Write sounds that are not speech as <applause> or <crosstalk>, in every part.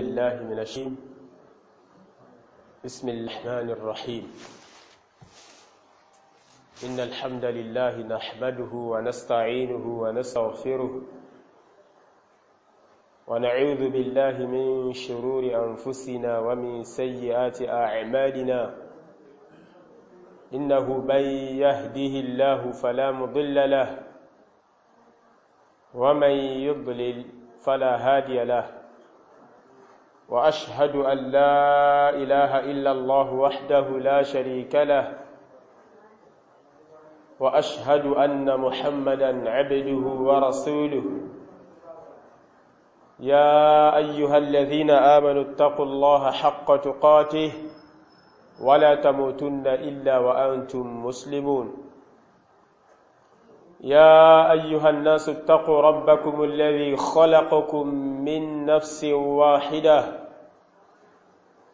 بالله من الشيم بسم الرحمن الرحيم إن الحمد لله نحمده ونستعينه ونستغفره ونعوذ بالله من شرور أنفسنا ومن سيئات أعمالنا إنه من يهده الله فلا مضل له ومن يضلل فلا هادي له واشهد ان لا اله الا الله وحده لا شريك له واشهد ان محمدا عبده ورسوله يا ايها الذين امنوا اتقوا الله حق تقاته ولا تموتن الا وانتم مسلمون يا ايها الناس اتقوا ربكم الذي خلقكم من نفس واحده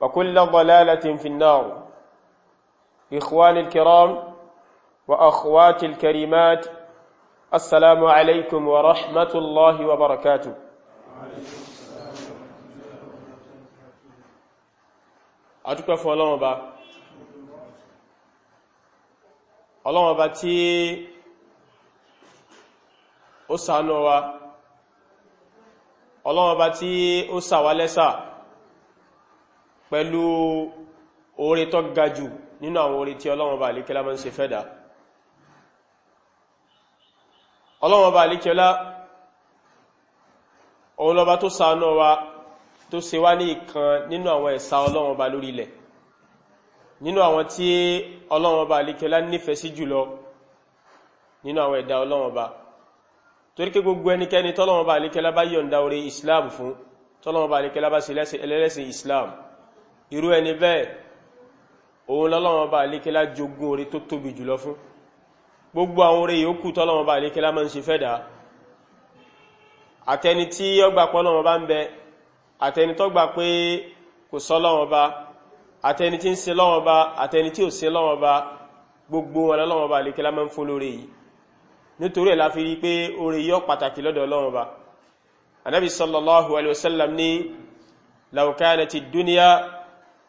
وكل ضلالة في النار إخواني الكرام وأخواتي الكريمات السلام عليكم ورحمة الله وبركاته أتوقع الله با الله با تي أسانوا الله با تي أسا pẹ̀lú oore tó ga jù nínú àwọn oore tí ọlọ́wọ́n bá alékẹ́lá máa ń fẹ́dà ọlọ́wọ́n bá alékẹ́lá lọba tó ṣàánú wa tó ṣe wá ní ìkan nínú àwọn ẹ̀sà ọlọ́wọ́n bá lórí ilẹ̀ nínú àwọn tí ọlọ́wọ́n bá alékẹ́lá nífẹ̀ẹ́ sí jùlọ nínú àwọn ẹ̀dá ọlọ́wọ́n bá torí kí gbogbo ẹnikẹ́ni tọ́lọ́wọ́n bá alékẹ́lá bá yọ̀ǹda oore islam fún tọ́lọ́wọ́n bá bá ṣe ẹlẹ́sìn islam irú ẹni bẹ́ẹ̀ òun lọ́lọ́wọ́n bá alékẹ́lá jogún orí tó tóbi jùlọ fún gbogbo àwọn orí yòókù tọ́lọ́wọ́n bá alékẹ́lá máa ń ṣe fẹ́dà àtẹni tí ọgbà pọ́lọ́wọ́n bá ń bẹ àtẹni tó gbà pé kò sọ lọ́wọ́n bá àtẹni tí ń la fi rí pé orí yọ pàtàkì lọ́dọ̀ sallallahu alaihi wasallam ní law kanati dunya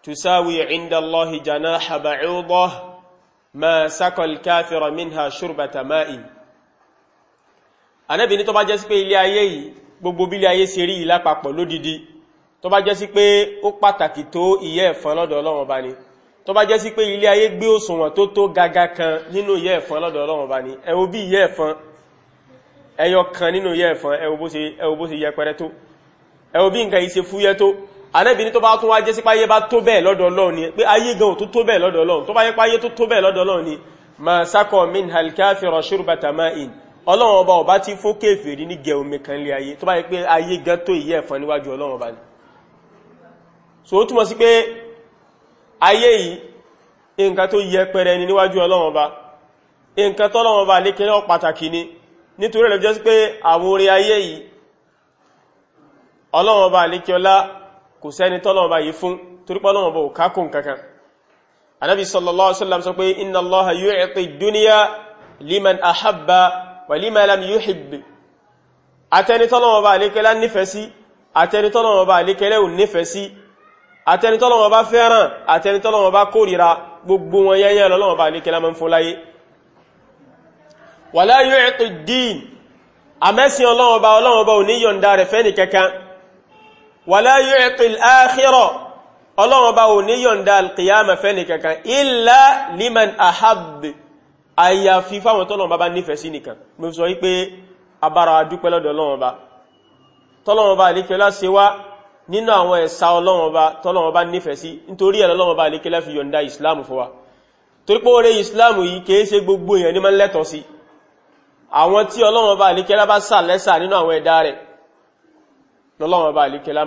تساوي عند الله جناح بعوضة ما سقى الكافر منها شربة ماء Ànábì ní tó bá jẹ́ sí pé ilé ayé yìí gbogbo bí ilé ayé ṣe rí lápapọ̀ lódidi tó bá jẹ́ sí pé ó pàtàkì tó ìyẹ́ ẹ̀fọn lọ́dọ̀ Ọlọ́run Ọba ni tó bá jẹ́ sí pé ilé ayé gbé òṣùwọ̀n tó tó gaga kan nínú ìyẹ́ ẹ̀fọn lọ́dọ̀ Ọlọ́run Ọba ni ẹ wò bí ìyẹ́ ẹ̀fọn ẹyọ kan nínú ìyẹ́ ẹ̀fọn ẹ wò bó ṣe yẹpẹrẹ tó ẹ wò bí nǹkan yìí ṣe fúyẹ́ tó ànábì ní tó bá tún wá jẹ́ sí páyé bá tó bẹ́ẹ̀ lọ́dọ̀ ni pé ayé gan tó tó bẹ́ẹ̀ lọ́dọ̀ Ọlọ́run tó bá yẹ páyé tó tó bẹ́ẹ̀ lọ́dọ̀ ni ma sakọ min halkafiro ṣurbata ma'in Ọlọ́run ọba ọba ti fún kéfèrí ní gẹ omi kan lé ayé tó so ó túmọ̀ sí pé ayé yìí nǹkan tó yẹ pẹrẹ ni níwájú Ọlọ́run ọba nǹkan tọ́lọ́run ọba lékèrè pàtàkì ni nítorí ẹ̀lẹ́jọ́ sí pé àwọn orí kò sẹ́ni tọ́lọ́wọ́ bá yìí fún torípọ́lọ́wọ́ bá kákùn kankan anábi sallallahu alaihi wasallam sọ pé inna Allaha yu'ti dunya liman ahabba wa liman lam yuhib àtẹni tọ́lọ́wọ́ bá alékẹ́lá nífẹ̀ẹ́ sí àtẹni tọ́lọ́wọ́ bá alékẹ́lẹ́ ò nífẹ̀ẹ́ sí gbogbo wọn yẹnyẹn lọ́lọ́wọ́ bá alékẹ́lá mọ́ fún láyé wala yu'ti ad-din àmẹ́sìn ọlọ́wọ́ bá ọlọ́wọ́ bá ò ní yọ̀ǹda rẹ̀ fẹ́ni kankan wàlá yu'ti al-akhirah ọlọ́run bá ò ní yọ̀ǹda al-qiyama fẹ́ni kankan illa liman ahab àyàfi fáwọn tọ́lọ́run bá nífẹ̀ẹ́ sí nìkan mo sọ wípé abára dúpẹ́ lọ́dọ̀ ọlọ́run bá tọ́lọ́run bá àlékẹ́lá ṣe wá nínú àwọn ẹ̀sà ọlọ́run bá tọ́lọ́run bá nífẹ̀ẹ́ sí nítorí ẹ̀ lọ́lọ́run bá àlékẹ́lá fi yọ̀ǹda ìsìláàmù fún wa torí pé oore ìsìláàmù yìí kìí ṣe gbogbo èèyàn nínú àwọn ẹ̀dá rẹ̀ lọ́lọ́wọ́n bá àlékẹ́lá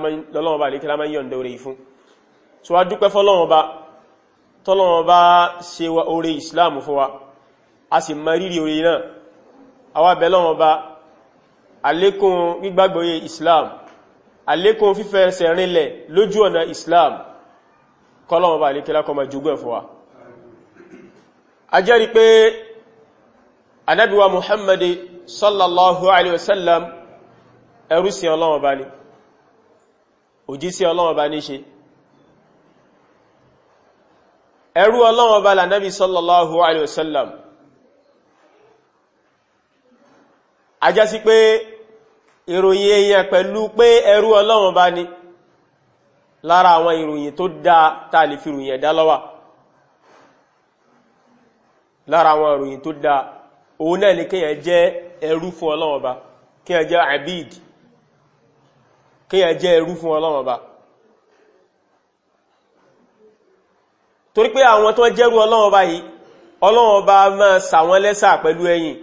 máa ń yọ̀ǹda oore ìfún so a dúpẹ́ fọ́lọ́wọ́n bá tọ́lọ́wọ́n bá ṣe wa oore islam fún wa a sì mọ rírì oore náà àwa bẹ̀ lọ́wọ́n bá àlékún gbígbàgbọ́yé islam àlékún fífẹsẹ̀ rinlẹ̀ lójú ọ̀nà islam kọ́lọ́wọ́n bá àlékẹ́lá kó máa jogún ẹ̀ fún wa a jẹ́rìí alaihi wasallam ẹrú sí ọlọ́wọ́n bá ni òjíṣẹ́ ọlọ́wọ́n bá ní ṣe ẹrú ọlọ́wọ́n bá lànàbí sallallahu alayhi wa sallam ajásí pé ìròyìn èèyàn pẹ̀lú pé ẹrú ọlọ́wọ́n bá ní lára àwọn ìròyìn tó dáa táà lè fi ròyìn ẹ̀dá lọ́wà lára àwọn ìròyìn tó dáa òun náà ni kíyàn kíyàn jẹ́ ẹrú fún Ọlọ́run Ọba torí pé àwọn tó jẹ́rú Ọlọ́run Ọba yìí Ọlọ́run Ọba máa sà wọ́n lẹ́sà pẹ̀lú ẹ̀yìn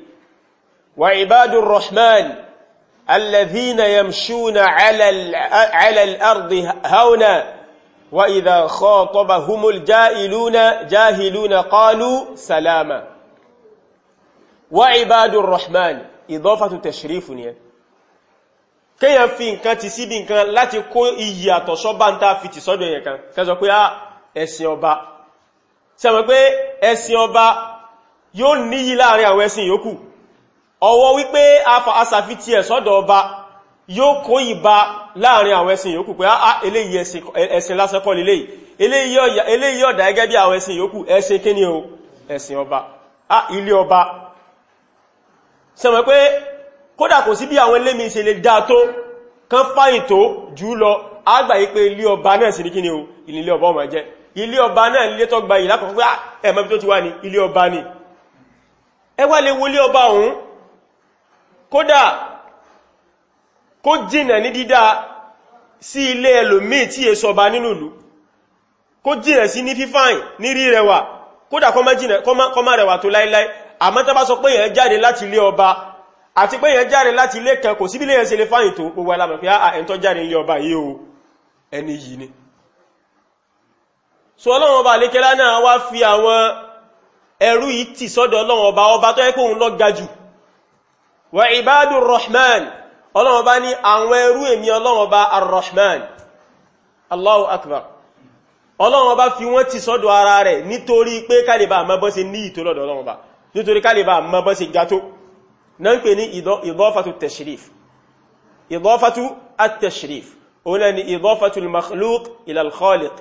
wa ibadur rahman alladhina yamshuna ala al-ardi hauna wa idha khatabahumul jahiluna jahiluna qalu salama wa ibadur rahman idafatu tashrifun yẹn kéèyàn fi nǹkan ti síbi nǹkan láti kó iyì àtọ̀ṣọ́bá ń tàà fi ti sọ́dọ̀ èèyàn kan kẹsọ pé ah, ẹ̀sìn ọba sẹ́mọ̀ pé ẹ̀sìn ọba yóò níyì láàrin àwọn ẹ̀sìn yòókù ọwọ́ wípé asàfi ti ẹ̀sọ́dọ̀ ọba yóò kó ìbá láàrin àwọn ẹ̀sìn yòókù pé á ah, ah, eléyìí ẹ̀sìn lásẹ́kọ́ lélẹ̀ eléyìí ọ̀dà o ẹ̀sìn ọba ilé ọba sẹ́mọ̀ kódà kò sí bí àwọn ilé mi ṣe lè dá tó kán fáyìn tó jù lọ àgbàyí pé ilé ọba náà sí ní kíni o ilé ọba ọmọ jẹ́ ilé ọba náà ilé tó gba ìlà kọ̀kọ́ ẹ̀mọ́bí tó ti wá ní ilé ọba ni ẹwà lè wo ilé ọba òun kódà kó jìnà ní dídá sí ilé ẹlòmíì àti pé yẹn jáde láti ilé kan kò síbílé yẹn ṣe lè fáyìn tó gbogbo alamọ̀ pé àà ah, ah, ẹ̀ntọ́ jáde ilé ọba yìí o ẹni yìí ni so ọlọ́run ọba àlékẹ́lá náà wá fi àwọn ẹrú yìí sọ́dọ̀ ọlọ́run ọba tó yẹ lọ ga wa ibadu rahman ọlọ́run ọba ní àwọn ẹrú èmi ọlọ́run ọba allahu akbar ọlọ́run ọba fi wọ́n tì sọ́dọ̀ ara rẹ̀ nítorí pé kálíbà mọ́ bọ́ ṣe ní ìtò lọ́dọ̀ ọlọ́run náà ń pè ní ìdọ́fàtú tẹ̀ṣìríf ìdọ́fàtú at-tẹ̀ṣìríf òun náà ni ìdọ́fàtú al-makhluq ila al-khaliq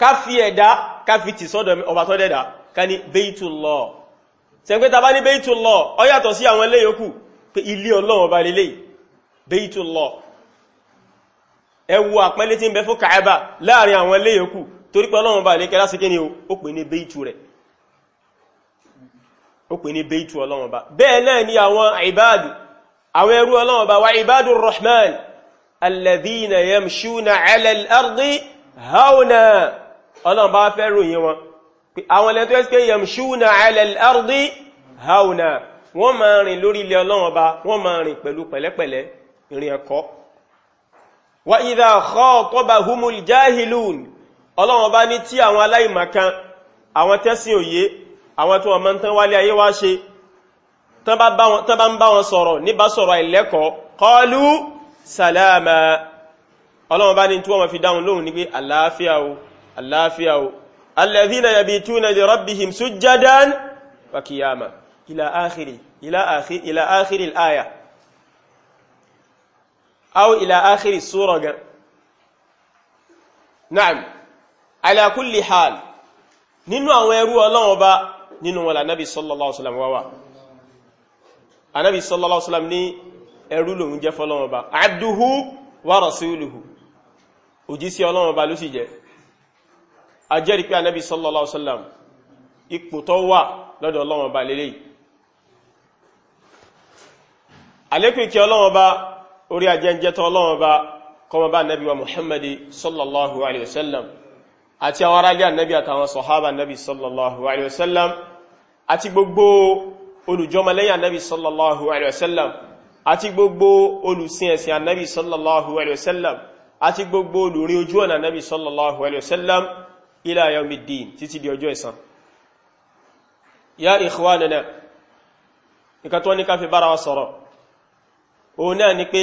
ká fi ẹ̀dá ká fi tì sọ́dọ̀ ọba tó dẹ̀dá ká ní Baytullah sẹ́gbẹ́ ta bá ní Baytullah ó yàtọ̀ sí àwọn ilé yòókù pé ilé Ọlọ́run ọba lélẹ̀ lè ó pè ní beitu ọlọ́wọ́n bá bẹ́ẹ̀ náà ni àwọn ìbádù àwọn ẹrú ọlọ́wọ́n bá wà ìbádù rahman alladhina yamshuna ala al-ardi hauna ọlọ́wọ́n bá fẹ́ ròyìn wọn àwọn ilẹ̀ tó ẹ́sì pé yamshuna ala al-ardi hauna wọ́n máa rìn lórí ilẹ̀ ọlọ́wọ́n bá wọ́n máa rìn pẹ̀lú wa idha khatabahumul jahilun ọlọ́wọ́n bá ní tí àwọn aláìmọ̀kan àwọn tẹ́sìn òye àwọn tí wọ́n mọ́ tán wálé ayé wá ṣe tán bá ń bá wọn sọ̀rọ̀ níbá sọ̀rọ̀ àìlẹ́kọ̀ọ́ kọlu salama ọlọ́wọ́n bá ní tí wọ́n fi dáhùn lóhùn ní pé àlàáfíà o àlàáfíà o alladhina yabituna li rabbihim sujjadan wa qiyama ila akhiri ila akhiri ila akhiri al-aya aw ila akhiri as àwọn ẹrú ọlọ́wọ́n bá nínú wọn lànàbí sallallahu alaihi wasallam wá wà anábì sallallahu alaihi wasallam ní ẹrú lòun jẹ́ fọ́lọ́wọ́n ba abduhu wa rasuluhu òjísí ọlọ́wọ́n ba ló sì jẹ́ ajẹ́rì pé anábì sallallahu alaihi wasallam ipò tó wà lọ́dọ̀ ọlọ́wọ́n ba lélẹ́yìí àlékún ìkẹ́ ọlọ́wọ́n ba orí ajẹ́jẹ́ tó ọlọ́wọ́n ba kọmọ bá nabi wa muhammadi sallallahu alaihi wasallam àti àwọn aráàlú ànábì àtàwọn sọ̀hábà nabi sallallahu alaihi wasallam àti gbogbo olùjọmọlẹ́yìn annabi sallallahu alaihi wasallam àti gbogbo olùsìn ẹ̀sìn annabi sallallahu alaihi wasallam àti gbogbo olùrin ojú ọ̀nà annabi sallallahu alaihi wasallam ila yawmiddin títí di ọjọ́ ẹ̀san ya ikhwanana nǹkan tó ní ká fi bára wa sọ̀rọ̀ òun náà ni pé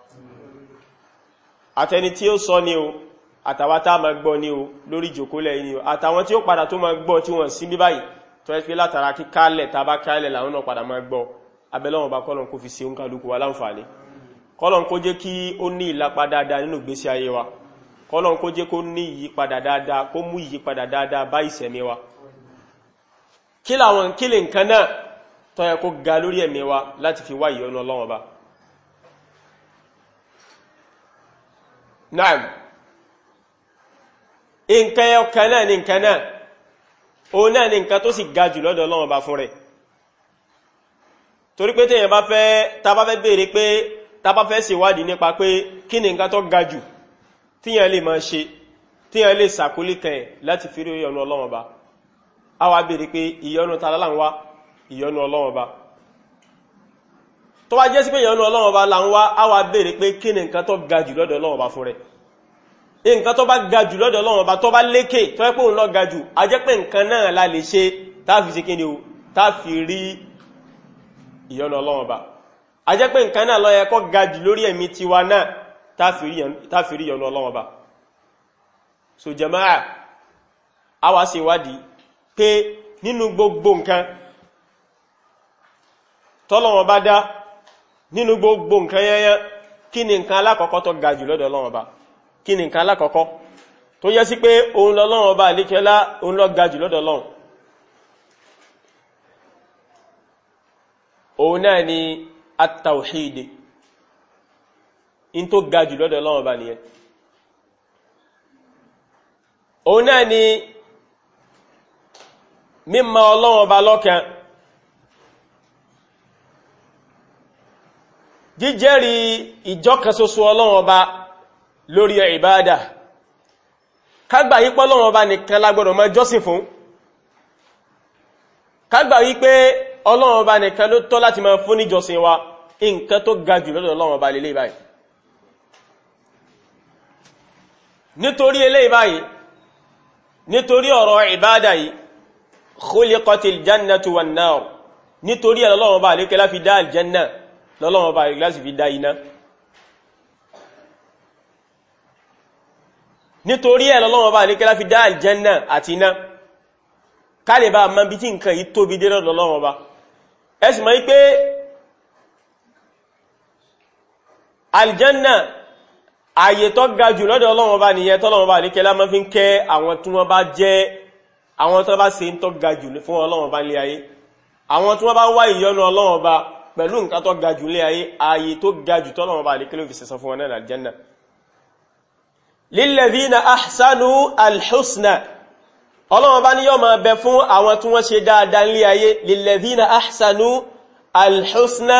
àtẹni tí ó sọ ni o àtàwọn tá ma gbọ́ ni o lórí ìjòkólẹ̀ ni o àtàwọn tí ó padà tó ma gbọ́ tí wọ́n sí bí báyìí tó ẹ́ pé látara kí kálẹ̀ tàbá kálẹ̀ làwọn náà padà ma gbọ́ abẹ́lọ́wọ̀n bá kọ́lọ̀n kó fi ṣe ń kálukú wa láǹfààní kọ́lọ̀n kó jẹ́ kí ó ní ìlapa láti fi wá ìyọ́nú ọlọ́wọ́n bá naam nǹkan ọkàn náà ni nǹkan náà o náà ni nǹkan tó sì ga jù lọ́dọ̀ Ọlọ́run bá fún rẹ̀ torí pé tẹ́yàn bá fẹ́ tàbá fẹ́ béèrè pé tàbá fẹ́ ṣèwádìí nípa pé kí ni nǹkan tó ga jù tíyàn lè máa tó wá jẹ́ sí pé ìyànú ọlọ́run ọba là ń wá á wá béèrè pé kí ni nǹkan tó ga jù lọ́dọ̀ ọlọ́run ọba fún rẹ̀ nǹkan tó bá ga jù lọ́dọ̀ ọlọ́run ọba tó bá lékè tó yẹ pé òun lọ ga jù a jẹ́ pé nǹkan náà la lè ṣe tá a fi ṣe o tá rí ìyànú ọlọ́run ọba a jẹ́ pé nǹkan náà ló yẹ kó ga jù lórí ẹ̀mí tiwa náà tá rí ìyànú ọlọ́run ọba so jama'a a wá ṣe ìwádìí pé nínú gbogbo nǹkan tọ́lọ́run ọba dá nínú gbogbo nǹkan yẹnyẹn kí ni nǹkan alákọ̀ọ́kọ́ tó ga jù lọ́dọ̀ Ọlọ́run Ọba kí ni nǹkan alákọ̀ọ́kọ́ tó yẹ sí pé òun lọ́lọ́run Ọba àlékẹ́lá òun lọ ga jù lọ́dọ̀ Ọlọ́run ni in tó ga jù lọ́dọ̀ Ọlọ́run Ọba nìyẹn òun náà ni mímọ̀ Ọlọ́run Ọba lọ́kan jíjẹ́rí ìjọ́kan ṣoṣo ọlọ́run ọba lórí ìbáadà kágbà yí pé ọlọ́run ọba nìkan la gbọ́dọ̀ máa jọ́sìn fún kágbà yí pé ọlọ́run ọba nìkan ló tọ́ láti máa fún níjọsìn wa nǹkan tó ga jù lọ́dọ̀ ọlọ́run ọba lè lè báyìí nítorí eléyìí lọ́lọ́wọ́n bá ìgbìláṣì fi dá iná nítorí ẹ̀ lọ́lọ́wọ́n bá ìlékẹ́lá fi dá àlìjẹ́nà àti iná kálẹ̀ bá ma bí tí nǹkan yí tóbi dé lọ́lọ́wọ́n bá ẹ sì mọ̀ pé àlìjẹ́nà ààyè tó ga jù lọ́dọ̀ ọlọ́wọ́n bá nìyẹn tọ́lọ́wọ́n bá pẹ̀lú nǹkan tó gajù lé ayé ayé tó gajù tọ́lọ̀wọ́ bá alékẹ́lẹ́ fi sẹsọ fún wọn náà aljanna lilladhina ahsanu alhusna ọlọ́wọ́n bá ní yọ́ máa bẹ fún àwọn tí wọ́n ṣe dáadáa lé ayé lilladhina ahsanu alhusna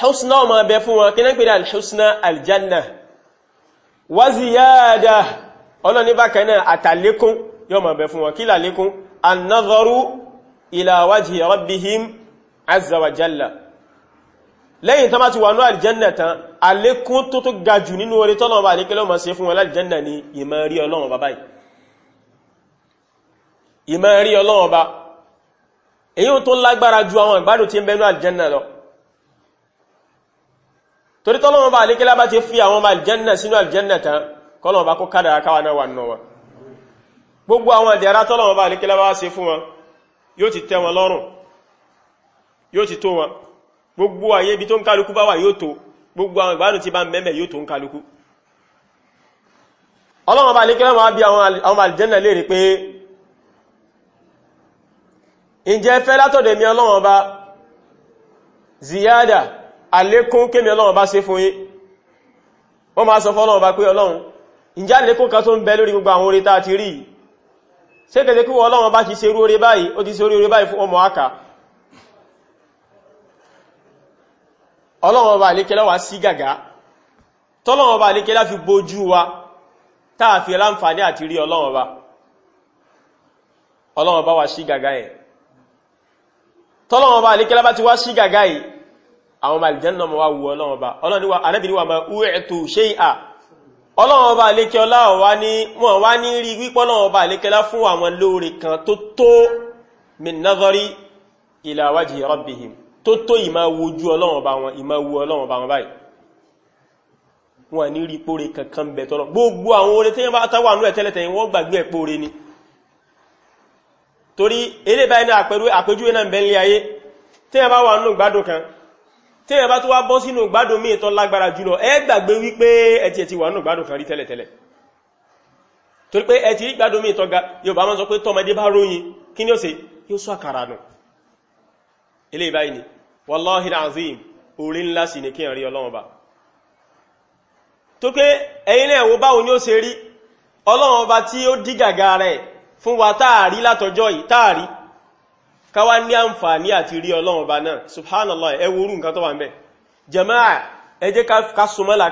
husna máa bẹ fún wọn kínan pẹ̀lú alhusna aljanna wa ziyada ọlọ́ni bákan ila wa jalla lẹ́yìn tán bá ti wà ní àlìjẹ́nà tán àlékún tó tó ga jù nínú orí tọ́lọ̀ bá àlékẹ́lọ́ ma ṣe fún wọn láàlìjẹ́nà ni ìmọ̀ rí ọlọ́run bá báyìí ìmọ̀ rí ọlọ́run bá èyí tó lágbára ju àwọn ìgbádùn tí ń bẹnu àlìjẹ́nà lọ torí tọ́lọ́run bá àlékẹ́lá bá ti fi àwọn àlìjẹ́nà sínú àlìjẹ́nà tán kọ́lọ́run bá kó kádàrá káwa náà wà nù wọn gbogbo àwọn ìdẹ̀ra tọ́lọ́run bá àlékẹ́lá bá ṣe fún wọn yóò ti tẹ́ wọn lọ́rùn yóò ti tó wọn gbogbo ayé ibi tó ń kálukú bá wà yóò tó gbogbo àwọn ìgbádùn ti bá ń mẹ́mẹ́ yóò tó ń kálukú ọlọ́wọ́n bá lékẹ́ wọ́n bí àwọn àlìjẹ́nà lè rí pé fẹ́ látọ̀dẹ̀ mi ọlọ́wọ́n bá ziyada àlékún kémi ọlọ́wọ́n bá ṣe fún yín wọ́n ti ọlọ́run ọba àlékẹ́lá wá sí gàgá tọ́lọ́run ọba àlékẹ́lá fi bójú wa táà fi láǹfààní àti rí ọlọ́run ọba ọlọ́run ọba wá sí gàgá yẹn tọ́lọ́run ọba àlékẹ́lá bá ti wá sí gàgá yìí àwọn ọmọ àlìjẹ́ náà wá wu ọlọ́run ọba ọlọ́run wa anábìrì wa máa wú ẹ̀tù ṣe à tó tó ìmá wojú ọlọ́run bá wọn ìmá wo ọlọ́run bá wọn báyìí wọn ní rí póre kankan bẹ̀ tọ́lọ gbogbo àwọn oore tí wọ́n bá tán ní ẹ̀tẹ́lẹ̀tẹ̀ wọ́n gbàgbé ẹ̀póre ni torí eré báyìí náà àpéjúwé náà bẹ̀lẹ̀ ayé tí wọ́n bá wà nínú gbádùn kan tí wọ́n bá tó wá bọ́ sínú gbádùn míì tán lágbára jùlọ ẹ gbàgbé wípé ẹ ti ẹ ti wà nínú gbádùn kan rí tẹ́lẹ̀tẹ́lẹ̀ torí pé ẹ ti rí ni wallahi alazim orí ńlá sì ní kí n rí ọlọ́run ọba tó pé ẹ̀yin náà wo báwo ni ó ṣe rí ọlọ́run ọba tí ó dí rẹ̀ fún wa táàrí látọjọ́ yìí káwá ní àǹfààní àti rí ọlọ́run ọba náà subhanallah ẹ wo orú nǹkan tó wà ń bẹ̀ jàmáà ẹ jẹ́ ká súnmọ́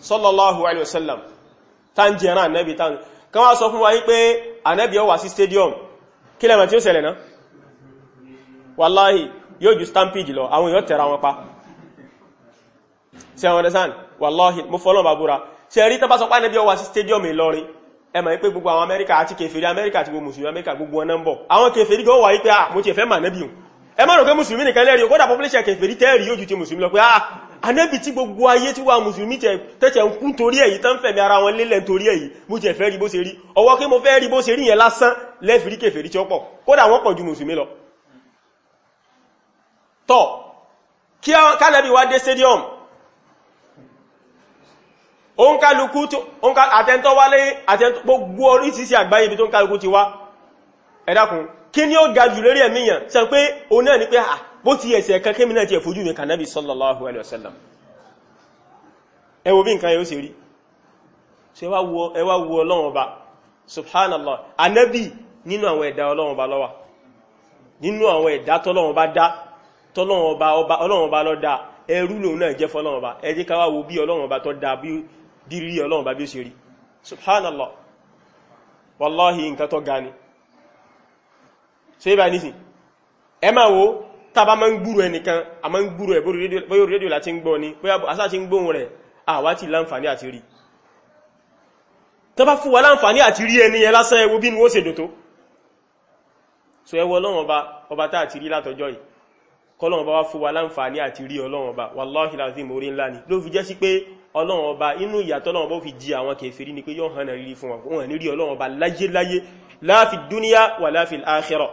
sallallahu alaihi wasallam tá ń jẹ́ràn ànábì tá ń kan wá sọ fún wa yí pé ànábì ó sí stadium kí lẹ́mọ̀ tí ó ṣẹlẹ̀ náà wàláhì yóò ju stampede lọ àwọn èèyàn tẹ̀ra wọn pa ṣe àwọn ẹ̀dẹ́sàn wàláhì mo fọ́lọ́ bàbúra ṣe rí tọ́ bá sọ pánẹ́bí ọwà sí stadium Ìlọrin ẹ mọ̀ pé gbogbo àwọn Amẹ́ríkà àti kèfèrí Amẹ́ríkà àti gbogbo mùsùlùmí Amẹ́ríkà gbogbo ọ̀nà ń bọ̀ àwọn kèfèrí gan wà yí pé ah mo ti ẹ̀fẹ́ mà nẹ́bí ẹ má rò pé mùsùlùmí nìkan lẹ́rìí ó kódà population kèfèrí tẹ́ẹ̀rí yóò ju ti mùsùlùmí lọ pé ah anẹ́bì tí gbogbo ayé tí wà mùsùlùmí tẹ́tẹ̀ ń kú torí èyí tán fẹ̀mí ara wọn lélẹ̀ torí èyí mú jẹ fẹ́ rí bó ṣe rí ọwọ́ kí mo fẹ́ rí bó ṣe rí yẹn lásán lẹ́fìrí kèfèrí tí ó pọ̀ kódà wọ́n pọ̀ ju mùsùlùmí lọ tọ́ kí kálẹ̀bì wá dé stadium òǹkálukú àtẹ́ntọ́ wálé gbogbo orísìsì àgbáyé ibi tó ń kálukú ti wá ẹ̀dàkùn kí ni ó ga jù lérí ẹ̀míyàn sẹ pé òun náà ni pé ah, bó ti ẹ̀sẹ̀ kan kémi náà ti ẹ̀fojú mi kànábì sallallahu alaihi wasallam ẹ wo bí nǹkan yóò ṣe rí so ẹ wá wo ọlọ́run ọba subhanallah anábì nínú àwọn ẹ̀dá ọlọ́run ọba lọ́wà nínú àwọn ẹ̀dá tọ́lọ́run ọba dá ọlọ́run ọba ló dá ẹrú lòun náà jẹ́ fọ́lọ́run ọba ẹ jẹ́ ká wá wo bí ọlọ́run ọba tó dá bí rí ọlọ́run ọba bí ó ṣe rí subhanallah wallahi nǹkan tó ga ni ṣe é bá nísìn ẹ máa wo tàbá ma ń gbúrò ẹnìkan a ma ń gbúrò ẹ̀ bóyá rédíò láti ń gbọ́ ni bóyá asá ti ń gbóhun rẹ̀ àwá ti láǹfàní àti rí tó fún wa láǹfàní àti rí ẹni ẹ lásán ẹwọ bí ni ó ṣèdò tó so ẹwọ ọlọ́run ọba ọba tá àti rí látọjọ́ yìí kọlọ́run ọba wá fún wa láǹfàní àti rí ọlọ́run ọba wàláhì láti mórí ńlá ni ló fi jẹ́ sí pé ọlọ́run ọba inú ìyàtọ̀ la fi dúníyà wà la fi al-akhirah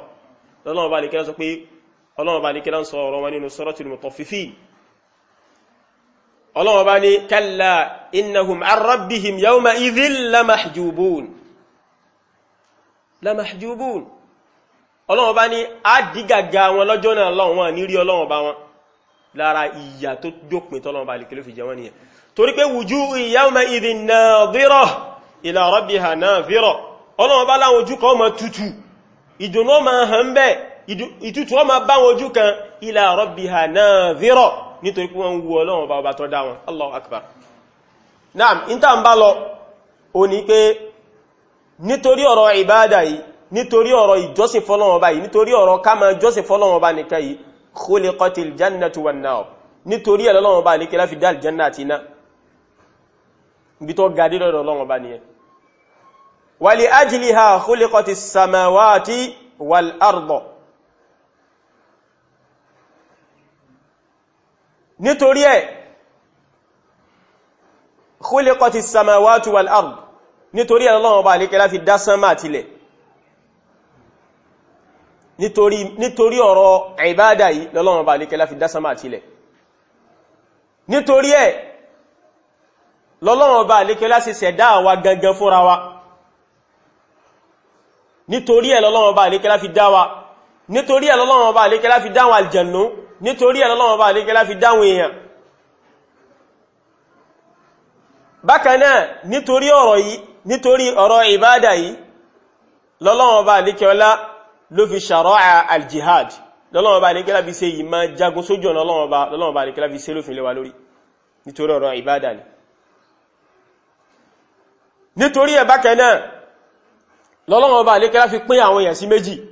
lọ́lọ́run ọlọ́wọ́ bá ní kí lán sọ ọ̀rọ̀ wọn nínú suratul mutaffifin ọlọ́wọ́ bá ní kalla innahum an rabbihim yawma idhin lamahjubun lamahjubun ọlọ́wọ́ bá ní a dìgàgà wọn lọ́jọ́ náà lọ́wọ́n ní rí ọlọ́wọ́ bá wọn lára ìyà tó dópin tọ́lọ́wọ́ bá lè fi jẹ wọ́n nìyẹn torí ọmọ tutù bẹ́ẹ̀ ìtútù ọmọ bá wọn ojú kan ila rabbiha nadhira nítorí pé wọ́n ń wo ọlọ́run bá ọba tọ́ dá wọn Allahu akbar naam ìta ń bá lọ o ní pé nítorí ọ̀rọ̀ ìbáadà yìí nítorí ọ̀rọ̀ ìjọsìn fọ́lọ́run ọba yìí nítorí ọ̀rọ̀ ká máa jọ́sìn fọ́lọ́run ọba nìkan yìí khuliqatil wal ardo nítorí ẹ̀ khuliqati samawati wal ard nítorí ẹ̀ lọ́wọ́ bá lékẹ́ láti dá sánmà tilẹ̀ nítorí ọ̀rọ̀ ìbádà yìí lọ́wọ́ bá lékẹ́ láti dá sánmà tilẹ̀ nítorí ẹ̀ lọ́wọ́ bá lékẹ́ láti ṣẹ̀dá àwa gangan fúnra wa nítorí ẹ̀ lọ́wọ́ bá lékẹ́ láti dá wa nítorí ẹ̀ lọ́wọ́ bá lékẹ́ láti dá wa aljannu nítorí ẹ̀lọ́lọ́wọ́ bá nígbẹ́lá fi dáwọn èèyàn bákanáà nítorí ọ̀rọ̀ yìí nítorí ọ̀rọ̀ ìbádà yìí lọ́lọ́wọ́ bá nígbẹ́lá ló fi ṣàrọ́ al-jihad lọ́lọ́wọ́ bá nígbẹ́lá fi ṣe yìí máa jagun sójú ọ̀nà lọ́lọ́wọ́ bá nígbẹ́lá fi ṣe lófin lé wa lórí nítorí ọ̀rọ̀ ìbádà ni nítorí ẹ̀ bákanáà lọ́lọ́wọ́ bá nígbẹ́lá fi pín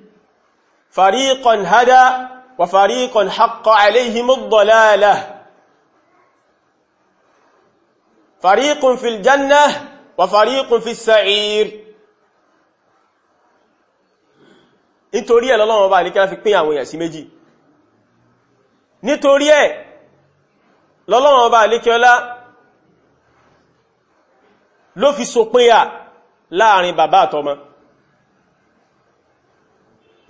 وفريق حق عليهم الضلالة فريق في الجنة وفريق في السعير nítorí ẹ̀ lọ́lọ́wọ́ bá ní kí a fi pín àwọn èèyàn sí méjì nítorí ẹ̀ lọ́lọ́wọ́ bá ní kí ọlá ló fi sọ láàrin bàbá àtọmọ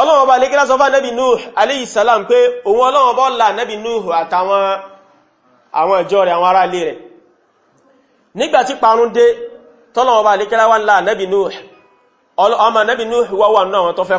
ọlọ́wọ́ bá lékílá sọ fá nẹ́bì Nuh alayhi salam pé òun ọlọ́wọ́ bá là nẹ́bì Nuh àtàwọn àwọn ẹjọ́ rẹ̀ àwọn ará ilé rẹ̀ nígbàtí parun dé tọ́lọ́wọ́ bá lékílá wá là nẹ́bì Nuh ọmọ nẹ́bì Nuh wá wà náà tó fẹ́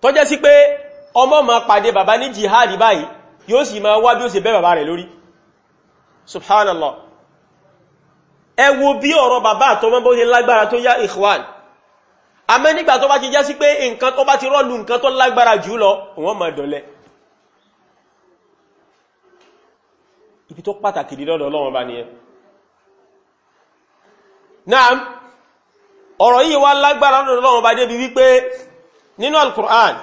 tó jẹ́ sí pé ọmọ ma pàdé bàbá ní jihadi báyìí yóò sì máa wá bí ó ṣe bẹ́ bàbá rẹ̀ lórí subhanallah ẹ wo bí ọ̀rọ̀ bàbá àtọmọ bó ṣe lágbára tó yá ikhwan àmọ́ nígbà tó bá ti já sí pé nǹkan tó bá ti rọ́lù nǹkan tó lágbára jù lọ wọ́n ma dọ̀lẹ ọ̀rọ̀ yìí lágbára lọ́dọ̀ Ọlọ́run bá débi wípé nínú al-Qur'an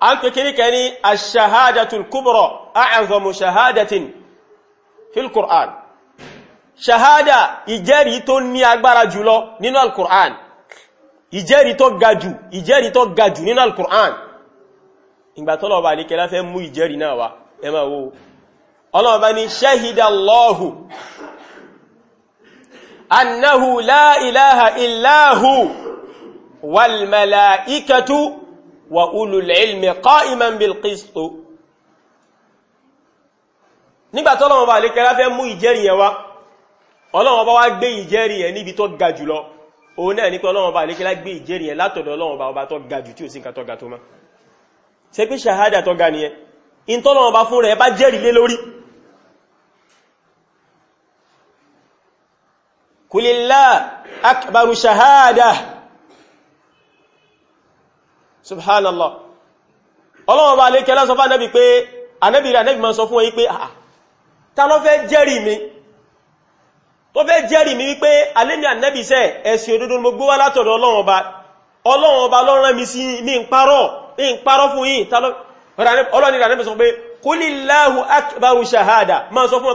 a ń pè kí ní kẹ ní aṣ-ṣahadatul kubra a'zamu ṣahadatin fil Qur'an ṣahada ìjẹ́rìí tó ní agbára jùlọ nínú al-Qur'an ìjẹ́rìí tó gajù ìjẹ́rìí tó gajù nínú al-Qur'an ìgbàtọ́lọ̀ọba àríkẹ́lá fẹ́ mú ìjẹ́rìí náà wá ẹ máa wò ọlọ́ọ̀bá ni ṣẹ́hìdà lọ́hù annahu la ilaha illahu والملائكة وأولو العلم قائما بالقسط nígbà tó lọ́wọ́ bá lè kẹ́lá fẹ́ mú ìjẹ́rìí yẹn wá ọlọ́wọ́ bá wá gbé ìjẹ́rìí yẹn níbi tó ga jùlọ òun náà ní pé ọlọ́wọ́ bá lè kẹ́lá gbé ìjẹ́rìí yẹn látọ̀dọ̀ ọlọ́wọ́ bá ọba tó ga jù tí ó sì ń ka tó ga tó má ṣe pé ṣàhádà tó ga nìyẹn in tọ́lọ́wọ́ bá fún rẹ̀ bá jẹ́rìí lé lórí kulillah akbaru ṣàhádà subhanallah ọlọ́wọ́ bá lè kẹlá sọ fún anẹ́bì pé anẹ́bì ah, rẹ̀ anẹ́bì ma sọ fún ẹ̀yin pé àà ta ló fẹ́ jẹ́rìí mi tó fẹ́ jẹ́rìí mi wípé alẹ́mì anẹ́bì sẹ́ ẹ̀sìn òdodo mo gbówá látọ̀dọ̀ ọlọ́wọ́ bá ọlọ́wọ́ bá ló rán mi sí mi ń parọ́ ń parọ́ fún yín ọlọ́ni anẹ́bì sọ pé kúlìláhù akbaru shahada ma sọ fún ọ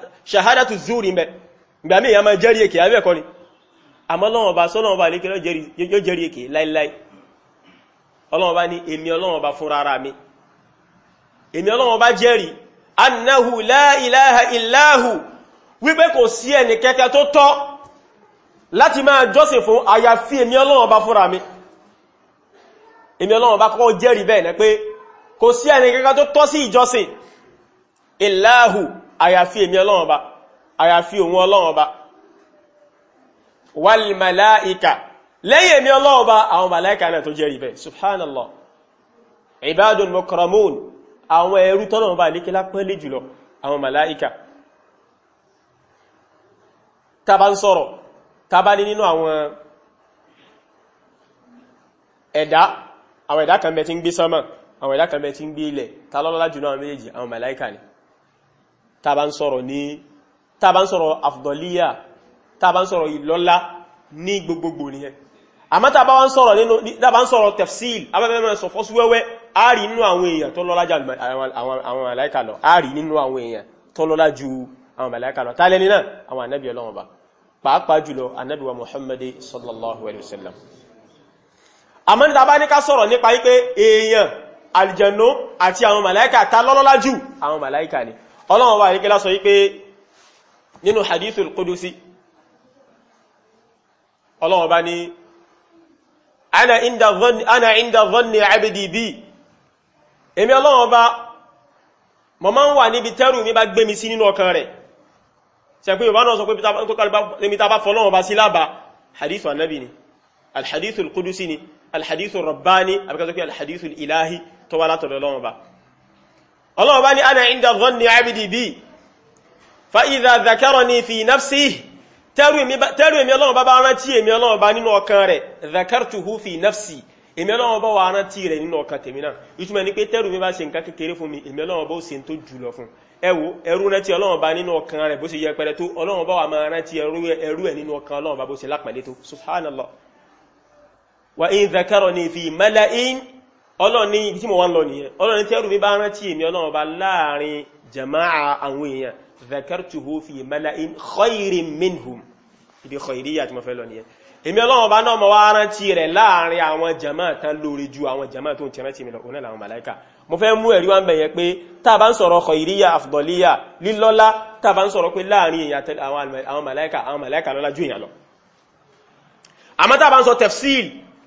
ṣàhádàtù zúrí mẹ́ ìgbàmí ìyá máa jẹ́rí èkè àbẹ́ ẹ̀kọ́ ni àmọ́ Ọlọ́run bá sọ́lọ́run bá lékẹ́ yóò jẹ́rí èkè láíláí Ọlọ́run ní èmi Ọlọ́run bá fúnra mi èmi Ọlọ́run bá annahu la ilaha illahu wípé kò sí ẹni kẹ́kẹ́ tó tọ́ láti máa jọ́sìn fún àyàfi èmi Ọlọ́run bá fúnra mi èmi Ọlọ́run bá kọ́kọ́ jẹ́rí illahu àyàfi èmi ọlọ́run ọba àyàfi òun ọlọ́run ọba wal màláìkà lẹ́yìn èmi ọlọ́run ọba àwọn màláìkà náà tó jẹ́rìí bẹ́ẹ̀ subhanallah ibadun mukramun àwọn ẹrú tọ́lọ́run ọba níkílá pẹ́lẹ̀ jùlọ àwọn màláìkà tàbá ń sọ̀rọ̀ tàbá ní nínú àwọn ẹ̀dá àwọn ẹ̀dá kan bẹ tí ń gbé sánmà àwọn ẹ̀dá kan bẹ tí ń gbé ilẹ̀ tàlọ́lọ́lá jùlọ àwọn méjèèjì àwọn màláìkà ni tàbá ń sọ̀rọ̀ ní tàbá ń sọ̀rọ̀ afdọ̀líyà tàbá ń sọ̀rọ̀ ìlọ́lá ní gbogbogbò ní ẹ àmá tàbá ń sọ̀rọ̀ nínú tàbá ń sọ̀rọ̀ tefsil abẹ́bẹ̀rẹ̀ sọ fọ́sí wẹ́wẹ́ ààrí nínú àwọn èèyàn tó lọ́lá ju àwọn màláíkà lọ ààrí nínú àwọn èèyàn tó lọ́lá ju àwọn màláíkà lọ tálẹ́ nínú àwọn ànábì ọlọ́run ba pàápàá jùlọ ànábì wa muhammadi sallallahu alaihi wasallam àmọ́ ní tàbá ní ká sọ̀rọ̀ nípa wípé èèyàn àlìjànnú àti ta lọ́lọ́lá ju àwọn màláíkà ni ọlọ́run wà ìrìkẹ́lá sọ wípé nínú hadithul qudusi ọlọ́run bá ní ana inda zonni abidi bi èmi ọlọ́run bá mọ̀ máa ń wà níbi tẹ́rù mi bá gbé mi sí nínú ọkàn rẹ̀ sẹ́kú yóò bá náà sọ pé níbi tá bá fọ́lọ́run bá sí lába hadithu annabi ni alhadithul qudusi ni alhadithul rabbani abikazoki alhadithul ilahi tó bá ọlọ́wọ́ bá ní ana inda dhanni abdi bí fa idha dhakarani fi nafsihi tẹ́rù èmi ọlọ́wọ́ bá bá rántí èmi ọlọ́wọ́ bá nínú ọkàn rẹ̀ dhakartuhu fi nafsi èmi ọlọ́wọ́ bá wà rántí rẹ̀ nínú ọkàn tèmi náà ìtumọ̀ ní pé tẹ́rù mi bá ṣe nǹkan kékeré fún mi èmi ọlọ́wọ́ bá ó ṣe tó jùlọ fún ẹwò ẹrú rántí ọlọ́wọ́ bá nínú ọkàn rẹ̀ bó ṣe yẹ pẹrẹ tó ọlọ́wọ́ bá máa rántí ẹrú ẹ̀ nínú ọkàn ọlọ́wọ́ bó ṣe lápẹ̀lẹ́ tó subhanallah wa in dhakarani fi mala'in ọlọ́ni ibi tí mo wá ń lọ nìyẹn ọlọ́ni tẹ́rù mi bá rántí èmi ọlọ́run bá láàrin jama'a àwọn èèyàn zakartuhu fi mala'in khairin minhum ibi khairiyya tí mo fẹ́ lọ nìyẹn èmi ọlọ́run bá náà mo wá rántí rẹ̀ láàrin àwọn jama'a tán lórí ju àwọn jama'a tó ń tẹ́rẹ́ tì mí lọ òun náà làwọn màláìka mo fẹ́ mú ẹ̀rí wá ń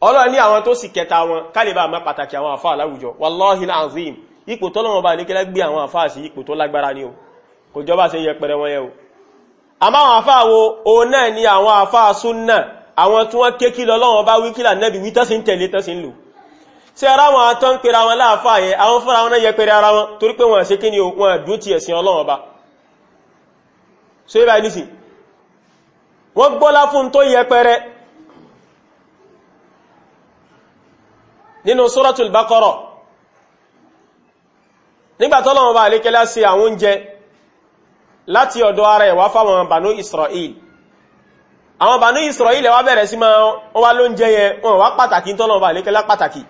ọlọ́run ní àwọn tó sì kẹta wọn kálíbà má pàtàkì àwọn àfáà láwùjọ wàláhìl azim ipò tọ́lọ́wọ́n bá níkẹ́lẹ́ gbé àwọn àfáà sí ipò tó lágbára ni o kò jọba sí yẹpẹrẹ wọn yẹ o àmọ́ àwọn àfáà wo òun náà ni àwọn àfáà súnnà àwọn tí wọ́n ké kílọ lọ́wọ́n bá wí kílà nẹ́bí wí tẹ́sí ń tẹ̀lé tẹ́sí ń lò tí ara wọn atọ́ ń pera wọn láàfáà yẹn àwọn fúnra wọn náà yẹpẹrẹ ara wọn torí pé wọn ṣe tó yẹpẹrẹ nínú suratul Baqara nígbà tọ́lọ́run bá alékẹ́lá sí àwọn oúnjẹ láti ọ̀dọ̀ ara ẹ̀wá fáwọn Banu Israel àwọn Banu Israel wá bẹ̀rẹ̀ sí ma wọ́n wá lóúnjẹ yẹn wọ́n wá pàtàkì tọ́lọ́run bá alékẹ́lá pàtàkì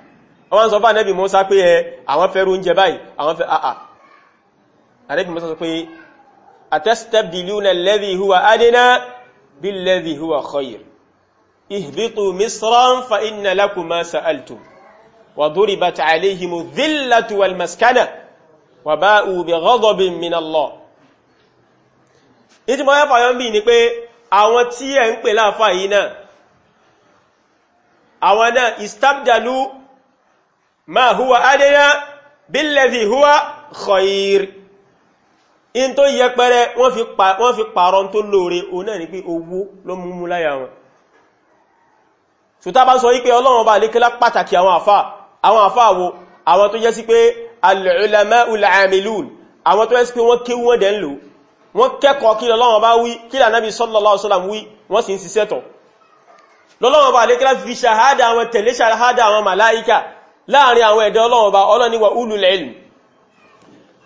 ihbitu misran fa inna lakum ma sa'altum وضربت عليهم الذلة والمسكنة وباءوا بغضب من الله ìtí mọ́ ẹ́fà yọ́n bí ní pé àwọn tí ẹ ń pè láàfà yìí náà àwọn náà istabdalu ma huwa adena billadhi huwa khayr in tó yẹpẹrẹ wọ́n fi pààrọ̀ tó lóore o náà ní pé owó ló mú mú láyà wọn ṣùtá bá sọ wípé ọlọ́run bá lékẹ́lá pàtàkì àwọn àfáà àwọn àfáàwò àwọn tó jẹ́ sí pé al-ulama ul-amilun àwọn tó jẹ́ sí pé wọ́n kéwú wọ́n dẹ̀ ń lò wọ́n kẹ́kọ̀ọ́ kí lọ́lọ́wọ́n bá wí kí lànábì sallallahu alaihi wasallam wí wọ́n sì ń ṣiṣẹ́ tọ̀ lọ́lọ́wọ́n bá lékẹ́lá fi ṣàhádà àwọn tẹ̀lé ṣàhádà àwọn màláíkà láàrin àwọn ẹ̀dọ́ ọlọ́wọ́n bá ọlọ́ni wa ulul ilm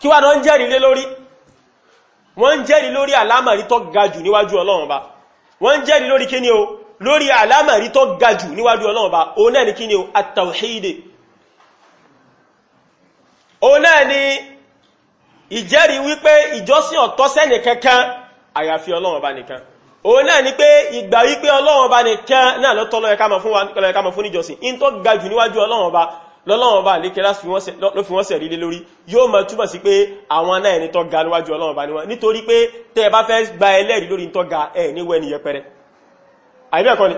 kí wá náà ń jẹ́rìí lé lórí wọ́n ń jẹ́rìí lórí àlámàrí tó ga níwájú ọlọ́wọ́n o lórí àlámàrí tó ni o at òun náà ni ìjẹ́rìí wípé ìjọsìn ọ̀tọ́ sẹ́ni kankan àyàfi ọlọ́run ọba nìkan òun náà ni pé ìgbà wípé ọlọ́run ọba nìkan náà ló tọ́ ló yẹ ká máa fún wa ló yẹ ká máa fún níjọsìn in tó ga jù níwájú ọlọ́run ọba lọ́lọ́run ọba àlékẹ́ ló fi wọ́n sẹ̀ rílé lórí yóò máa túbọ̀ sí pé àwọn náà ẹni tó ga níwájú ọlọ́run ọba ni wọ́n nítorí pé tẹ́ ẹ bá fẹ́ gba ẹlẹ́rìí lórí tó ga ẹ̀ níwẹ̀ ni yẹpẹrẹ àìbẹ́ẹ̀kọ́ ni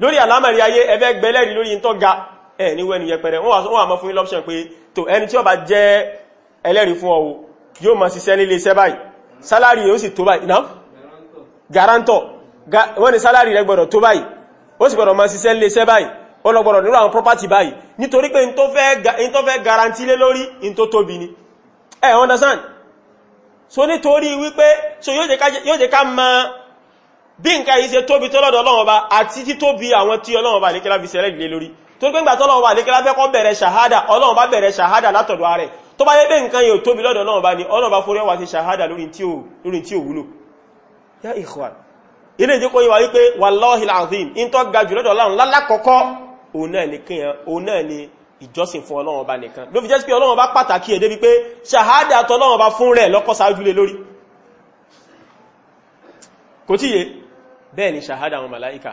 lórí àlámọ̀rí ayé ẹ fẹ́ gbẹlẹ́rìí lórí tó ga ẹ̀ níwẹ́ ni yẹpẹrẹ wọ́n wà mọ́ fún ilọ́pṣẹ̀ pé tó ẹni tí ó bá jẹ́ ẹlẹ́rìí fún ọwọ́ yóò máa ṣiṣẹ́ nílé iṣẹ́ báyìí sálárì yóò sì tó báyìí náà garantọ̀ wọ́n ni sálárì rẹ̀ gbọ́dọ̀ tó báyìí ó sì gbọ́dọ̀ máa ṣiṣẹ́ nílé iṣẹ́ báyìí ó lọ gbọ́dọ̀ nínú garanti lé lórí in tó understand so nítorí wípé so yóò jẹ́ ká máa bí nǹkan yìí ṣe tóbi tó lọ́dọ̀ Ọlọ́run Ọba àti títóbi àwọn tí Ọlọ́run Ọba ní kí lábi ṣẹlẹ̀ tó gbé ńgbà tọ́lọ́wọ́ wà lékelá fẹ́ kọ́ bẹ̀rẹ̀ ṣàhádà ọlọ́run bá bẹ̀rẹ̀ ṣàhádà látọ̀dọ̀ ààrẹ tó bá yẹ pé nǹkan yóò tóbi lọ́dọ̀ ọlọ́run bá ní ọlọ́run bá forí ọwà sí ṣàhádà lórí tí ò wúlò yá ikhwan ilé ìdíkò yíwa wípé wallahi alazim in tó ga jù lọ́dọ̀ ọlọ́run lálákọ̀ọ́kọ́ òun náà ni kíyàn òun náà ni ìjọsìn fún ọlọ́run bá nìkan ló fi jẹ́ pé ọlọ́run bá pàtàkì ẹ̀ débi pé ṣàhádà tọ́lọ́run bá fún rẹ̀ lọ́kọ́ sáájú lé lórí kò tíye bẹ́ẹ̀ ni ṣàhádà àwọn màláìkà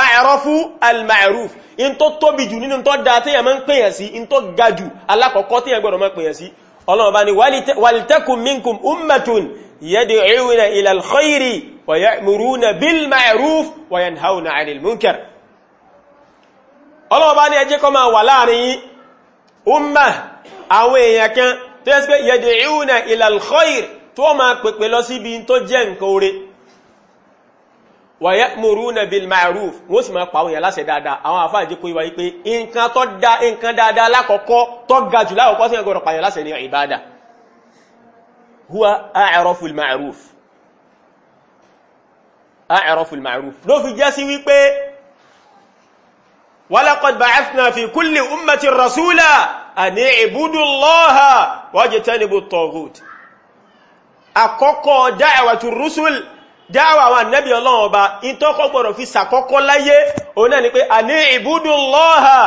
àìrọ́fú al-ma'ruf in tó tóbi jù nínú tó dá tí yà máa ń pèyàn sí in tó ga jù alákọ̀ọ́kọ́ tí yà gbọ́dọ̀ máa pèyàn sí Ọlọ́run bá ní walitakun minkum ummatun yad'una ila al-khayri wa ya'muruna bil-ma'ruf wa yanhauna 'anil munkar Ọlọ́run bá ní wa ya'muruna bil ma'ruf wọ́n sì máa pa àwọn èèyàn láṣẹ dáadáa àwọn àfáàjẹ́ kó ìwà wípé nǹkan tó dá nǹkan dáadáa lákọ̀ọ́kọ́ tó ga jù láwọ̀kọ́ sí ẹgbẹ̀rọ̀ pàyàn láṣẹ ní ìbádà huwa a'raful ma'ruf dáwà àwọn ànábì ọlọ́run ọba ìtọ́kọ́ gbọ́dọ̀ fi sàkọ́kọ́ láyé òun náà ni pé a ní ìbúdú lọ́ha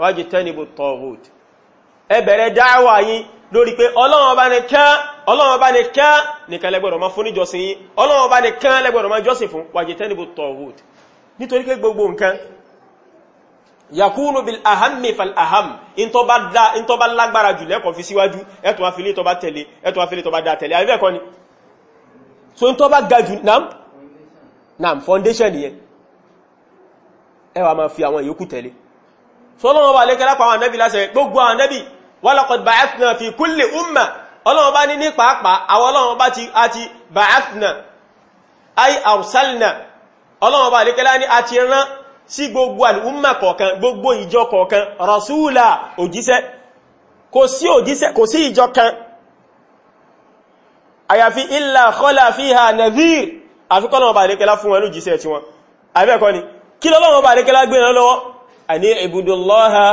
wájú tẹ́nibù tọ́wùd ẹ bẹ̀rẹ̀ dáwà yín lórí pé ọlọ́run ọba nìkan ọlọ́run ọba nìkan nìkan lẹ́gbọ́dọ̀ máa fún níjọsìn yín ọlọ́run ọba nìkan lẹ́gbọ́dọ̀ máa jọ́sìn fún wájú tẹ́nibù tọ́wùd nítorí pé gbogbo nǹkan yakunu bil ahammi fal aham in tó bá da in tó bá lágbára jù so n tó bá ga jù nam nam foundation yẹn ẹ wá máa fi àwọn ìyókù tẹ̀lé so ọlọ́wọ́ bá lẹ́kẹ́lá pa àwọn anẹ́bì lásẹ̀ gbogbo àwọn anẹ́bì walaqad ba'athna fi kulli umma ọlọ́wọ́ bá ní ní pàápàá àwọn ọlọ́wọ́ bá ti àyàfi illa khala fiha nadhir àfikọ́lọ́wọ́ bá àríkẹ́lá fún wọn ló jíṣẹ́ tí wọn àbẹ́ẹ̀kọ́ ni kí lọ́lọ́wọ́ bá àríkẹ́lá gbé rán lọ́wọ́ àní ibudullaha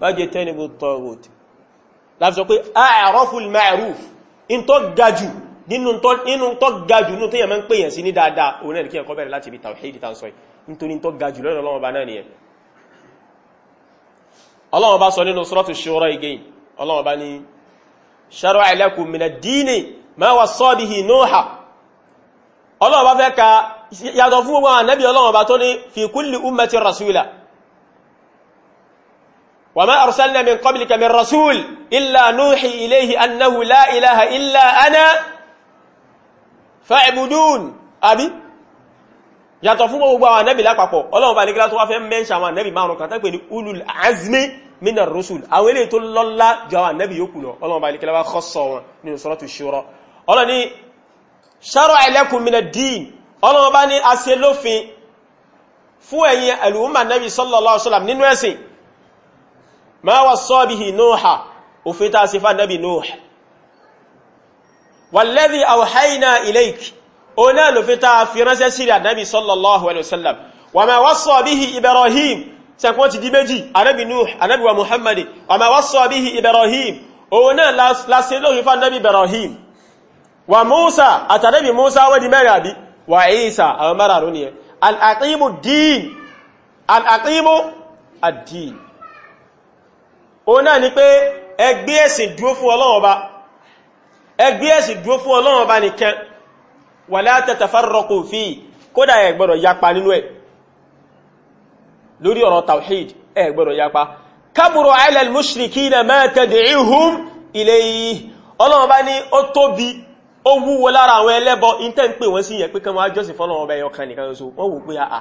wajtanibu taghut láti sọ pé a'raful ma'ruf in tó gajù nínú tó gajù nínú tó yẹ mẹ́ ń pèyàn sí ní dáadáa òun ẹ̀rì kí ẹ̀kọ́ bẹ̀rẹ̀ láti ibi tawhid tán sọ nítorí tó gajù lọ́nà ọlọ́wọ́ bá náà nìyẹn ọlọ́wọ́ bá sọ nínú suratu shura again ọlọ́wọ́ bá ní shar'a lakum min ad-dini ma wà sọ́bìhì nóòhà ọlọ́ọ̀bá fẹ́ ka yàtọ̀ fún gbogbo ànẹ́bí ọlọ́ọ̀bá tó ní fi kúlì ummeti rasúlà wà má arsalna min qablika min rasúl illa nóòhì iléhì annahu la ilaha illa ana fa'ibudun abi yàtọ̀ fún gbogbo ànẹ́bí lápapọ̀ ọlọ́ọ̀bá ní kílá tó wá fẹ́ mẹ́ṣà àwọn ànẹ́bí márùn kan tẹ́pẹ̀ ní ulul azmi minar rusul àwọn ilé tó lọ́lá jọ ànẹ́bí yókù lọ ọlọ́ọ̀bá ní kílá wá khasso wọn shura ọlọ́ ni shara'a lakum min ad-din ọlọ́wọ́ bá ní ase lófin fún ẹ̀yin alùmọ̀ nẹ́bí sallallahu alaihi wasallam nínú ẹ̀sìn ma wassa bihi Nuha òfin tá a ṣe fà nẹ́bí Nuh walladhi awhayna ilayk ó náà lófin tá a fi ránṣẹ́ sí ànẹ́bí sallallahu alaihi wasallam wa ma wassa bihi Ibrahim sẹ́kọ́ ti di méjì Nuh ànẹ́bí wa Muhammad wa ma wassa bihi Ibrahim òun náà lásẹ̀ lófin fà nẹ́bí Ibrahim wa Musa àtàrẹ́bì Musa wọ́n di mẹ́rin àbí wa Isa àwọn mẹ́rin àrùn nìyẹn al'aqimu dín al'aqimu àdín o náà ni pé ẹgbé ẹ̀sìn dúó fún Ọlọ́run Ọba ẹgbé ẹ̀sìn dúó fún Ọlọ́run Ọba nìkan wala tatafarraqu fi kódà ẹ gbọ́dọ̀ yapa nínú ẹ̀ lórí ọ̀rọ̀ tawhid ẹ gbọ́dọ̀ yapa kabura ala al-mushrikina ma tad'uhum ilayhi Ọlọ́run Ọba ní ó tóbi ó wúwo lára àwọn ẹlẹ́bọ intẹ́ ń pè wọ́n sí yẹn pé kán wá jọ́sìn fọ́lọ́run ọba ẹyọ kan nìkan ṣoṣo wọ́n wò pé àà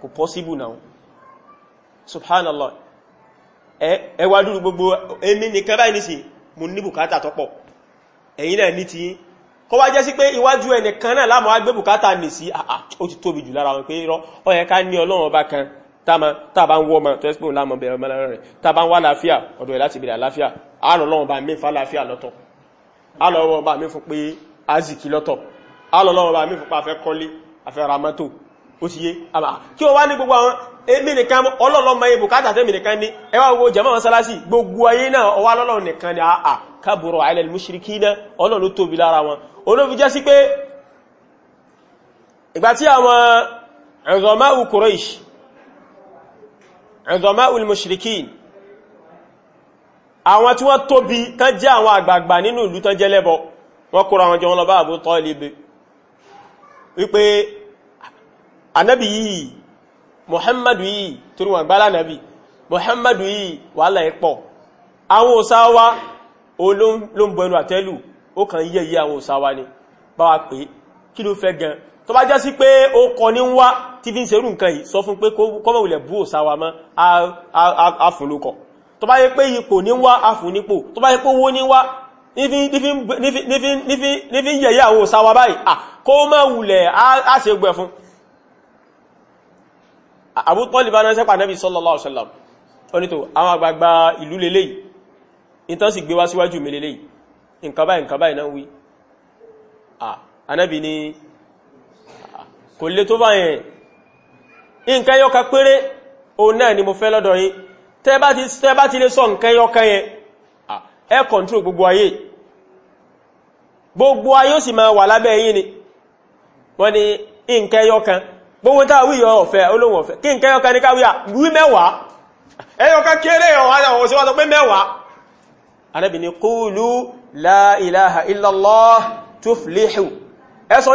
kò possible náà subhanallah ẹ wá dúró gbogbo èmi nìkan báyìí nìsí mo ní bùkátà tọ́pọ̀ ẹ̀yin náà ní tiyín kọ́ wá jẹ́ sí pé iwájú ẹnìkan náà láàmú wá gbé bùkátà nìsí àà ó ti tóbi jù lára wọn pé irọ́ ó yẹ ká ní ọlọ́run ọba kan tàbá tàbá ń wọ́ ọmọ tó ẹ́sìpò láàmọ̀ bẹ̀rẹ̀ ọmọ lára rẹ̀ tàbá ń wá láàfíà ọ̀dọ̀ ẹ̀ láti bẹ̀rẹ̀ àláfíà àrùn ọlọ́run bá mẹ́fà láàfíà lọ́tọ̀ alọ́wọ́ bá mi fún pé azìkì lọ́tọ̀ alọ́lọ́wọ́ bá mi fún pé afẹ́ kọ́lé afẹ́ ramato ó ti yé àbá kí o wá ní gbogbo àwọn èmi nìkan ọlọ́lọ́mọ yẹ bùkátà tẹ́mi nìkan ní ẹwà gbogbo jẹ́mọ́ mọ́sálásí gbogbo ayé náà ọwá lọ́lọ́ nìkan ni àà kábùrọ̀ àìlẹ̀ mùsùlùkì náà ọlọ́lọ́ tóbi lára wọn olóbi jẹ́ sí pé ìgbà tí àwọn ẹ̀zọ̀máwù Quraysh ẹ̀zọ̀máwù mùsùlùkì àwọn tí wọ́n tóbi kán jẹ́ àwọn àgbààgbà nínú ìlú tán jẹ́ lẹ́bọ wọ́n kóra wọn jọ wọn lọ bá Abu Talib wípé anábì yìí Muhammadu yìí torí wọn gbálá nàbì Muhammadu yìí wàhálà ẹ̀pọ̀ àwọn òsáwá ló àtẹ́lù ó kàn yẹ́ yí àwọn òsáwá ni bá wa pé kí ló fẹ́ gan tó bá jẹ́ sí pé ó kọ ní wá tí fi ń serú nǹkan yìí sọ fún pé kọ́mọ̀wùlẹ̀ bú òsáwá mọ́ afúnlókọ̀ọ́ tó bá yẹ pé ipò ní wá afù nípò tó bá yẹ pé owó ní wá nífi ń yẹ̀yẹ́ àwọn òsáwà báyìí à kó má wulẹ̀ á ṣe gbẹ̀ fún Abu Talib náà sẹ́pà Nabi sallallahu alaihi wasallam onítò àwọn àgbàgbà ìlú lélẹ́yìí ìtàn sì gbé wá síwájú mi lélẹ́yìí nǹkan báyìí nǹkan báyìí náà wí anábì ni kò lè tó báyẹn nǹkan yọ́ka péré òun náà ni mo fẹ́ lọ́dọ̀ yìí tẹ́bá ti lè sọ nǹkan yọkan yẹn ẹ kọ̀ntúrò gbogbo ayé gbogbo ayé ó sì máa wà lábẹ́ yín ni wọ́n ni nǹkan yọkan gbogbo táà wíyọ ọ̀fẹ́ olóhun ọ̀fẹ́ kí nǹkan yọkan ní káwíyà wí mẹ́wàá ẹyọkan kéré ọ̀wọ̀síwọ́sọ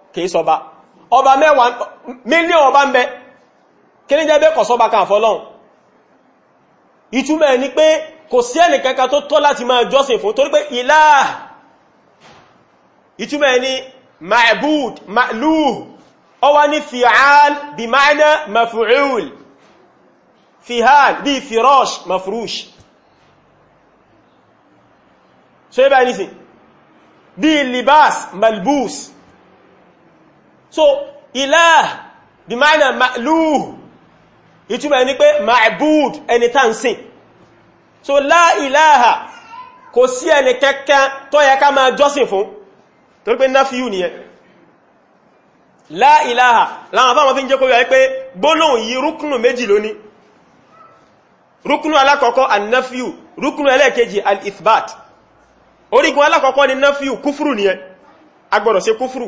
kìí sọba ọba mẹ́wàá mílíọ̀n ọba ń bẹ kí ní jẹ́ bẹ́ kọ̀ sọba kan àfọ́lọ́hun ìtumẹ̀ ni pé kò sí ẹni kankan tó tọ́ láti máa jọ́sìn fún torí pé ìlà ìtumẹ̀ ni ma'bud ma'luh ó wá fi'al bí ma'na maf'ul fi'al bí firash mafrush so ibẹ̀ nìsìn bí libas malbus so ilah bí máìnà ma'lúù ìtumọ̀ ní pé ma'búd ẹni tàǹsìn so la ilaha kò sí ẹni kẹ́kẹ́ tó yẹ ká máa jọ́sìn fún torí pé náfíù nìyẹn la ilaha láwọn afáwọn fi ń jẹ́ kó yọ pé gbólóhùn yìí rúkùnù méjì lóní rúkùnù alákọ̀ọ́kọ́ annáfíù rúkùnù ẹlẹ́ẹ̀kejì al-ithbat orígun alákọ̀ọ́kọ́ ni náfíù kúfùrù nìyẹn agbọ́dọ̀ ṣe kúfùrù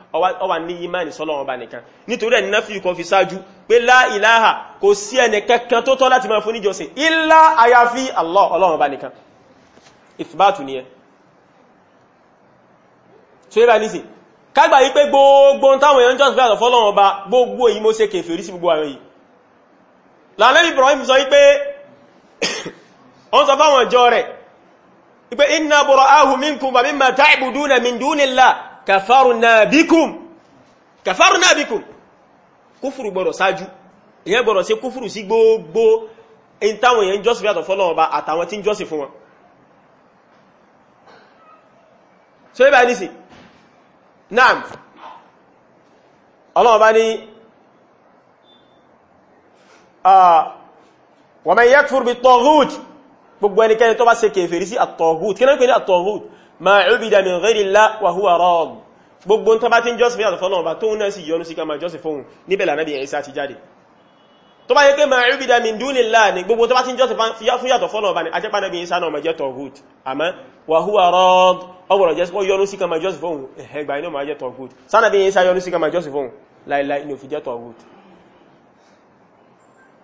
ọwà ní ìmáni sọ́lọ́wọ́ bá nìkan nítorí ẹni náà fi kọ fi sáájú pé láìláha kò sí ẹni kankan tó tọ́ láti máa fún níjọsìn ilá àyàfi Allah ọlọ́wọ́ bá nìkan ìfìbátù ni ẹ tó yẹ́ bá ní sí kágbà yí pé gbogbo táwọn èèyàn jọ́sìn fẹ́lọ̀ fọ́lọ́wọ́ bá gbogbo èyí mo ṣe kèfèrí <coughs> kafarna bikum kafarna bikum kúfùrù gbọ́dọ̀ ṣáájú ìyẹn gbọ́dọ̀ ṣe kúfùrù sí gbogbo in táwọn èèyàn jọ́sìn fíyàtọ̀ fọ́lọ́wọ́ bá àtàwọn tí ń jọ́sìn fún wọn so ibà nìsí naam ọlọ́wọ́ bá ní wa man yakfur bit-taghut gbogbo ẹnikẹ́ni tó bá ṣe kèfèrí sí at kí náà pè ní at ma ubida min ghairi Allah wa huwa rad gbogbo tó bá tin just fi atofo Ọlọ́run ba tó na sì yọ́nú sí ká ma just fohun ní bẹ̀ la nabi Isa ti jáde tó bá yẹ ke ma ubida min dunillah ni gbogbo tó bá tin just fi ya fun ya atofo Ọlọ́run ba ni a je pa nabi Isa na ma je tohut ama wa huwa rad aworo just wo yọ́nú sí ká ma just fohun eh gba ina ma je tohut sa nabi Isa yọ́nú sí ká ma just fohun lai lai ni o fi je tohut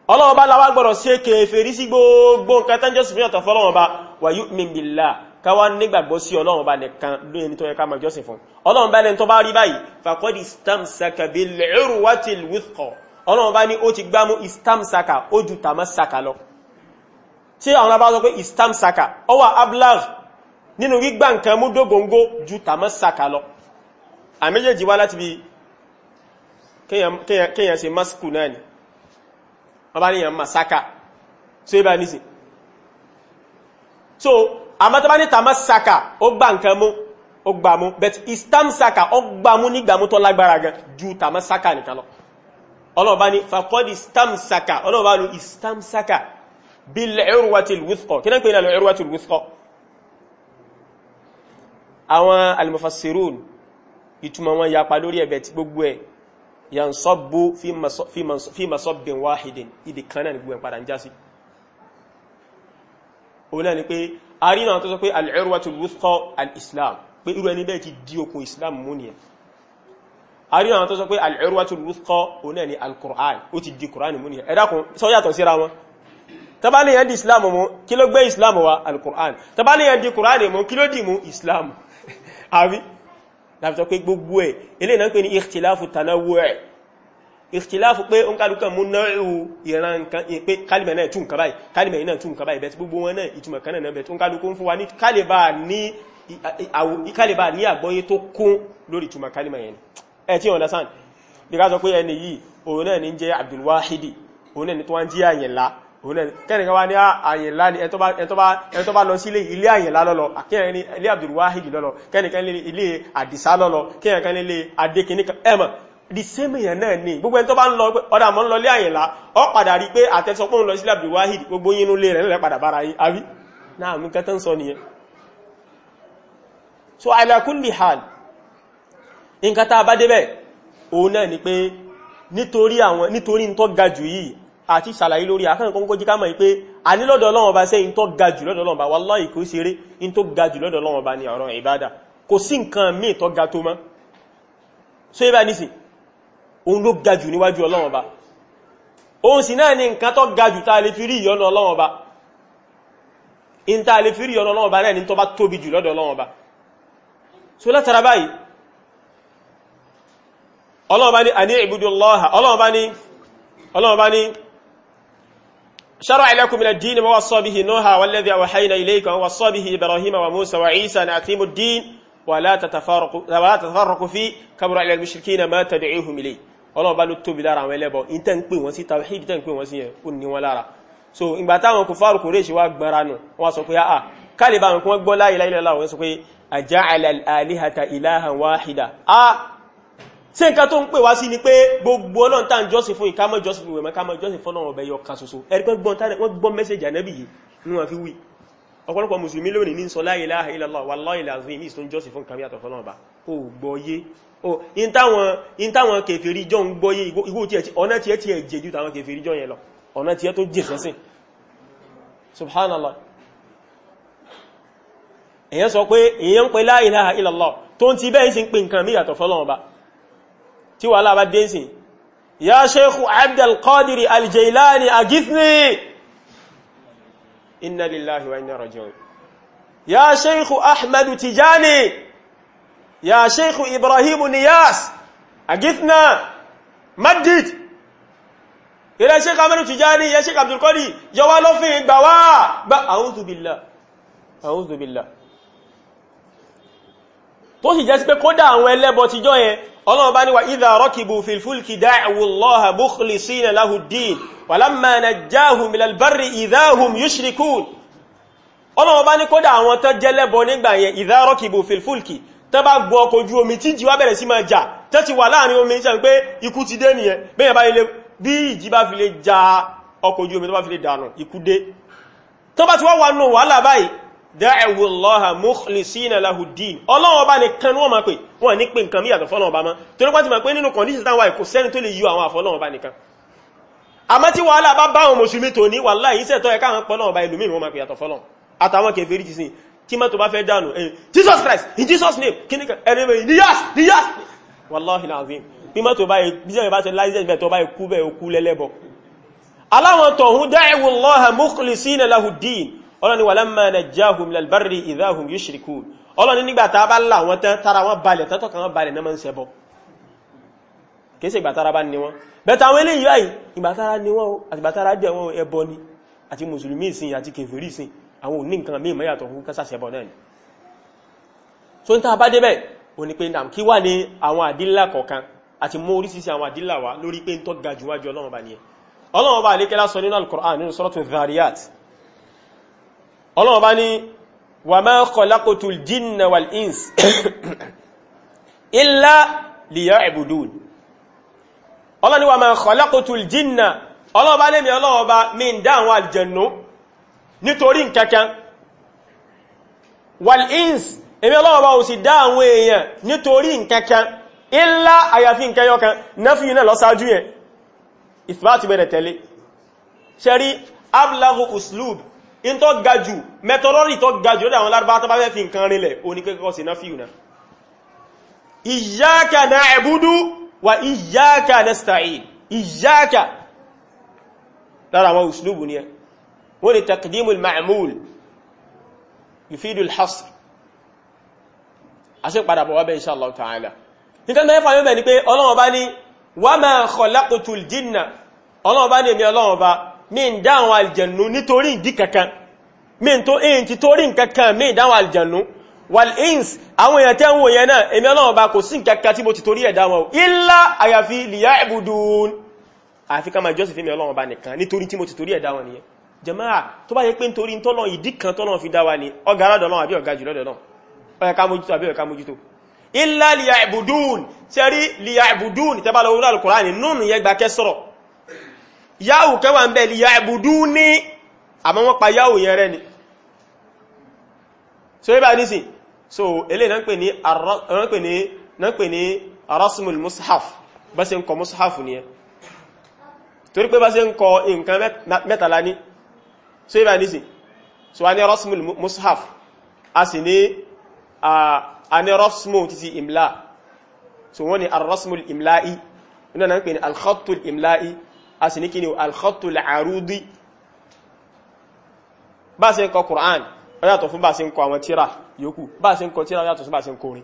Ọlọ́run ba la wa gboro se sí gbogbo nǹkan tan just fi atofo Ọlọ́run ba wa káwá nígbàgbọ́ sí ọlọ́run bá nìkan ló ẹni tó yẹ ká máa jọ́sìn fún ọlọ́run bá lẹ́ni tó bá rí báyìí fàkọ́dì istamsaka bil urwatil wuthqa ọlọ́run bá ní ó ti gbámú istamsaka ó ju tamasaka lọ tí àwọn abá sọ pé istamsaka ó wà ablag nínú gbígbà nǹkan mú dógóngó ju tamasaka lọ àméjèèjì wá láti bí kéèyàn ṣe masku náà ni wọ́n bá masaka tó yẹ bá so àmọ́tọ́bá ní tàmásàkà ó gbà nǹkan mú ó gbà mú but istamsaka ó gbà mú nígbà mú tó lágbára gan ju tàmásàkà nìkan lọ ọlọ́ọ̀bá ní fàkọ́dì istamsaka ọlọ́ọ̀bá lu istamsaka bil urwatil wuthqa kí náà pè ní al-urwatil wuthqa àwọn al-mufassirun ìtumọ̀ wọn yapa lórí ẹ̀bẹ̀ tí gbogbo ẹ̀ yansọ́bù òun náà ni pé àríyàn tó sọ pé al-urwatul wuthqa al-islam pé irú ẹni bẹ́ẹ̀ ti di okùn islam mú nìyẹn àríyàn tó sọ pé al-urwatul wuthqa oní ẹni al-qur'an ó ti di qur'an mú nìyẹn ẹ dákun sọ yàtọ̀ síra wọn tabali yẹn di islam mú kí ló gbé islam wa al-qur'an tabali yẹn di qur'an mú kí ló dì mú islam <laughs> àbí láti sọ pé gbogbo ẹ̀ ìkìláàfù pé ó ń kálùkàn mú náírù ìran nǹkan pé kálìmẹ̀ náà tún nǹkan báyìí kálìmẹ̀ náà tún nǹkan báyìí bẹ̀tí gbogbo wọn náà ìtumọ̀ kan náà bẹ̀tí ó ń kálùkù ń fún wa ní kálìbà ní àgbọ́yé tó kún lórí ìtumọ̀ kálìmẹ̀ yẹn ẹ tí wọ́n lásán bí ká sọ pé ẹni yìí òun náà ní jẹ́ Abdulwahidi òun náà ní tó wá ń jí àyẹ̀lá òun náà kẹ́nìkan wá ní àyẹ̀lá ní di same èèyàn náà ni gbogbo ẹni tó bá ń lọ ọ̀dà mọ́ ń lọ lé àyìnlá ọ padà rí pé àtẹ́sọpọ̀ ń lọ sílẹ̀ Wahid gbogbo yínú lé rẹ̀ nílẹ̀ padà bára yìí àbí náà mú kẹta ń sọ nìyẹn so ala kulli hal nǹkan tá a bá débẹ̀ òun náà ni pé nítorí àwọn nítorí ń tọ́ ga jù yìí àti ṣàlàyé lórí e, akẹ́kọ̀ọ́ kó jíká mọ̀ pé a ní lọ́dọ̀ Ọlọ́run Ọba sẹ́yìn tó ga jù lọ́dọ̀ Ọlọ́run Ọba wallahi kò ṣeré in tó ga jù lọ́dọ̀ Ọlọ́run ni ọ̀rọ̀ ìbádà kò sí nǹkan míì tó ga tó mọ́ so ibà nísìn òun ló gajù níwájú ọlọ́wọ́n ba òun sì náà ni nǹkan tó gajù tá a lè fi rí ìyọ́nà ọlọ́wọ́n ba in tá a lè fi rí ìyọ́nà ọlọ́wọ́n ba náà ni tó bá tóbi jù lọ́dọ̀ ọlọ́wọ́n ba so látara báyìí ọlọ́wọ́n bá ní àní ìbúdó lọ́ha ọlọ́wọ́n bá ní شرع لكم من الدين ما وصى به نوح والذي أوحينا إليك ووصى به وموسى وعيسى أن الدين ولا تتفرقوا ولا تتفرقوا فيه كبر على المشركين ما تدعوهم إليه ọlọ́ọ̀bá ló tóbi lára àwọn ẹlẹ́bọ̀ in tẹ́ ń pè wọ́n sí tawhid tẹ́ ń pè wọ́n sí yẹn ó ní wọn lára so ìgbà táwọn kufaru Quraysh wá gbára nù wọ́n sọ pé àà ah, kálí bá wọn kí wọ́n gbọ́ la ilaha illallah wọ́n sọ pé aja'ala al a ah, ṣé nǹkan tó ń pè wá sí ni pé gbogbo ọlọ́run tá à ń jọ́sìn fún ìka mọ́ jọ́sìn wẹ̀mọ́ ká mọ́ jọ́sìn fún ọlọ́run ọbẹ̀ yọ kan ṣoṣo ẹ̀rí pé gbọ́n tánẹ̀ wọ́n gbọ́ mẹ́sẹ̀jì ànẹ́bì yìí ni wọ́n fi wí ọ̀pọ̀lọpọ̀ mùsùlùmí lónìí ní sọ la ilaha illallah wallahi lazim ní ìsún jọ́sìn fún kàmí àtọ̀fọ́lọ́run ọba o in táwọn in táwọn kèfèrí jọ ń gbọ́yé igbó tí ẹ̀ ọ̀nà tí ẹ ti ẹ̀ jẹ́jú táwọn kèfèrí jọ yẹn lọ ọ̀nà tí ẹ tó jẹ́ sẹ́sìn subhanallah èyàn sọ pé èyàn ń pè la ilaha illallah tó ń ti bẹ́ẹ̀ sí ń pè nǹkan mí yàtọ̀ fọ́lọ́wọ́n ba tí wà láàbá يا شيخ إبراهيم نياس أجثنا مدد إلى شيخ عمرو تجاني يا شيخ عبد القادر جوالو في بوا أعوذ بالله أعوذ بالله tó sì jẹ́ sí pé kódà àwọn ẹlẹ́bọ ti jọ yẹn ọlọ́run bá ní wa idha rakibu fil fulki da'u Allaha mukhlisina lahu ad-din walamma najjahum ilal barri idha hum yushrikun ọlọ́run bá ní kódà àwọn tó jẹ́lẹ́bọ nígbà yẹn idha rakibu fil fulki tẹ́ bá gbọ́ ọkọ̀ ojú omi tí ìjì wá bẹ̀rẹ̀ sí máa jà tẹ́ ti wà láàrin omi ìṣẹ́ pé ikú ti dé nìyẹn bẹ́yẹn bá ilé bí ìjì bá fi lè ja ọkọ̀ ojú omi tó bá fi lè dànù ikú dé tó bá ti wá wà nù wàhálà báyìí da'u Allaha mukhlisina lahu ddin ọlọ́run ọba nìkan ni wọ́n máa pè wọ́n ní pé nǹkan míyàtọ̀ fọ́lọ́run ọba mọ́ torí wọ́n ti máa pé nínú kọ̀ndíṣì táwọn àìkò sẹ́ni tó lè yọ àwọn àfọ́lọ́run ọba nìkan àmọ́ tí wàhálà bá bá àwọn mùsùlùmí tòní wàhálà yìí sẹ́tọ́ ẹ̀ká àwọn pọ́lọ́run ọba ìlúmí wọ́n máa pè yàtọ̀ fọ́lọ́run àtàwọn kèfèrí ti sìn tí mọ́ tó bá fẹ́ dánù ẹ̀yìn eh, jesus christ in jesus name kí ní ẹ̀rẹ́mẹ̀ níyàs níyàs wàláhìn àzín bí mọ́ tó bá ìbíjẹ́ ìbá ṣe láìsẹ́ ìbẹ̀ tó bá ikú bẹ̀ okú lẹ́lẹ́bọ̀ aláwọn tọ̀hún dáẹ̀wò lọ́ha múkùlì sí ilẹ̀ lahudin ọlọ́ni wà lámà na jáhùn lalbari ìdáhùn yóò ṣìrìkú ọlọ́ni nígbà tá bá là wọn tán tara wọn balẹ̀ tán tọ́ka wọn balẹ̀ náà ń ṣẹbọ kìí ṣe ìgbàtara bá ní wọn bẹ́ta àwọn eléyìí báyìí ìgbàtara ní wọn àti ìgbàtara jẹ́ wọn ẹbọ ni àti mùsùlùmí ìsìn àti kèfèrí ìsìn àwọn òní nǹkan mímọ̀ yàtọ̀ fún kásà sẹ́bọ̀ náà ni so n ta bá débẹ̀ o ní pé nàm kí wà ní àwọn àdílà kọ̀ọ̀kan àti mú orísìí àwọn àdílà wa lórí pé n tọ́ ga jùwájú ọlọ́run bá nìyẹn ọlọ́run bá alékẹ́lá sọ nínú al-Qur'an nínú suratul Dhariyat ọlọ́run bá ní wa ma khalaqtul jinna wal ins illa liya'budun ọlọ́run wa ma khalaqtul jinna ọlọ́run bá lẹ́mìí ọlọ́run bá mi ń nítorí nkankan wal-ins èmi ọlọ́wọ́ bá o sì dá àwọn èèyàn nítorí nkankan illa àyàfi nkẹyọkan nafi náà lọ́sájú yẹn ìfìbáti bẹ̀rẹ̀ tẹ̀lé ṣẹ́rí ablagu uslub in tó gajù mẹ́tọ́lọ́rì tó gajù ó dáwọn lárúbá tó bá fẹ́ fi nkan rinlẹ̀ oníkẹ́kọ́ sí nafi náà iyyaka na'budu wa iyyaka nasta'in iyyaka lára àwọn uslub ni ẹ wọ́n ni takdimu al-ma'amul yufidu al-hasr a sì padà bọ̀ wábẹ̀ insha Allah ta'ala nítorí mẹ́fà yóò bẹ̀ ni pé ọlọ́run bá ní wa ma khalaqtul jinna ọlọ́run bá ní èmi ọlọ́run bá mi ń dá àwọn àlìjẹ̀nú nítorí ìdí kankan mi ń tó èyí ti torí nkankan mi ń dá àwọn àlìjẹ̀nú wal ins àwọn èèyàn tẹ́ ń wòye náà èmi ọlọ́run bá kò sí nkankan tí mo ti torí ẹ̀dá wọn illa àyàfi liya'budun àfi ká máa jọ́sìn fún mi ọlọ́run bá nìkan nítorí tí mo ti torí ẹ̀dá wọn nìyẹn jẹmáà tó bá yẹ pé nítorí tọ́lọ̀ ìdí kan tọ́lọ̀ fi dá wa ní ọgá aládọ́lọ́ àbí ọgá jùlọ dọ̀lọ́ ọ̀ẹ̀ká mójútó àbí ọ̀ẹ̀ká mójútó illa liya'budun tẹ́rí liya'budun tẹ́bá lọ wúlò alùkùránì nùnù yẹ gbà kẹ́ sọ̀rọ̀ yáwù kẹwà ń bẹ liya'budun ní àmọ́ wọ́n pa yáwù yẹn náà pè ní arásùmùl mushaf bá ṣe ń kọ mushaf nìyẹn torí pé so ibà nísìn so a ní rọ́sùmù mushaf a sì ní a ní rọ́sùmù títí imla so wọ́n ni arọ́sùmù imla'i iná na ń pè ní alkhattul imla'i a sì ní kí ni alkhattul arúdí bá ṣe ń kọ Qur'an ó yàtọ̀ fún bá ṣe ń kọ àwọn tíra yòókù bá ṣe ń kọ tíra ó yàtọ̀ fún bá ṣe ń kọrin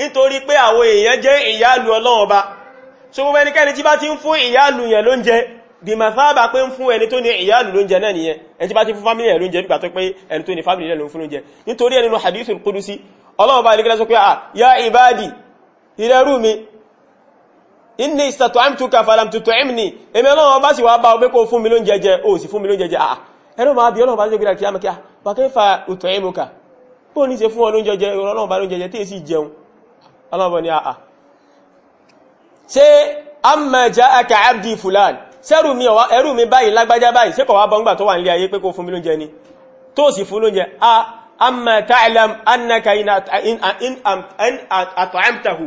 nítorí pé àwọn èèyàn jẹ́ ìyálù ọlọ́run ọba so gbogbo ẹnikẹ́ni tí bá ti ń fún ìyálù yẹn ló ń jẹ bí ma sábà pé ń fún ẹni tó ní ìyálù ló ń jẹ náà nìyẹn ẹni tí bá ti fún fámílì ẹ̀ ló ń jẹ nígbà tó pé ẹni tó ní fámílì rẹ̀ ló ń fún lóúnjẹ nítorí ẹni nínú hadithul ah, mi inni istatu'amtuka falam tut'imni èmi ọlọ́run ọba sì wá bá ọgbẹ́ kó fún mi lóúnjẹ jẹ ó sì fún mi lóúnjẹ jẹ à ah, ẹnu máa bí ọlọ́run ọba sí gbéra kí á mọ̀ kí á wà kẹfà ut'imuka bóò ní ṣe fún ọ lóúnjẹ ọlọ́bọ̀ ní àà ṣe amma ja'aka abdi fulan sẹ́rù mi ọwá ẹrù mi báyìí lágbájá báyìí ṣe kọ̀wá bọ́ngbà tó wà nílé ayé pé kó fún mi lóúnjẹ ni tó sì fún lóúnjẹ a amma ta'lam annaka in at'amtahu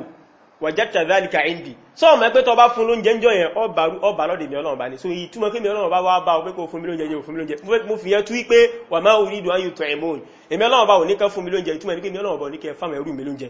wajadta dhalika indi sọ mọ̀ pé tó bá fún lóúnjẹ ń jọ yẹn ọba lọ́dẹ̀ mi ọlọ́run bá so yìí túnmọ̀ pé mi ọlọ́run bá wá bá o pé kó fún mi lóúnjẹ jẹ́ fún mi lóúnjẹ mo fi yẹ tú pé wa ma uridu an yut'imun èmi ọlọ́run bá ò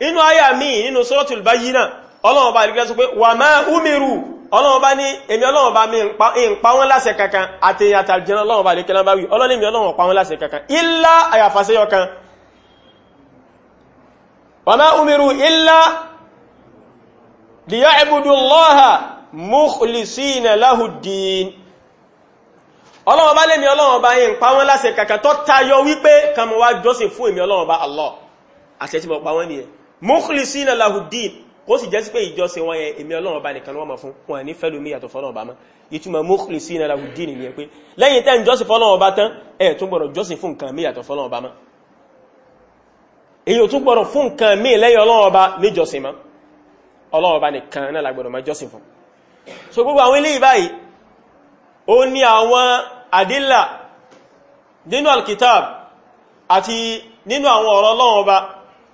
inú àyà míì nínú suratul bayyina ọlọ́run bá ìrìkẹ́ sọ pé wà máa umiru ọlọ́run bá ní èmi ọlọ́run bá mi ń pa wọ́n láṣẹ kankan àti àtàjẹ́nà ọlọ́run bá ìrìkẹ́ lábáwí ọlọ́run èmi ọlọ́run pa wọ́n láṣẹ kankan illa àyàfàṣẹ́yọ kan wà máa umiru illa liya'budu Allaha mukhlisina lahu ddin ọlọ́run bá lèmi ọlọ́run bá pa wọ́n láṣẹ kankan tó tayọ wípé kan mọ́ wá jọ́sìn fún èmi ọlọ́run bá Allah àṣẹ tí mo pa wọ́n nìyẹn mukhlisina lahud-din kó sì jẹ́ sí pé ìjọsìn wọn yẹn èmi ọlọ́run bá nìkan wọ́n mọ̀ fún wọn ní fẹ́lú mi fọ́lọ́run bá mọ́ ìtumọ̀ mukhlisina lahud-din ni ẹ pé lẹ́yìn tẹ́ ń jọ́sìn fọ́lọ́run bá tán ẹ̀ tún gbọ́dọ̀ jọ́sìn fún nǹkan mi yàtọ̀ fọ́lọ́run bá mọ́ èyí ò tún gbọ́dọ̀ fún nǹkan mi lẹ́yìn ọlọ́run bá níjọsìn so gbogbo àwọn ilé ìbáyìí ó ní àwọn àdílà nínú alkitab àti nínú àwọn ọ̀rọ̀ ọlọ́run ọba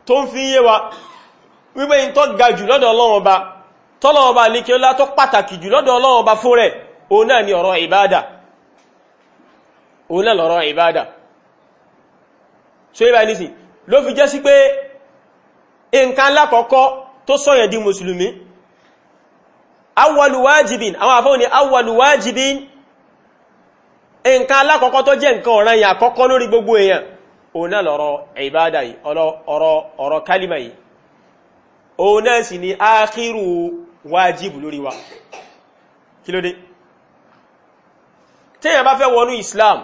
tó ń fi yé wa wípé in tó ga jù lọ́dọ̀ Ọlọ́run Ọba tọ́lọ́run Ọba ní kí ó lá pàtàkì jù Ọba fún rẹ̀ ni ọ̀rọ̀ ìbádà náà ìbádà so ibà nísìn ló fi jẹ́ sí pé nǹkan lákọ̀ọ́kọ́ tó sọ̀yàn di mùsùlùmí awwalu àwọn àfọ́ ni awwalu nǹkan lákọ̀ọ́kọ́ tó jẹ́ nǹkan gbogbo èèyàn òun náà lọ́rọ̀ ìbádà yìí ọ̀rọ̀ ọ̀rọ̀ kálímà yìí òun náà sì ni ákírù wájìbù lórí wa kí ló dé téèyàn bá fẹ́ wọnú Islam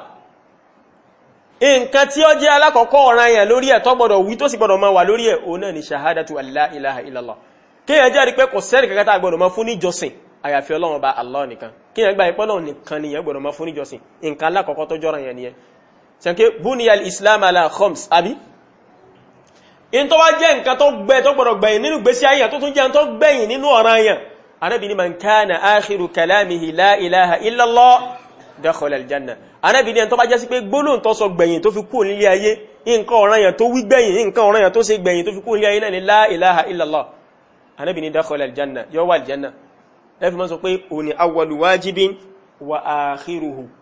nǹkan tí ó jẹ́ alákọ̀ọ́kọ́ ọ̀ràn yẹn lórí ẹ̀ tó gbọ́dọ̀ wí tó sì gbọ́dọ̀ máa wà lórí ẹ̀ òun náà ni ṣahadatu alla ilaha illallah kéèyàn jẹ́rìí pé kò sẹ́rì kankan tá gbọ́dọ̀ máa fún níjọsìn àyàfi ọlọ́run ọba Allah sẹ́kẹ́ buniyal islam ala khoms abi in tó wá jẹ́ nǹkan tó gbẹ tó gbọ̀rọ̀ gbẹ̀yìn nínú gbésí ayé tó tún jẹ́ tó gbẹ̀yìn nínú ọ̀ràn ayé anábi ni man kana akhiru kalamihi la ilaha illallah dakhala aljanna anábi ni ẹn tó bá jẹ́ sí pé gbólóhùn tó sọ gbẹ̀yìn tó fi kú nílé ayé nǹkan ọ̀ràn ayé tó wí gbẹ̀yìn nǹkan ọ̀ràn ayé tó ṣe gbẹ̀yìn tó fi kú nílé ayé náà ni la ilaha illallah anábi ni dakhala aljanna yọ wà aljanna ẹ fi mọ́ sọ pé òní awwalu wajibin wa akhiruhu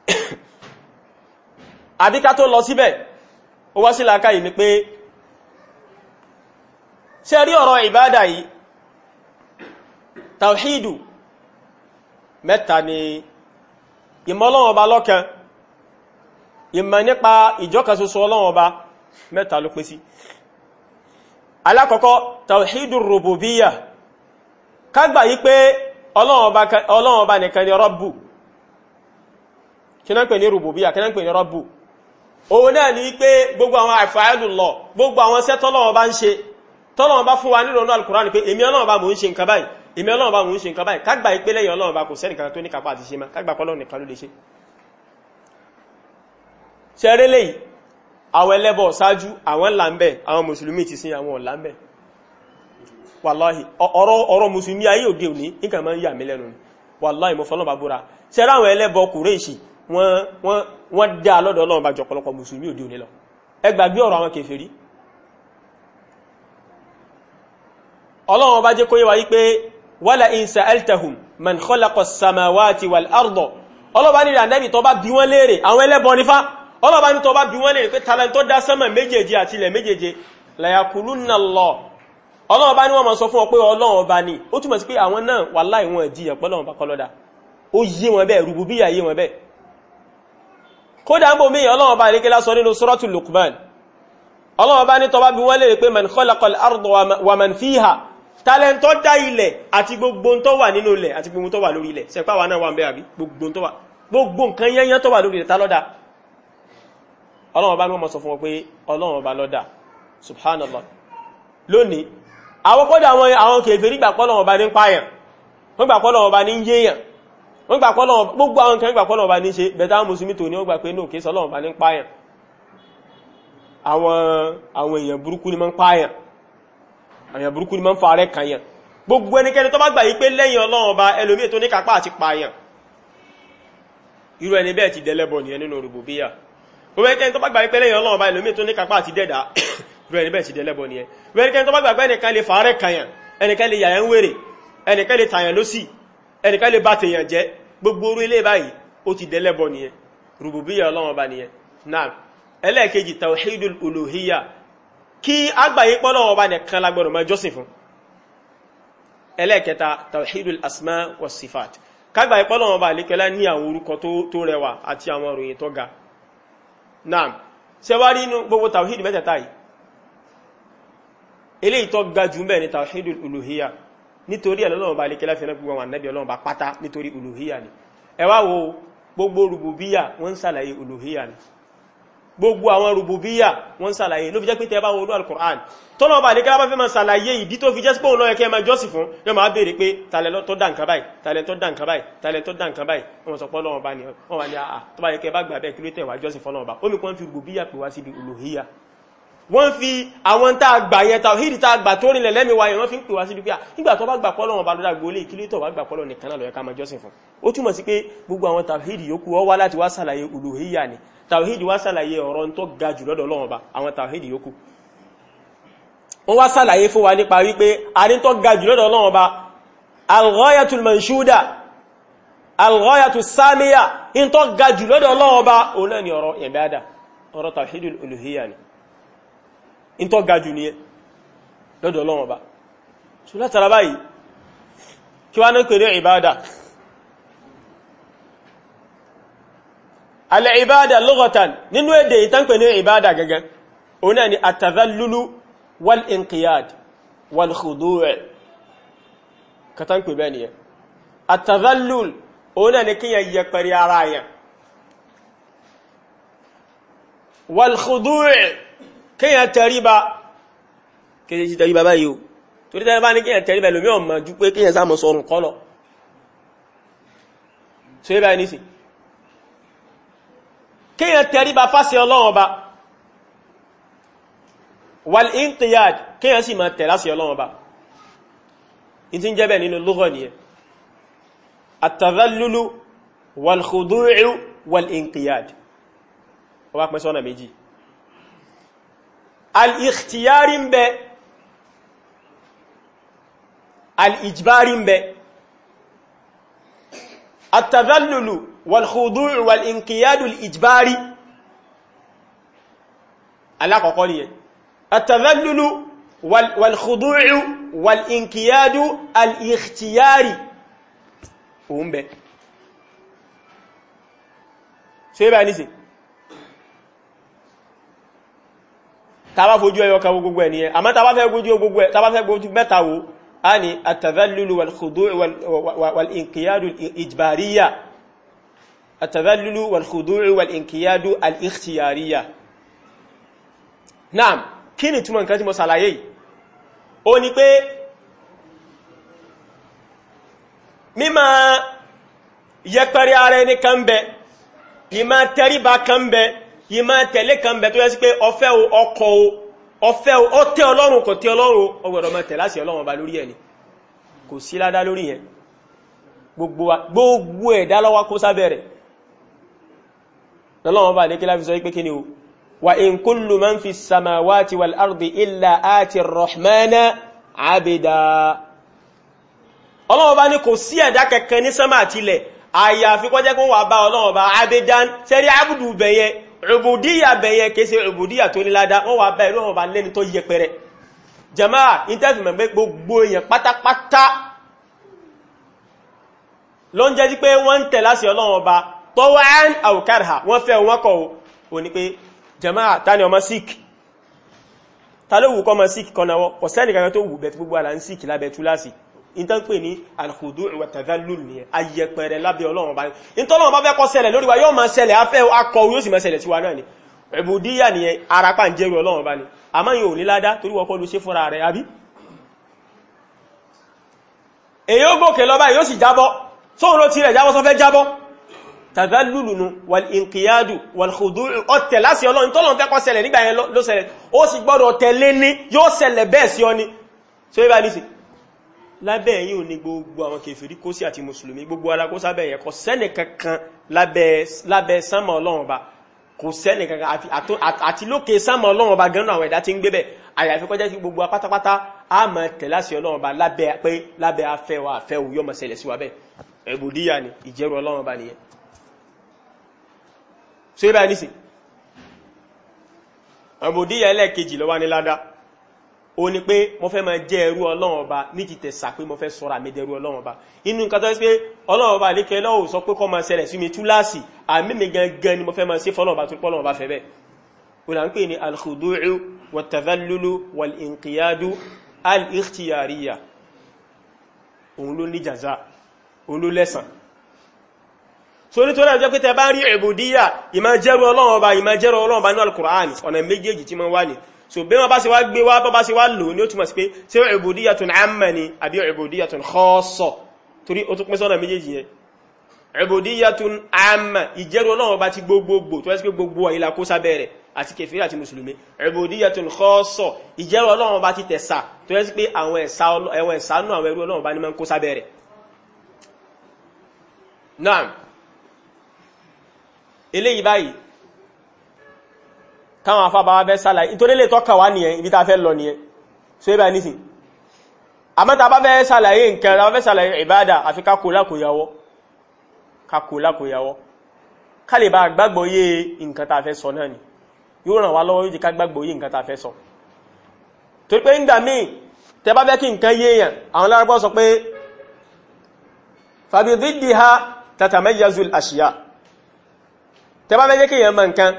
<coughs> àbíká tó lọ síbẹ̀ ó wá sí làákà yìí ni pé ṣe rí ọ̀rọ̀ ìbádà yìí mẹ́ta ni ìmọ̀ Ọba lọ́kan ìmọ̀ nípa ìjọ́kan ṣoṣo Ọba mẹ́ta ló pín sí alákọ̀ọ́kọ́ tàwíìdù rububiyya kágbà yí pé Ọba nìkan ni kí náà pè ní rùbùbíyà kí náà pè ní rọ́bù òun náà ní pé gbogbo àwọn àfààlù lọ gbogbo àwọn iṣẹ́ tọ́lọ́wọ́n bá ń ṣe tọ́lọ́wọ́n bá fún wa nínú ọ̀nà alukùránì pé èmi Ọlọ́run bá mò ń ṣe nǹkan báyìí èmi Ọlọ́run bá mò ń ṣe nǹkan báyìí kágbà ìpé lẹ́yìn Ọlọ́run bá kò sẹ́ni kankan tó ní kápá àti ṣe má kágbà pé Ọlọ́run nìkan ló lè ṣe wàláhì ọ̀rọ̀ mùsùlùmí ayé òde òní nǹkan ń yà mí lẹ́nu wàláhì mo fọlọ́n bá búra ṣẹ́rá àwọn wọ́n dá lọ́dọ̀ ọlọ́run bá jọpọlọpọ̀ mùsùlùmí òde òní lọ ẹ gbàgbé ọ̀rọ̀ àwọn kèfèrí ọlọ́run bá jẹ́ kó yé wa wípé wala in sa'altahum man khalaqa as-samawati wal arda ọlọ́ba ní ìrànlẹ́bì tó bá bí wọ́n léèrè àwọn ẹlẹ́bọn nífá ọlọ́ba ní tó bá bí wọ́n léèrè pé talent dá sánmà méjèèje àti ilẹ̀ méjèèje layakulunna Allah ọlọ́ọ̀bá ní wọ́n ma sọ fún ọ pé ọlọ́run ọba ni ó túmọ̀ sí pé àwọn náà wà láì wọn ìdíyẹ̀ pọ́lọ́run bá kọlọ́dà ó yé wọn bẹ́ẹ̀ rúbubíyà yé wọn bẹ́ẹ̀ kódà ń bò mí ọlọ́wọ́ bá lékelá sọ nínú suratu Luqman ọlọ́wọ́ bá ní tọba bí wọ́n lè pé man khalaqal arda wa man fiha tálẹ́ntọ́ dá ilẹ̀ àti gbogbo tó wà nínú ilẹ̀ àti gbogbo tó wà lórí ilẹ̀ sẹ́pá wà náà wà ń bẹ́ àbí gbogbo nǹkan yẹnyẹn tó wà lórí ilẹ̀ tá lọ́dá ọlọ́wọ́ bá ní wọ́n gbà pé Ọlọ́run gbogbo àwọn kan gbà pé Ọlọ́run bá ní ṣe bẹ̀tà mùsùlùmí tò ní wọ́n gbà pé ní òkè sọ́lọ́run bá ní páyàn àwọn àwọn èèyàn burúkú ni máa ń páyàn àwọn èèyàn burúkú ni máa ń fa rẹ̀ kàyàn gbogbo ẹnikẹ́ni tó bá gbà yí pé lẹ́yìn Ọlọ́run bá ẹlòmíì tó ní kápá àti páyàn irú ẹni bẹ́ẹ̀ ti dẹ́lẹ́bọ nìyẹn nínú rububiyya gbogbo ẹnikẹ́ni tó bá gbà yí pé lẹ́yìn Ọlọ́run bá gbogbo orú ilé báyìí ó ti dẹ́lẹ́bọ nìyẹn rùbùbíyà ọlọ́run ọba nìyẹn náà ẹlẹ́ẹ̀kejì tawhidul uluhiyya kí agbàyé pọ́lọ́run ọba nìkan la gbọ́dọ̀ máa jọ́sìn fún ẹlẹ́ẹ̀kẹta tawhidul asma wa sifat kágbàyé pọ́lọ́run ọba àlékẹ́lá ní àwọn orúkọ tó rẹwà àti àwọn òròyìn tó ga náà sẹwárí inú gbogbo tawhid mẹ́tẹ̀ẹ̀ta yìí eléyìí tó ga jù mẹ́rin tawhidul nítorí ẹ̀lọ́lọ́wọ́ bá lékẹ́lá fi rẹ́pù wọn nẹ́bí ọlọ́run bá pátá nítorí olùhíyà ni ẹ wá wo gbogbo rùbùbíyà wọ́n ń sàlàyé olùhíyà ni gbogbo àwọn rùbùbíyà wọ́n ń sàlàyé ló fi jẹ́ pé tẹ́ bá wọlú alukur'an tọ́lọ́wọ́ bá lékẹ́lá bá fẹ́ máa sàlàyé ìdí tó fi jẹ́ sí pé òun lọ́yẹ kẹ́ máa jọ́sìn fún yóò máa béèrè pé talẹ̀ tó dà nǹkan báyìí talẹ̀ tó dà nǹkan báyìí talẹ̀ tó dà nǹkan báyìí wọ́n sọ wọ́n fi àwọn tá a gbà yẹn tàwíìdì tá a gbà tó rìnlẹ̀ lẹ́mìíwá yẹn wọ́n fi ń pè wá sí dúkìá nígbà tó bá gbà pọ́lọ̀ wọn bá lọ́dà gbólé kí lóòtọ̀ wá gbà pọ́lọ̀ nìkan náà lọ́yẹ ká máa jọ́sìn fún ó túmọ̀ sí pé gbogbo àwọn tàwíìdì yòókù ó wá láti wá sàlàyé uluhiyya ni tàwíìdì wá sàlàyé ọ̀rọ̀ tó ga jù lọ́dọ̀ Ọlọ́run Ọba àwọn tàwíìdì yòókù wọ́n wá sàlàyé fún wa nípa wípé àní tó ga jù lọ́dọ̀ Ọlọ́run Ọba al-ghayatul manshuda al-ghayatus samiya in tó ga jù lọ́dọ̀ Ọlọ́run Ọba òun náà ni ọ̀rọ̀ ìbádà in tó ga jù nìyẹn lọ́dọ̀ Ọlọ́run Ọba so látara báyìí kí wá ní pèrè ìbádà alẹ́ ìbádà lughatan nínú èdè ìtànkpẹ̀ ní ìbádà gẹ́gẹ́ òun náà ni àtàzálúlú wal inqiyad wal wal khudu' kéèyàn tẹríba kéèyàn sí tẹríba báyìí o torí tẹríba ní kéèyàn tẹríba lómi ọmọ jú pé kéèyàn sáàmù sọrùn kọ́lọ̀ so yíba ní sí kéèyàn tẹríba fásí ọlọ́run ọba wal intiyad kéèyàn sì máa tẹ̀lá sí ọlọ́run ọba pẹ́sọ́nà méjì الاختيار به الإجبار به التذلل والخضوع والانقياد الإجباري alákọ̀ọ́kọ́ ni àtàzẹ́lúlù wàlùkùdúrù wàlìǹkìyàdú al'ikhtiyari òun bẹ̀. ṣe bá ní sí tàbá fojú ẹyọ kan gbogbo ẹ̀ ni ẹ àmọ́ tàbá fẹ́ gbójú gbogbo ẹ̀ tàbá fẹ́ gbójú mẹ́ta wo a ní àtàzálùlù wàlùkùdó wàlùkùdó wàlìǹkìyàdù alìkìyàríyà náà kí ni túnmọ̀ nǹkan tí mo sàlàyé yìí ó ní pé mímọ̀ yẹpẹrẹ ara ẹni kan bẹ ìmọ̀ tẹríba kan bẹ yìí máa tẹ̀lé kan bẹ̀ tó yẹ sí pé ọfẹ́ o ọkọ̀ o ọfẹ́ o ọtẹ́ ọlọ́run kò tẹ́ ọlọ́run o ọgbọ̀dọ̀ máa tẹ̀lé àṣẹ ọlọ́run ọba lórí ẹ̀ ni kò sí ládá lórí yẹn gbogbo ẹ̀dá lọ́wọ́ kó sábẹ̀rẹ̀ lọ́lọ́run ọba àdékẹ́lá fi sọ pé kí ni o wa in kullu man ubudiyya bẹ̀yẹ kése ubudiyya tó ní ládá wọ́n wà bá irú ọmọ bá lẹ́ni tó yẹpẹrẹ jama'a intanet mẹ́gbẹ́ gbogbo èèyàn pátápátá ló ń jẹ́ sí pé wọ́n ń tẹ̀ láti ọlọ́run ọba taw'an aw karha wọ́n fẹ́ wọ́n kọ̀ jama'a ta ni ọmọ sikh ta ló wù kọ́ ọmọ sikh kọ́ náwọ́ kọ̀ ìtànpè ní alhudu wa tadhallul ní ayẹpẹrẹ lábẹ́ ọlọ́run bá ní ìtọ́lọ́run bá fẹ́ kó ṣẹlẹ̀ lórí wa yóò máa ṣẹlẹ̀ afẹ́ akọ yóò sì máa ṣẹlẹ̀ tiwa náà ni ẹ̀bùdíyà ni arapa ń jẹ́rù ọlọ́run bá ní àmọ́ yóò ní ládá torí wọ́n kọlu ṣe fúnra rẹ̀ àbí èyí ó gòkè lọ báyìí yóò sì jábọ́ sóhun ló tirẹ̀ jábọ́ sọ fẹ́ jábọ́ tàzálùlùnù wàlìǹkìyàdù wàlìkùdù ọ̀tẹ̀ láti ọlọ́run tọ́lọ́run fẹ́ kó lábẹ́ ẹ̀yìn ò ní gbogbo àwọn kèfèrí kó sí àti mùsùlùmí gbogbo alákósábẹ̀ yẹn kò sẹ́nì kankan lábẹ́ sánmà ọlọ́run ọba kò sẹ́nì kankan àti lókè sánmà ọlọ́run ọba gan-an àwọn ẹ̀dá tí ń gbé bẹ̀ àyàfi kọjá sí gbogbo apátápátá a máa tẹ̀lé àṣẹ ọlọ́run ọba lábẹ́ pé lábẹ́ afẹ́ wa afẹ́ òwú yọmọ ṣẹlẹ̀ ó ní pé mo fẹ́ máa jẹ́ ẹrú ọlọ́run ọba ní ti tẹ̀sà pé mo fẹ́ sọ́ra mi dẹrú ọlọ́run ọba inú nǹkan tó ṣe pé ọlọ́run ọba àlékẹ́ lọ́wọ́ sọ pé kọ́ máa ṣẹlẹ̀ sí mi túláàsì àmì mi gangan ni mo fẹ́ máa ṣe fọ́lọ́run ọba tó pọ́lọ́run ọba fẹ́ bẹ́ẹ̀ ó là ń pè ní alkhudu'u watadhalulu walinqiyadu al-ikhtiyariya òun ló ní jaza òun ló lẹ́sàn so nítorí ọjọ́ pé tẹ bá rí ìbùdíyà ìmá jẹ́rú ọlọ́run ọba ìmá jẹ́rú ọlọ́run ọba ní al-Qur'an ọ̀nà méjèèjì tí mo wà ní so bí wọ́n bá ṣe wá gbé wá bá ṣe wá lò ní ó túnmọ̀ sí pé ṣe ubudiyatun amma ni àbí ubudiyatun khassa torí ó tún pín sọ́nà méjèèjì yẹn ubudiyatun amma ìjẹ́rú ọlọ́run bá ti gbogbogbò tó ẹ́sì pé gbogbo àyílá kó sábẹ́ rẹ̀ àti kẹfìrí àti mùsùlùmí ubudiyatun khassa ìjẹ́rú ọlọ́run bá ti tẹ̀sà tó eléyìí báyìí táwọn afábá wá fẹ́ sàlàyé nítorí lè tọ́kà wá nìyẹn ibi tá fẹ́ lọ nìyẹn so ibà nísìn àmọ́ta bá fẹ́ sàlàyé nǹkan tá bá fẹ́ sàlàyé ìbádà àfi ká kò lákòyàwó ká kò lákòyàwó ká lè bá gbàgbọ́ yé nǹkan tá fẹ́ sọ náà ni yóò ràn wá lọ́wọ́ yóò jẹ́ ká gbàgbọ́ yé nǹkan tá fẹ́ sọ torí pé nígbà míì tẹ bá fẹ́ kí èèyàn mọ̀ nǹkan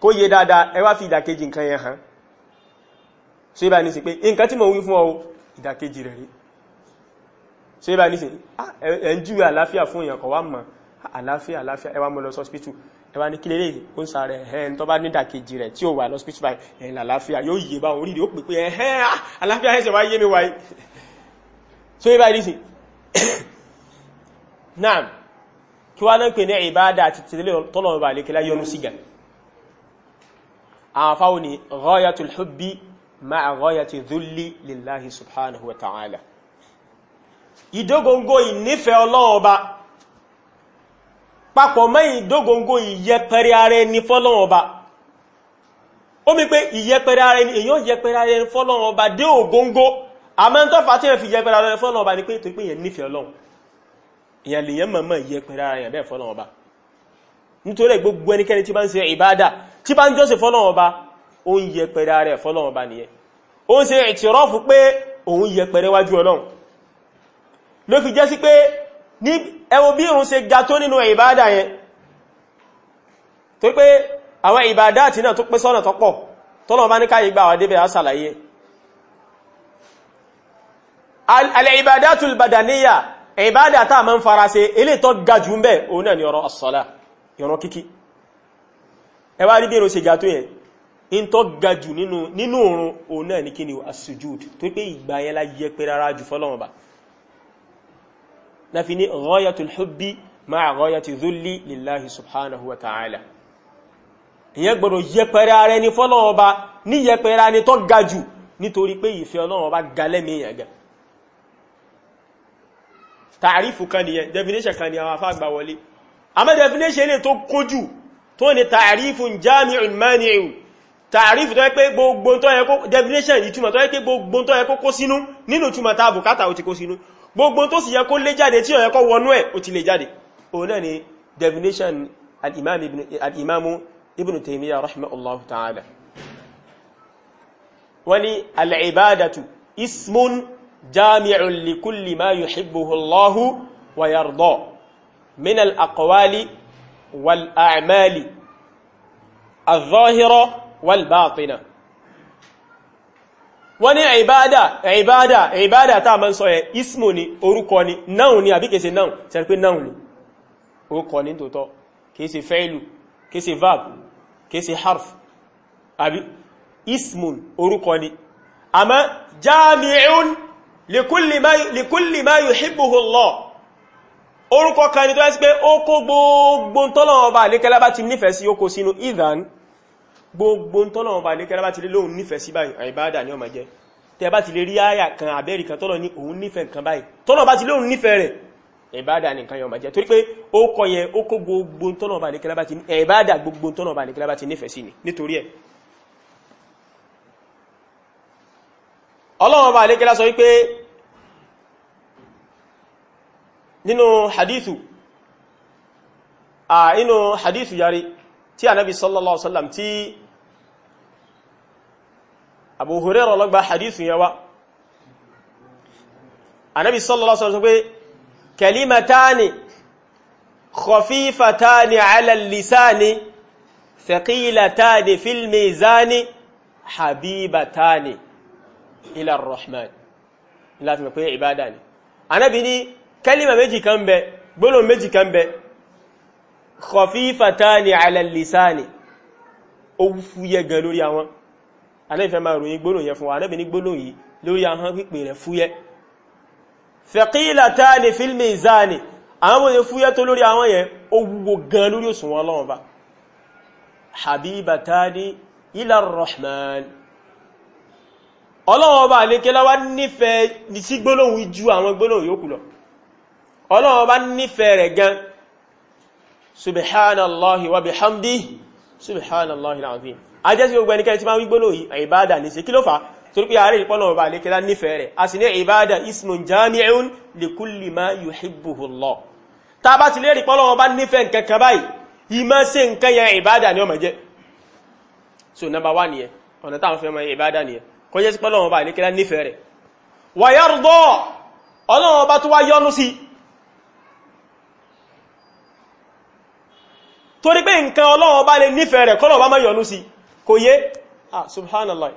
kó yé dáadáa ẹ wá fi ìdàkejì nǹkan yẹn hàn so ibà ní sí pé nǹkan tí mo wí fún ọ ìdàkejì rẹ̀ rí so ibà ní sí ah, ẹ̀ ń júwe àláfíà fún èèyàn kọ̀ wá mọ̀ ah, àláfíà àláfíà ẹ wá mọ́ lọ sọ́spítù ẹ wá ní kílélé ó ń sàárẹ̀ ẹ̀hẹ́n tó bá ní ìdàkejì rẹ̀ tí ó wà lọ́spítù báyìí ẹ̀hìn àláfíà yóò yé bá orí <laughs> <coughs> àwọn afáwọn ni ghayatul hubbi ma'a ghayati dhulli lillahi subhanahu wa ta'ala ìdógóngó ìnífẹ́ ọlọ́run ọba papọ̀ mẹ́yìn ìdógóngó ìyẹpẹrẹ ara ẹni fọ́lọ́run ọba ó mi pé ìyẹpẹrẹ ara ẹni èyàn yẹpẹrẹ ara ẹni fọ́lọ́run ọba dé ògóngó àmẹ́ntọ́fà tí wọ́n fi yẹpẹrẹ ara ẹni fọ́lọ́run ni pé torí pé nífẹ́ ọlọ́run nítorí gbogbo ẹnikẹ́ni tí bá ń ṣe ìbádà tí bá ń jọ́sìn fọ́lọ́wọ́n ba ó ń yẹ pẹ̀rẹ̀ rẹ̀ fọ́lọ́wọ́n ba nìyẹn ó ń ṣe ìtìrọ́fù pé òun yẹ pẹ̀rẹ̀ wájú ọlọ́run ló fi jẹ́ sí pé ní ẹwọ bí òun ṣe ga tó nínú ìbádà yẹn tó pé àwọn ìbádà àti náà ń fara òun náà ni ọ̀rọ̀ as ìran kíkí ẹ wá rí bèrò ṣe ga tó yẹn in tó ga jù nínú òrun òun náà ní kíni asujud tó pé ìgbà yẹn la yẹ pé rárá jù fọ́lọ́run bá na fi ní ghayatul hubbi ma'a ghayati dhulli lillahi subhanahu wa ta'ala ìyẹn gbọ́dọ̀ yẹpẹrẹ ara ẹni fọ́lọ́run bá ní yẹpẹrẹ ẹni àmọ́ definition ilé tó kójú tó ní tààrífún jami'un mani'un tààrífù tó yẹ pé gbogbo tó yẹ kó definition ìtumọ̀ tó yẹ pé gbogbo tó yẹ kó kó sínú nínú túmọ̀ tá bùkátà ó ti kó sínú gbogbo tó sì yẹ kó lé jáde tí ó yẹ kó wọnú ẹ̀ ó ti lè jáde òun náà ni wa yarda من الأقوال والأعمال الظاهرة والباطنة wani ibada ibada ibada ta man so ye ismu ni orúkọ ni noun ni àbí ke ṣe noun ṣé pé noun ni orúkọ ni toto ke ṣe fa'ilu ke ṣe verb ke harf àbí ismun orúkọ ni ama jami'un likulli ma likulli ma Allah orúkọ kan ni tó yẹ́ pé ó kó gbogbo tọ́lọ̀wọ̀n bá lékẹ́lá bá ti nífẹ̀ẹ́ sí ó kó sínú ìdán gbogbo tọ́lọ̀wọ̀n bá lékẹ́lá bá ti lé lóhun nífẹ̀ẹ́ sí báyìí àìbáadà ní ọmọ jẹ́ tẹ́ bá ti lè rí àyà kan àbẹ́rì kan tọ́lọ̀ ní òun nífẹ̀ẹ́ kan báyìí tọ́lọ̀ bá ti lóhun nífẹ̀ẹ́ rẹ̀ ìbáadà nìkan yọmọ jẹ́ torí ni nítorí ẹ̀ ọlọ́wọ̀n bá lékẹ́lá sọ wípé nínú hadithu a ah, inú hadithu yari tí anabi sallallahu alaihi wasallam tí abu hurairah ló gbà hadithu yawa anabi sallallahu alaihi wasallam pé kalimatani khafifatani ala lisani thaqilatani fil mizani habibatani ila ar-rahman ila fi pé ibadani anabi ni kẹ́límà méjì kan bẹ gbólóhùn méjì kan bẹ khafifatani ala lisani ó fúyẹ́ gan lórí àwọn anẹ́fẹ́ máa ròyìn gbólóhùn yẹn fún wa anẹ́bẹ̀ ní gbólóhùn yìí lórí àwọn pípẹ̀ rẹ̀ fúyẹ́ thaqilatani fil mizani àwọn bó ṣe fúyẹ́ tó lórí àwọn yẹn ó wúwo gan lórí òṣùwọ̀n Ọlọ́run ba habibatani ila rahman Ọlọ́run ọba àlékẹ́lá wá nífẹ̀ẹ́ sí gbólóhùn ju àwọn gbólóhùn yòókù lọ ọlọ́run bá nífẹ̀ẹ́ rẹ̀ gan subhanallahi wa bihamdi subhanallahi alazim a jẹ́ sí gbogbo ẹnikẹ́ni tí máa ń wígbónà yìí àìbádà ní ṣe kí ló fà torí pé ààrẹ ìpọ́nà ọba àlékẹ́lá nífẹ̀ẹ́ rẹ̀ a sì ní ìbádà ismun jami'un li kulli ma yuhibbuhu Allah ta bá ti lè rí pọ́nà ọba nífẹ̀ẹ́ nǹkan kan báyìí ìmọ̀ sí nǹkan yẹn ìbádà ni ó jẹ́ so number one yẹn ọ̀nà táwọn fẹ́ mọ ìbádà nìyẹn kọjá sí pọ́nà ọba àlékẹ́lá nífẹ̀ẹ́ rẹ̀ wàyárùdọ́ ọlọ́run ọba tó wá yọ́nú sí torí pé nǹkan Ọlọ́run bá lè nífẹ̀ẹ́ rẹ̀ kọ́lọ̀ bá má yọ̀nú sí kò yé ah subhanallah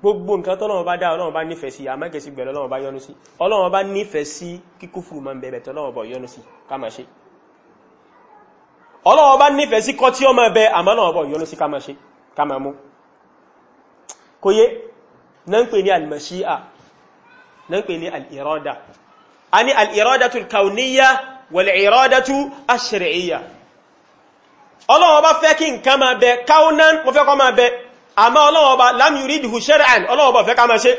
gbogbo nǹkan tọ́lọ́run bá dá Ọlọ́run bá nífẹ̀ẹ́ sí àmẹ́kẹ̀sí gbẹ̀rẹ̀ Ọlọ́run bá yọ̀nú sí Ọlọ́run bá nífẹ̀ẹ́ sí kíkúfùrù ma ń bẹ̀rẹ̀ tọ́lọ́run bá yọ̀nú sí káma ṣe Ọlọ́run bá nífẹ̀ẹ́ sí kọ́ tí ó máa bẹ àmọ́lọ́run bá ọlọ́run ọba fẹ́ kí nǹkan máa bẹ káúnan mo fẹ́ kọ́ máa bẹ àmá ọlọ́run ọba lam yuridhu shar'an ọlọ́run fẹ́ ká máa ṣe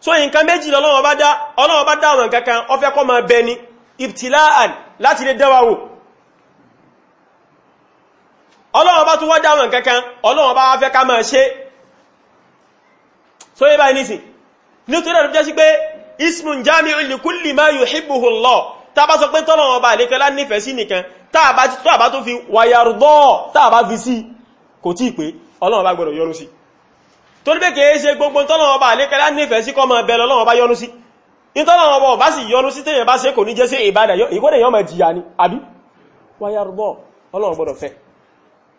so nǹkan méjì lọ́lọ́run ọba dá ọlọ́run ọba dá àwọn kankan ó fẹ́ kọ́ máa bẹ ni ibtila'an láti lè dẹ́wà wò ọlọ́run ọba tún wá dá àwọn kankan so yẹ báyìí nísìn nítorí ẹ̀rọ jẹ́ sí pé ismun jami'un li kulli ma yuhibbuhu Allah tá a bá sọ pé tàbá tó fi wàyàrùdọ́ tàbá fi sí kò tí pé ọlọ́run bá gbọ́dọ̀ yọ́nú sí torí pé kìí ṣe gbogbo tọ́lọ́run bá lékẹ́lá nífẹ̀ẹ́ sí kọmọ ẹbẹ̀ lọ́lọ́run bá yọ́nú sí ìtọ́lọ́run bá bá sì yọ́nú sí tẹ́yẹ̀ bá ṣe kò ní jẹ́ sí ìbádà ìgbọ́dẹ̀ yọ́mọ̀ jìyà ni àbí wàyàrùdọ́ ọlọ́run gbọ́dọ̀ fẹ́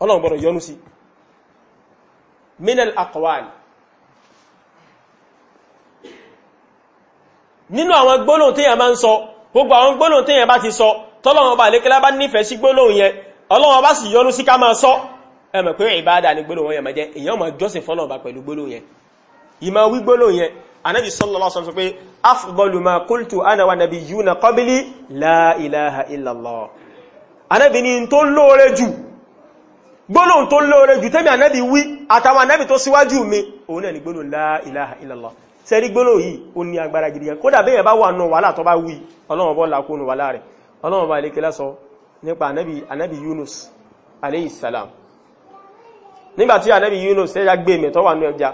ọlọ́run gbọ́dọ̀ yọ́nú sí minal aqwal nínú àwọn gbólóhùn tẹ́yẹ̀ máa ń sọ gbogbo àwọn gbólóhùn tí yẹn bá ti sọ tọ́lọ́wọ́n ọba àlékẹ́lá bá nífẹ̀ẹ́ sí gbólóhùn yẹn ọlọ́wọ́n bá sì yọ́nú sí ká máa sọ ẹ mọ̀ pé ìbáadà ní gbólóhùn yẹn máa jẹ́ èèyàn máa jọ́sìn fọ́nà ọba pẹ̀lú gbólóhùn yẹn ìmọ̀ wí gbólóhùn yẹn anabi sallallahu alaihi wasallam sọ pé afdalu ma qultu ana wa nabiyyuna qabli la ilaha illa allah tó lóore jù gbólóhùn tó wí àtàwọn anabi tó síwájú mi òun náà ni gbólóhùn la ilaha sẹ́rí gbóná yìí ó ní agbára gidi gan kódà bẹ́yẹn bá wà nù wàhálà tó bá wí ọlọ́run bọ́ làkónù wàhálà rẹ̀ ọlọ́run bá ilékelá sọ nípa anabi yunus alayhi salam nígbàtí anabi yunus ẹja gbé mẹ́tọ́ wà nù ẹja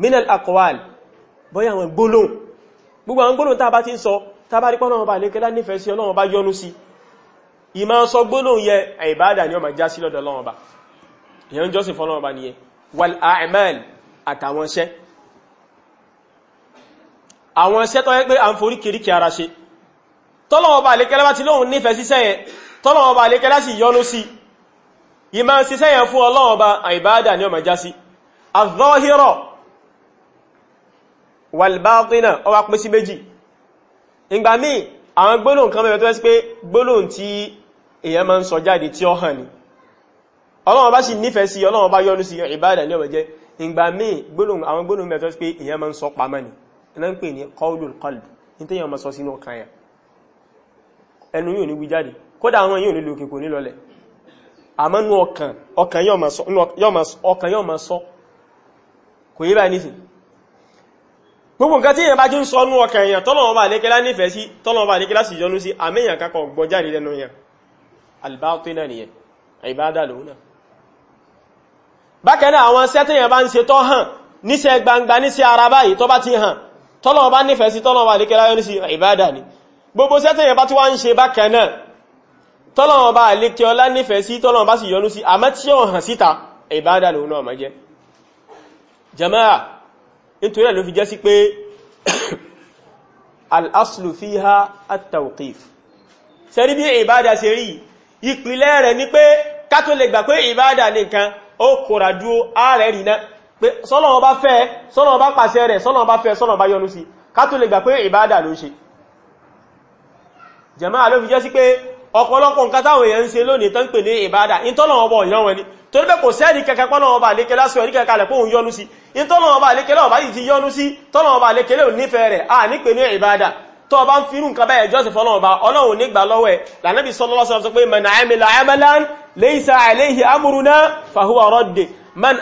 minal aqwal bóyá àwọn gbólóhùn gbogbo àwọn gbólóhùn tàbá ti ń sọ tàbá rí pọ́nà ọba lékelá nífẹ̀ẹ́ sí ọlọ́run bá yọ́nú sí ìmá sọ gbólóhùn yẹ àìbádà ni ó ma já sí lọ́dọ̀ ọlọ́run ọba ìyẹn jọ́sìn fọ́nà ọba nìyẹn wal a'mal àtàwọn iṣẹ́ àwọn iṣẹ́ tó yẹ pé à ń forí àzọ́hírọ̀ wàlbáàtínà ó wá pín sí méjì ìgbà míì àwọn gbólóhùn kan mẹ́rin tó wẹ́sí pé gbólóhùn tí èyàn máa ń sọ jáde tí ó hàn ní ọlọ́run bá sì nífẹ̀ẹ́ sí ọlọ́run bá yọ́nú sí ìbádà ní ọ̀wẹ̀jẹ́ ìgbà míì gbólóhùn àwọn gbólóhùn mẹ́rin tó wẹ́sí pé èyàn máa ń sọ pamọ́ ní iná ń pè ní qaulul qalb ní téèyàn máa sọ sínú ọkàn yà ẹnu yóò ní wí jáde gbogbo nǹkan tí èyàn bá jí ń sọ ní ọkàn èyàn tọ́lọ̀wọ́ bá lékelá nífẹ̀ẹ́ sí tọ́lọ̀wọ́ bá lékelá sì jọnú sí àmìyàn kakọ̀ gbọjáre lẹ́nu yẹn albáàtínà nìyẹn àìbádà lòun náà bákanáà àwọn iṣẹ́ tẹ́yàn bá ń ṣe tọ́ hàn níṣẹ́ gbangba níṣẹ́ ara báyìí tọ́ bá ti hàn tọ́lọ̀wọ́ bá nífẹ̀ẹ́ sí tọ́lọ̀wọ́ bá lékelá yọnú sí àìbádà ni gbogbo iṣẹ́ tẹ́yàn bá ti wá ń ṣe bákanáà tọ́lọ̀wọ́ bá lékeọlá nífẹ̀ẹ́ sí tọ́lọ̀wọ́ bá sì yọnú sí àmọ́ tí ó hàn síta àìbádà lòun náà mọ́ jẹ́ jama'a nítorí ẹ̀ fi jẹ́ sí pé <coughs> al'aslu fi ha tawqif sẹ́rí bí ìbádà ṣe rí ìpìlẹ̀ rẹ̀ ní pé kátó lè gbà pé ìbádà nìkan ó kòrà ju ààrẹ rìnà pé sọ́nà ọba fẹ́ sọ́nà ọba pàṣẹ ọ̀pọ̀lọpọ̀ nǹkan táwọn èèyàn ń ṣe lónìí tán pè ní ìbádà ìtọ́lọ̀wọ̀bọ̀ ìran wọn ni torí pé kò sẹ́ẹ̀rí kẹkẹ pọ́lọ̀wọ̀bà lékelá sí orí kẹkẹ alẹ̀ pòun yọ́nú sí ìtọ́lọ̀wọ̀bà lékelá ọ̀bá yìí ti yọ́nú sí tọ́lọ̀wọ̀bà lékelé ò nífẹ̀ẹ́ rẹ̀ à ní pè ní ìbádà tó bá ń finú nǹkan báyẹ̀ jọ́sìn fọ́lọ́wọ̀bá ọlọ́run nígbà lọ́wọ́ ẹ̀ lànàbí sọlọ́lọ́sọ sọ pé mẹ́nà àmìlà àmàlán laysa alayhi amruna fahuwa radd man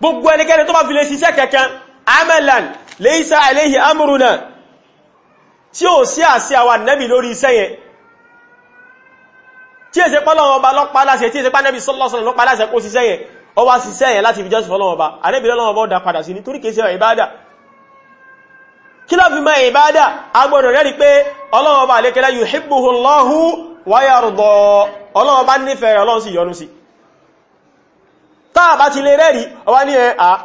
gbogbo ẹnikẹ́ni tó bá fi lè ṣiṣẹ́ kẹkẹ́ amalan laysa alayhi amruna tí ó sí àṣẹ àwa nẹ́bì lórí iṣẹ́ yẹn tí è ṣe pọ́lọ́wọ́ ọba lọ́pàá láṣẹ tí è ṣe pá nẹ́bì sọ́lọ́sọ́lọ́ lọ́pàá láṣẹ kó ṣiṣẹ́ yẹn ó wá ṣiṣẹ́ yẹn láti fi jọ́sìn fọ́lọ́wọ́ ọba anẹ́bì lọ́lọ́wọ́ ọba ọ̀dà padà sí nítorí kìí ṣe ìbádà kí ló fi mọ ìbádà agbọ́dọ̀ rẹ́rí pé ọlọ́wọ́ ọba àlékẹ́lá yuhibbuhu Allahu wa yarda ọlọ́wọ́ ọba nífẹ̀ẹ́ ọlọ́run sì yọ́nú sí bá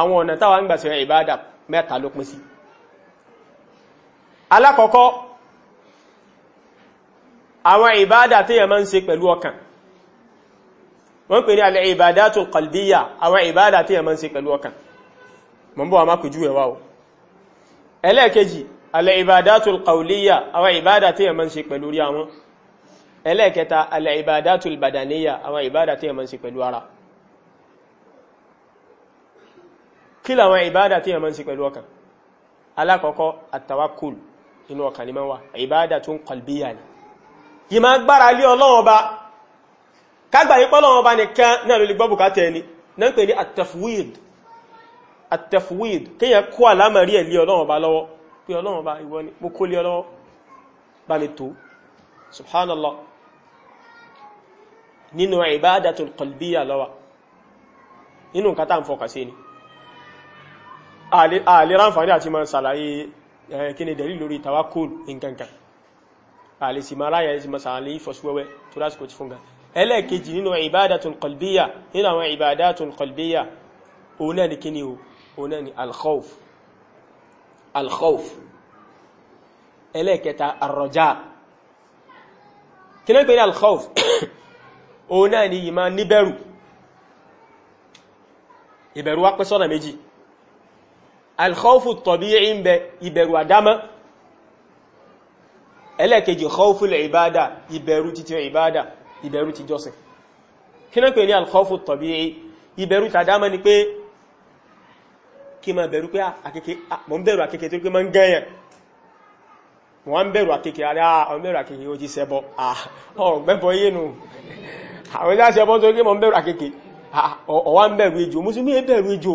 àwọn ọ̀nà táwa ń gbà ṣe ìbádà mẹ́ta ló pín sí alákọ̀ọ́kọ́ àwọn ìbádà tí yẹ máa ń ṣe pẹ̀lú ọkàn wọ́n pè ní alẹ́ ìbádàtul qalbiyya àwọn ìbádà tí yẹ máa ń ṣe pẹ̀lú ọkàn mọ́ bọ́ wa má pèjú ẹ̀wà o ẹlẹ́ẹ̀kejì alẹ́ ìbádà tí yẹ àwọn ìbádà tí yẹ máa ń ṣe pẹ̀lú ara kí làwọn ìbádà tí ẹ̀mọ́ ń ṣe pẹ̀lú ọkàn alákọ̀ọ́kọ́ àtàwákùl inú ọkàn ní máa wà ìbádà tún kọlbíyà ni yìí máa gbára lé Ọlọ́run Ọba kágbà yí pọ́lọ́run Ọba nìkan náà ló lè gbọ́ bùkátà ẹni náà ń pè ní àtẹ̀fúwìd àtẹ̀fúwìd kéèyàn kó àlera àǹfààní àti ma sàlàyé kí ni dẹ̀lì lórí tawakul nǹkankan àlè sì máa ráyà sí ma sàlàyé fọ́síwẹ́wẹ́ tó lásìkò ti fúnga ẹlẹ́ẹ̀kejì nínú ìbádatun qalbiyya nínú àwọn ìbádatun qalbiyya <coughs> ìbẹ̀rù wá pẹ́ sọ́nà méjì alkhawfu tọ̀bíyí ń bẹ ìbẹ̀rù àdámá ẹlẹ́kejì khawfu l'ìbádà ìbẹ̀rù títí ìbádà ìbẹ̀rù ti jọ́sìn kí náà pè ní alkhawfu tọ̀bíyí ìbẹ̀rù tàdámá ni pé kí ma bẹ̀rù pé ah, ah, mọ̀ ń bẹ̀rù àkẹ́kẹ́ tó pé ma ń gẹ́yàn wọ́n ń bẹ̀rù àkẹ́kẹ́ ará ah, ọ̀n bẹ̀rù àkẹ́kẹ́ ó jí sẹ́bọ́ ọ̀gbẹ́bọ̀ yínú àwọn ìdá sẹ́bọ́ tó pé mọ̀ ń bẹ̀rù àkẹ́kẹ́ ọ̀wá ń bẹ̀rù ejò mùsùlùmí bẹ̀rù ejò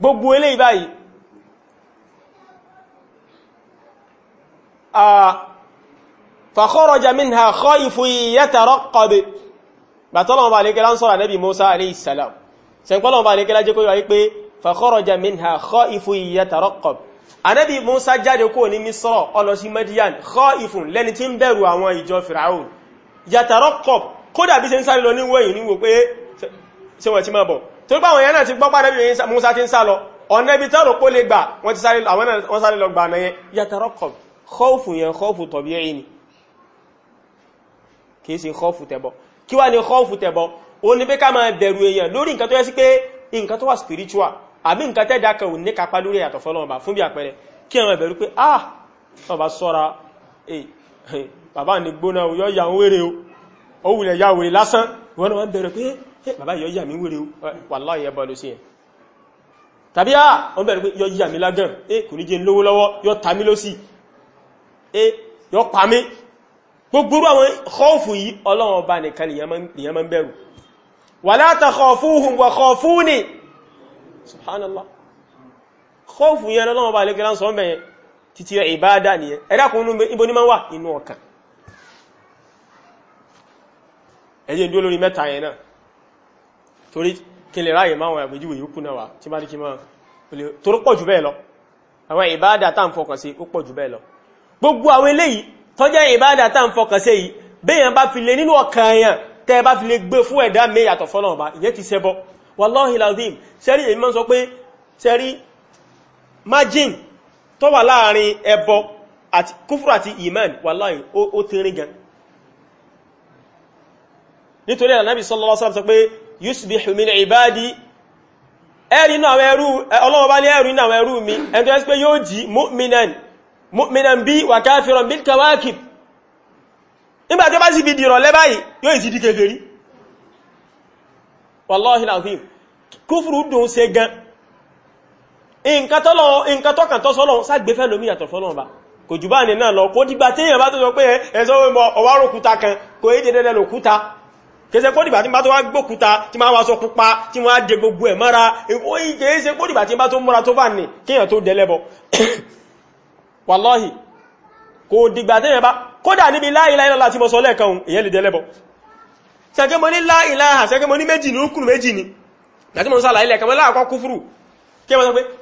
gbogbo eléyìí báyìí fa kharaja minha khaifun yatarqab bàtọ́lọ́wọ́ bá lè kẹ́lá ń sọ́rọ̀ ànábì Musa alayhi salam sẹ́kọ́lọ́wọ́ bá lè kẹ́lá jẹ́ kó yíwa wípé fa kharaja minha khaifun yatarqab ànábì Musa jáde kó ní Misra ó lọ sí Madian khaifun lẹ́ni tí ń bẹ̀rù àwọn ìjọ Fir'aun tó gbáwọn yẹn náà ti gbọ́pá nẹ́bí Musa ti ń sá lọ ọ̀nà ibi tọ́rọ pó lè gbà wọ́n ti sáré wọ́n sáré lọ gbà náà yẹn yàtọ̀rọ̀ kọ̀f kọ́ọ̀fù yẹn kọ́ọ̀fù tọ̀bí ẹ̀yìn ni kìí ṣe kọ́ọ̀fù tẹ̀bọ̀ kí wá ní kọ́ọ̀fù tẹ̀bọ̀ ó ní pé ká máa bẹ̀rù èèyàn lórí nǹkan tó yẹ sí pé nǹkan tó wà spiritual àbí nǹkan tẹ́ dákẹ́ ò ní kápá lórí yàtọ̀ fọ́lọ́run bá fún bí àpẹẹrẹ kí àwọn ìbẹ̀rù pé ah tó bá sọ́ra eh, eh, bàbá ní gbóná yọ yà ń wéré o ó wulẹ̀ yà wèrè lásán ìwọ́n náà wọ́n pé bàbá yọ yà mí wèrè wàláhì ẹbọ ló sí ẹ̀ tàbí à ah, ọmọ bẹ̀rẹ̀ pé yọ yà mí lágàn ẹ kò ní jẹ lówó lọ́wọ́ yọ ta mí ló sí ẹ yọ pa mí gbogbo àwọn kọ́ọ̀fù yìí ọlọ́run ọba nìkan nìyàn máa ń bẹ̀rù wala takhafuhum wa khafuni subhanallah kọ́ọ̀fù wà inú ọkàn ìdúró lórí mẹ́ta yẹn náà torí kí lè ráyè máwọn àgbèjúwò yóò kú náà wà tí bá ní kí máa tó pọ̀ jù bẹ́ẹ̀ lọ àwọn ìbáadà tá ń fọkàn sí ó pọ̀ jù bẹ́ẹ̀ lọ gbogbo àwọn eléyìí tó jẹ́ ìbáadà tá ń fọkàn sí yìí béèyàn bá fi lè nínú ọkàn èèyàn tẹ́ bá fi lè gbé fún ẹ̀dá mi yàtọ̀ fọ́nà ọba ìyẹn ti ṣẹbọ wallahi lazim sẹ́rí èmi máa sọ pé sẹ́rí májìn tó wà láàrin nítorí ànábì sallallahu pé yusbihu min ibadi ẹ̀rí náà ẹrú ọlọ́wọ́ bá ní ẹ̀rí náà ẹrú mi ẹni tó ẹ́sí pé yóò jí mu'minan mu'minan bí wà káfíran bil kawakib nígbàtí ó bá sì fi dìrọ̀ lẹ́báyìí yóò ìsì di kèfèrí wallahi alazim kúfùrù dùn ṣe gan nǹkan tọ́kàn tọ́ sọ́lọ́ ságbéfẹ́ lómi yàtọ̀ fọ́lọ́ bá kò jù bá ní náà lọ kó dìgbà téèyàn bá tó sọ pé ẹ̀sọ́ ọwárò kúta kan kò é dédé lọ kẹsẹ̀ kódìbà tí bá tó wá gbókúta tí máa wá sọ pupa tí wọ́n á dé gbogbo ẹ̀ mọ́ra èkó ìkẹsẹ̀ kódìbà tí bá tó múra tó bá ní kíyàn tó dẹ̀lẹ́bọ̀ <coughs> wàláhì kò dìgbà tẹ́yàn bá kódà níbi la ilaha illallah tí mo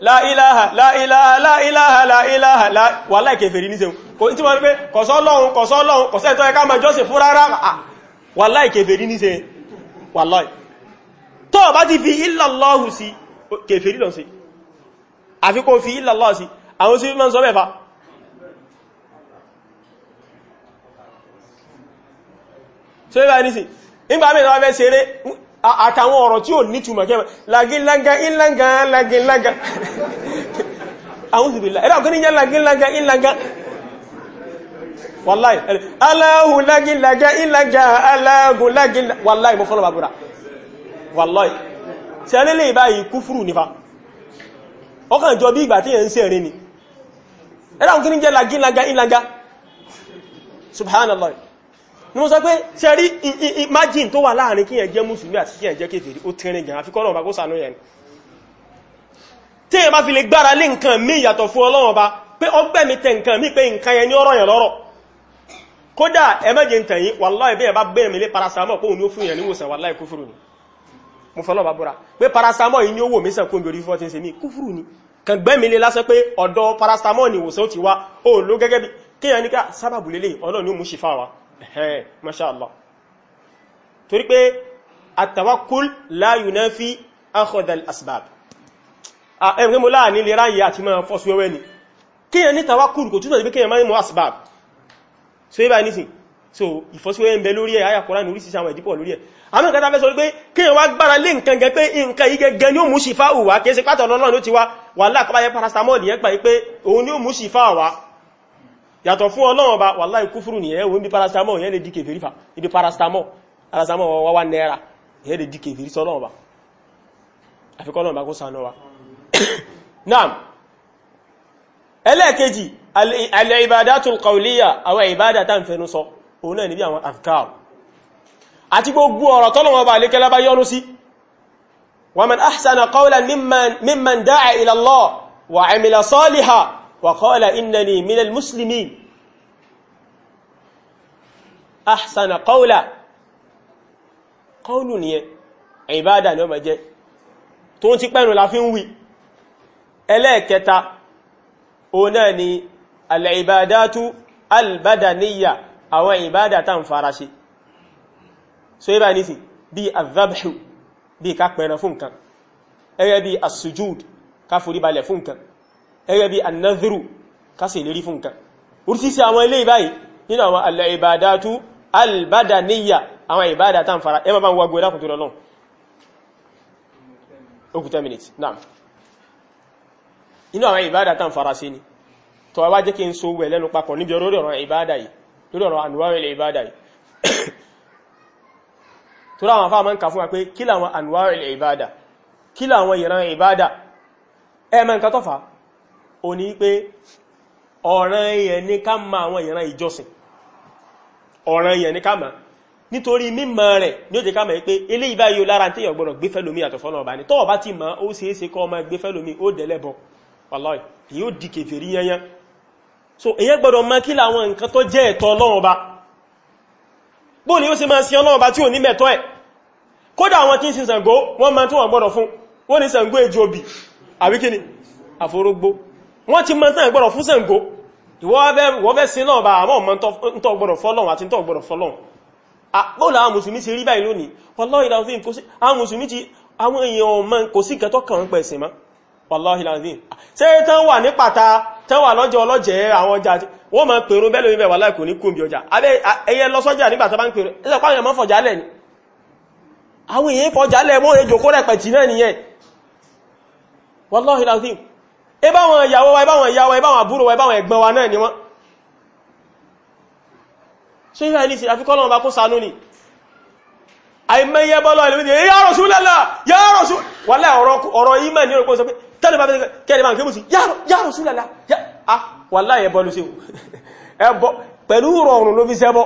la ilaha la ilaha la ilaha la ilaha la ilaha wà láìkẹfẹ̀rí ní sẹ́wọ̀n tí wọ́n sọ pé kọ̀sọ́ lọ́hun kọ̀sọ́ lọ́hun kọ̀sẹ́ ìtọ́ ẹ̀ká mọ́ jọ́sìn fún wàláì kèfèrí ní ṣe wàláì tó bá ti fi ìlàlọ́hù sí kèfèrí lọ sí àfi kó fi ìlàlọ́hù sí àwọn sí mọ́ sọ mẹ́fà so ibá ní sí nígbà mẹ́ta fẹ́ ṣeré àtàwọn ọ̀rọ̀ tí ò ní túnmọ̀ kẹwàá lagínlága ìlàgá lagínlága àwọn òsìbìlá ẹ̀dà kò ní jẹ́ lagínlága ìlàgá wàláì aláhùlágílágá ìlágá aláhùlágílágá wàláì mo fọ́lọ̀ bàbúrà wàláì tí a lélẹ̀ ìbáyìí kúfùrù nífà ọkàn jọ bí ìgbà tí yẹn ń ṣe ẹ̀rin ni ẹ̀dàkùn kí ní jẹ́ lágílágá ìlágá subhanallah ni mo sọ pé ṣe rí imagine tó wà láàrin kí yẹn jẹ́ mùsùlùmí àti kí yẹn jẹ́ kéfèrí ó tẹ́rin gan àfikọ́ náà bá kó sànú yẹn tí yẹn bá fi lè gbára lé nǹkan mí kódà ẹmẹ́jẹ ń tẹ̀yìn wàláì bí ẹ̀bá bẹ́ẹ̀ mi lé parasamọ́ pé òun ló fún ìyẹn níwòsàn wàláì kúfùrù ni mo fọ́lọ́ bá búra pé parasamọ́ yìí ní owó mi sẹ́kún lórí fọ́ ti ń ṣe mí kúfùrù ni kàn gbẹ́ mi lé lásán pé ọ̀dọ̀ parasamọ́ ni ìwòsàn ti wá ó ló gẹ́gẹ́ bí kéèyàn ní ká sábàbù lélẹ̀ ọlọ́run ni ó mú ṣe fáwa ẹ̀hẹ́n ní lè ní tawakkul kò so ibà nísìn so ìfọ́síwẹ́ ń bẹ lórí ẹ̀ àyà Kùránì oríṣiríṣi àwọn ìdípọ̀ lórí ẹ̀ àmì ìkẹta fẹ́ sọ pé kí wọ́n gbára lé nǹkan gẹ pé nǹkan igẹ gẹ ní ó mú ṣìfà òwà kí ṣe pátọ̀ lọ́nà ló ti wá wà láàkọ́báyẹ paracetamol yẹn gbà pé òun ni ó mú ṣìfà wá yàtọ̀ fún Ọlọ́run ọba wàláhì kúfùrù nìyẹn òun bí paracetamol yẹn lè di kèfèrí fà ibi paracetamol paracetamol wọ́n wá náírà yẹn lè di kèfèrí sọ Ọlọ́run ọba àfikọ́ Ọlọ́run ọba kó ṣàánú wa <coughs> naam ẹlẹ́ẹ̀kejì al-ibadatul qawliya àwọn ìbádà tá ń fẹnu sọ òun náà níbi àwọn afkar àti gbogbo ọ̀rọ̀ tọ́lọ̀wọ́ bá lékẹ́lá bá yọ́nú sí wa man ahsana qawlan mimman da'a ila Allah wa 'amila salihan wa qala innani minal muslimin ahsana qawla qawlu nìyẹn ìbádà ni ó máa tó ti pẹ́nu la fi ẹlẹ́ẹ̀kẹta òun náà ni al'ibadatu albadaniya àwọn ìbádà tán fara ṣe so yíba ní sí bí azabhu bí ká pẹ̀rẹ̀ fún kan ẹgbẹ́ bí asujud ká forí balẹ̀ fún kan ẹgbẹ́ bí annadhru ká sì lérí fún kan orísìsí àwọn ilé ìbáyìí nínú àwọn al'ibadatu albadaniya àwọn ìbádà tán fara ẹ ma inú àwọn ìbádà tán fara ṣe ni tó wá jẹ́ kí n so wẹ̀ lẹ́nu papọ̀ níbi lórí ọ̀rọ̀ ìbádà yìí lórí ọ̀rọ̀ ànúwárìlẹ̀ ìbádà yìí tó láwọn ma ń kà fún wa pé kí làwọn ànúwárìlẹ̀ ìbádà kí làwọn ìran ìbádà ẹ nǹkan tọ́fà ò ní pé ọ̀ràn yẹn ní ma àwọn ìran ìjọsìn ọ̀ràn ma nítorí mímọ̀ rẹ̀ ní ó ká pé ilé ìbá lára tí gbé àtọ̀fọ́nà ni tọ́ọ̀bá ti mọ̀ ó ṣeéṣe kọ́ ọmọ so èyàn gbọ́dọ̀ mọ̀ kí làwọn nǹkan tó jẹ́ ẹ̀tọ́ Ọlọ́run ba bó ni ó ṣe máa sin Ọlọ́run ba tí ò ní mẹ̀tọ́ ẹ̀ kódà àwọn tí ń sin Ṣàngó wọ́n máa tó wọ́n gbọ́dọ̀ fún wọ́n ní Ṣàngó ejò obì àbí kíni àforógbó wọ́n ti máa tán gbọ́dọ̀ fún Ṣàngó ìwọ́ fẹ́ sin náà ba àmọ́ ọmọ ń tọ́ gbọ́dọ̀ fọ́lọ́run àti ń tọ́ gbọ́dọ̀ fọ́lọ́run bóòlà àwọn mùsùlùmí ti rí báyìí lónìí wallahi ìlànà fíìm kò sí àwọn mùsùlùmí ti àwọn èèyàn ọmọ kò sí ìkẹtọ́ kàn ń pẹ̀sìn máa wàláhì láàrin ṣe tán wà ní pàtà tán wà lọ́jọ́ ọlọ́jẹ́ àwọn ọjà wọ́n ma pèrún bẹ́lú ibẹ̀ wà láìkò ní kúmbì ọjà abẹ́ ẹyẹ lọ́sọ́jà nígbàtà bá ń pèrún ẹsẹ̀ pàwọn èèyàn fọ̀jálẹ̀ ni àwọn èèyàn fọ̀jálẹ̀ mọ́ èjò kó rẹpẹ̀tì náà nìyẹn wàláhì láàrin ẹbáwọn ìyàwó wa ẹbáwọn ìyàwó ẹbáwọn àbúrò wa ẹbáwọn ẹ̀gbọ́n wa náà ni wọ́n ṣe ìrìn àìlìsì àfikọ́lọ̀ ọba kó sanú ni àìmẹ́yẹ bọ́lọ̀ ìlú ya Rasulullah ya Rasul wàlá ọ̀rọ̀ ìmẹ́ ní òrùkú sọ pé tẹ́lẹ̀ bá bẹ́ẹ̀ kẹ́lẹ̀ bá ń kéwù sí ya Rasulullah ah wallahi ẹbọ ló ṣe <laughs> ẹbọ pẹ̀lú rọrùn ló fi ṣẹbọ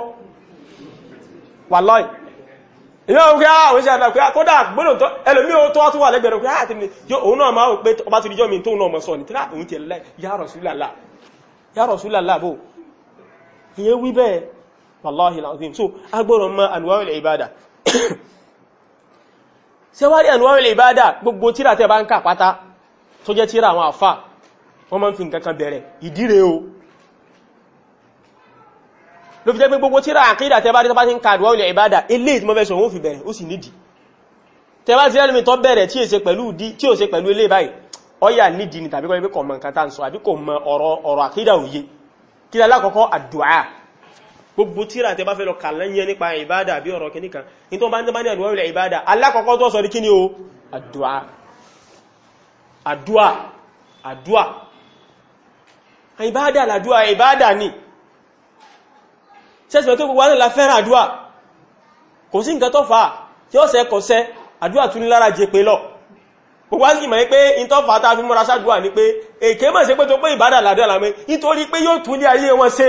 wallahi ìyá òun kí á ah, òun ṣe àfẹ́ pé ah, kódà gbọ́nà tó ẹlòmí ó tọ́ tó wà lẹ́gbẹ̀rẹ̀ pé á ti ní òun náà máa pé ọba ti ríjọ́ ah, ya Rasulullah ya Rasulullah bó ìyẹ́ wí bẹ́ẹ̀ wallahi alazim so agbọ́nà mọ́ anwa'ul ibada <coughs> ṣe wá rí anwa'ul ibada gbogbo tíra tẹ́ bá ń kà pátá tó jẹ́ tíra àwọn àfà wọ́n máa ń fi nǹkan kan bẹ̀rẹ̀ ìdí rẹ̀ o ló fi jẹ́ pé gbogbo tíra àkídà tẹ́ bá rí tọ́bá ti ń ka àdúwà ilẹ̀ ìbádà ilé ìtí mọ́fẹ́sọ̀ wọ́n fi bẹ̀rẹ̀ ó sì nídìí tẹ́ bá ti rẹ́ lómi tọ́ bẹ̀rẹ̀ tí èsè pẹ̀lú ìdí tí ó ṣe pẹ̀lú ilé báyìí ọyà nídìí ni tàbí kọ́ ibi kọ̀ mọ̀ nǹkan tá ń sọ àbí kò mọ ọ̀rọ̀ àkídà òye kí lálá kọ́kọ́ àdúà gbogbo tíra tẹ́ bá fẹ́ lọ kàlẹ́yẹ nípa ìbádà àbí ọ̀rọ̀ kìnnìkan ní tó bá ń tẹ́ bá ní àdúwà ìbádà alákọ̀ọ́kọ́ tó sọ ní kí ni o àdúà àdúà àdúà ìbádà làdúà ìbádà ni sẹ́sìmẹ̀ tó gbogbo la fẹ́ràn àdúà kò sí nǹkan tó fà tí ó sẹ́ kọ̀sẹ́ àdúà tún lára jẹ pé lọ gbogbo wá sí ìmọ̀ pé in tó fà tàbí mọ́ra sáàdúà ni pé èké mọ̀ sí pé tó pé ìbádà làdúà làmẹ́ nítorí pé yóò tún lé ayé wọn ṣe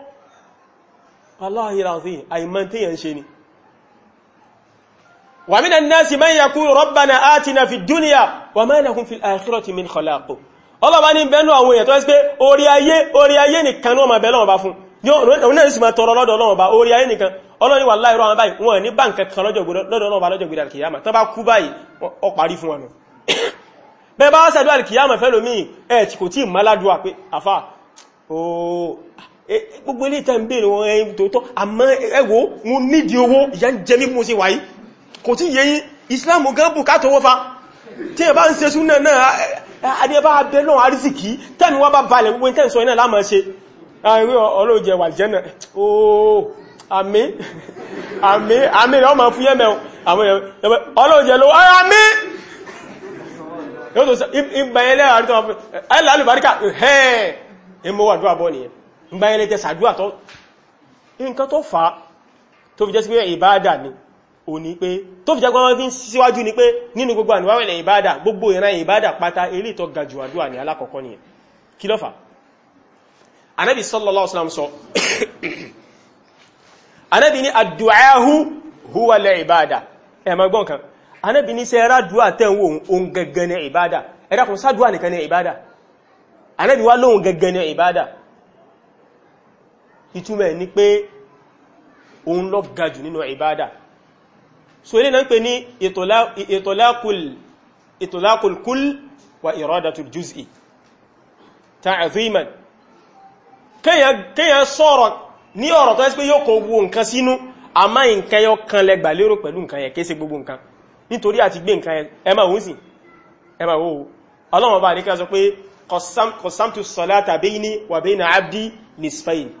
aláhìláàzí àìmọ́ tí yẹn ṣe ni wà mí nan náà sì mẹ́ yẹ kúrò rọ́bàna áti na fi dúnìyà wà mẹ́ na kún fi àkírọ̀tí min kọlàkù ọlọ́bà ní bẹ́nu àwọn èèyàn tó ẹ́sì pé orí ayé orí ayé nìkan náà bẹ̀ lọ́wọ́ bá fún yóò náà sì máa tọrọ lọ́dọ̀ lọ́wọ́ bá orí ayé nìkan ọlọ́ni wà láìrọ àwọn báyìí wọn ní báǹkà kan lọ́dọ̀ Eh, gbogbo ilé ìtàn bèèrè wọn ẹ̀yìn eh, tòótọ́ àmọ́ eh, ẹwò mo nídi owó ìyà ń jẹ mímú sí wáyí kò tí yẹ yín Islam gan bùkátà owó fa tí ẹ bá ń ṣe súnà náà adébá abẹ náà arísìkí tẹ́mi wá bá balẹ̀ gbogbo tẹ́ sọ iná lámọ́ ṣe ààrẹ ọlọ́jẹ wà jẹ́ náà ooo àmì àmì àmì rẹ̀ ọmọ fún yẹ́mẹ̀ ọlọ́jẹ lọ àmì yóò tó sọ ìgbẹ̀yẹlẹ́ àrítọ́ ẹlẹ́ alùbáríkà ẹ̀ẹ́ ńgbà yẹn lẹ́tẹ̀ sàdúrà tó nǹkan tó fà á tó fi jẹ́ sí pé ìbáadà ni ò ní pé tó fi jẹ́ gbọ́n bí síwájú ni pé nínú gbogbo àníwáwẹ̀lẹ̀ ìbáadà gbogbo ìran ìbáadà pátá eré ìtọ́ ga jù àdúrà ní alákọ̀ọ́kọ́ nìyẹn kí ló fà anábì sallallahu alaihi wasallam sọ anábì <coughs> ní àdùáhù huwalẹ̀ ìbáadà ẹ máa gbọ́n kan anábì ní sẹ́ra dùá tẹ́wọ̀ ohun gẹ́gẹ́ ní ìbáadà ẹ̀dàkùn sádùá nìkan ní wá lóhun gẹ́gẹ́ ní ìbáadà ìtumẹ̀ ni pé òun lọ gajù nínú ìbádà so ilé náà ń pè ní ìtòlákùl kúl wa ìrọ́dàtul juz'i ta'ziman kíyà sọ́rọ̀ ní ọ̀rọ̀ tó ẹ́sí pé yóò kó gbogbo nǹkan sínú a máa nǹkan yọ kan lẹ gbà lérò pẹ̀lú nǹkan yẹn kése gbogbo nǹkan nítorí àti gbé ní ká sọ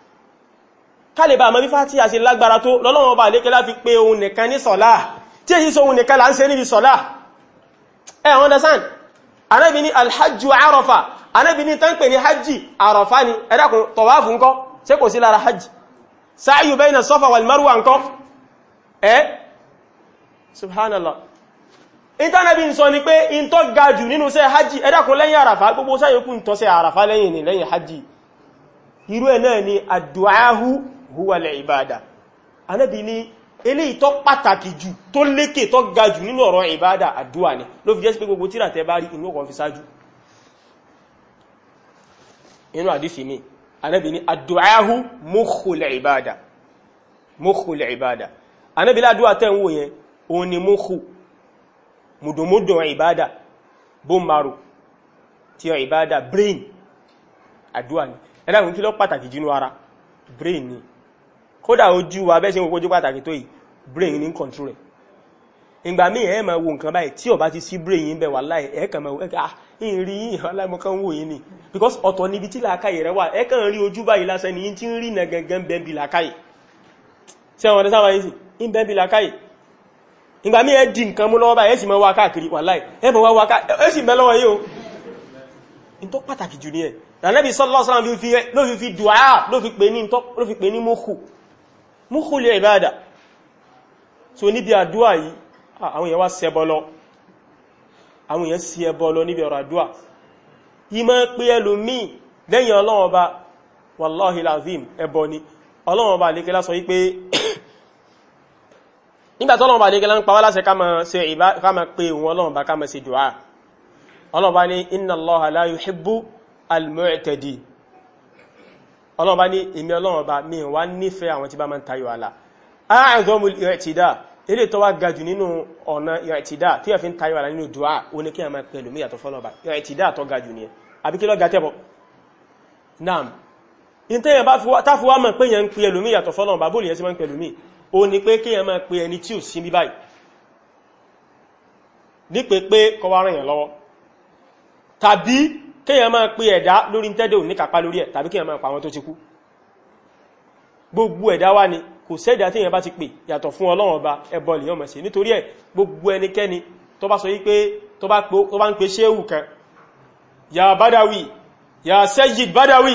kálẹ̀ bá mọ́bí fàtí àṣẹ lágbára tó lọ́lọ́wọ́ bá lékẹ́ láfi pé ohun nìkan ní sọ̀lá tí èyí sọ ohun nìkan là ń ṣe níbi sọ̀lá ẹ understand anábi ni alhajju arọ́fà anábi ni tán pè ní hajji arọ́fà ni ẹ̀dàkùn tọ̀wáfù ńkọ́ ṣe kò sí lára hajji sáàyù bẹ́ẹ̀ na sọ́fà wal marwa ńkọ́ ẹ́ subhanallah ìtànàbí ń sọ ni pé in tó ga jù nínú ṣe hajji ẹ̀dàkùn lẹ́yìn àràfà gbogbo sáyẹ̀kùn tọ́sẹ̀ àràfà lẹ́yìn ni lẹ́yìn hajji irú ẹ̀ náà ni àdùáhù huwalẹ̀ ìbádà anábi ní ilé ìtọ́ pàtàkì jù tó lékè tó ga jù nínú ọ̀rọ̀ ìbádà àdúwà ni ló fi jẹ́ sí pé gbogbo tíra tẹ bá rí inú ọkọ̀ fi sáájú inú àdífì mi anábi ní àdúwáhù mọ́kùlẹ̀ ìbádà mọ́kùlẹ̀ ìbádà anábi ládúwà tẹ́ ń wò yẹn òun ni mọ́kù mùdùmùdùn ìbádà ti ìbádà brain àdúwà ni ẹ̀dàkùn kí ló pàtàkì jínú ara brain ni kódà ojú wa bẹ́ẹ̀ ṣe ń wojú pàtàkì tó yìí brain ní control rẹ̀ ìgbà míì ẹ máa wo nǹkan báyìí tí ó ti sí brain yín bẹ wà láì ẹ kàn máa wo ẹkà ah, ń rí yín aláìmọ kan wò yín ni because ọ̀tọ̀ níbi tí làákàyè rẹ wà ẹ kàn rí ojú báyìí lásán ni yín ti ń rí na gangan bẹ́ẹ̀ bí làákàyè ṣé àwọn ọ̀dẹ́sáwà yín sì ń bẹ́ẹ̀ bí làákàyè ìgbà míì ẹ di nǹkan mú lọ́wọ́ báyìí ẹ sì máa wá káàkiri wà láì ẹ máa wá wá múkúlé ìbádà so níbi àdúwà yìí àwọn èèyàn wá sí ẹbọ lọ àwọn èèyàn sí ẹbọ lọ níbi ọ̀rọ̀ àdúwà yìí máa pé ẹlòmíì lẹ́yìn ọlọ́wọ́n ọba wàláhìl azim ẹbọ ni ọlọ́wọ́n ọba àlékelá sọ wípé <coughs> ọlọ́run bá ní èmi ọlọ́run bá mi wá nífẹ̀ẹ́ àwọn tí bá máa ń tayọ àlà àádọ́mù ìrẹ̀tìdá eré tó wá ga jù nínú ọ̀nà ìrẹ̀tìdá tí ẹ̀ fi ń tayọ àlà nínú dùá oníkẹ́ nam ìtẹ́yàn bá táfi wá mọ̀ pé yẹn ń pe ẹlòmí yàtọ̀ fọ́lọ́ba bóòlù yẹn sí máa ń pẹ̀lú mí o ní pé kéèyàn máa tàbí kéèyàn máa pe ẹ̀dá lórí tẹ́dẹ̀ ò ní kàpá lórí ẹ̀ tàbí kéèyàn máa pa àwọn tó ti kú gbogbo ẹ̀dá wá ni kò sẹ́dá téèyàn bá ti pè yàtọ̀ fún ọlọ́run ọba ẹbọ lèyàn mọ̀ sí nítorí ẹ̀ gbogbo ẹnikẹ́ni tó bá sọ yí pé tó bá ń pe ṣéhù kan ya badawi ya sẹ́yid badawi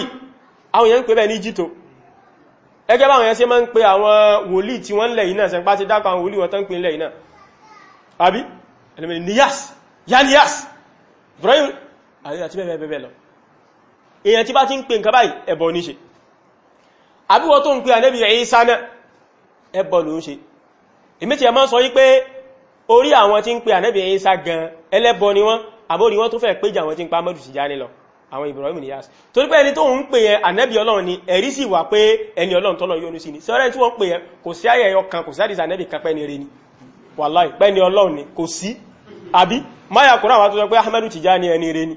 àwọn èèyàn ń pè bẹ́ẹ̀ ní jító ẹgẹ́ báwọn èèyàn ṣe máa ń pe àwọn wòlíì tí wọ́n lẹ̀ yìí náà sẹ́pá ti dápa àwọn wòlíì wọn tán pè lẹ̀ yìí náà àbí ẹlẹ́mẹ̀ni niyas ya niyas àti bẹ́ẹ̀bẹ́ẹ̀ lọ èyàn tí bá ti ń pè nǹkan báyìí ẹbọ ní ṣe àbíwọ́ tó ń pè ànẹ́bì Ìsá náà ẹbọ ló ń ṣe èmi tí ẹ máa ń sọ wípé orí àwọn tí ń pè ànẹ́bì Ìsá gan ẹlẹ́bọ ni wọ́n àbórí wọ́n tó fẹ́ péjì àwọn tí ń pa Amadu Tijani lọ àwọn Ibrahim Niyas torí pé ẹni tó ń pè yẹn ànẹ́bì ọlọ́run ni ẹ̀rí sì wà pé ẹni ọlọ́run tọ́lọ yónú sí ni sọ́rẹ́ tí wọ́n pè yẹn kò sí ayẹyọ kan kò sí àdìsí ànẹ́bì kan pẹ́ni rẹ ni wàláì pẹ́ni ọlọ́run ni kò sí àbí máyà kúrò àwọn tó sọ pé Ahmadu Tijani ẹni rẹ ni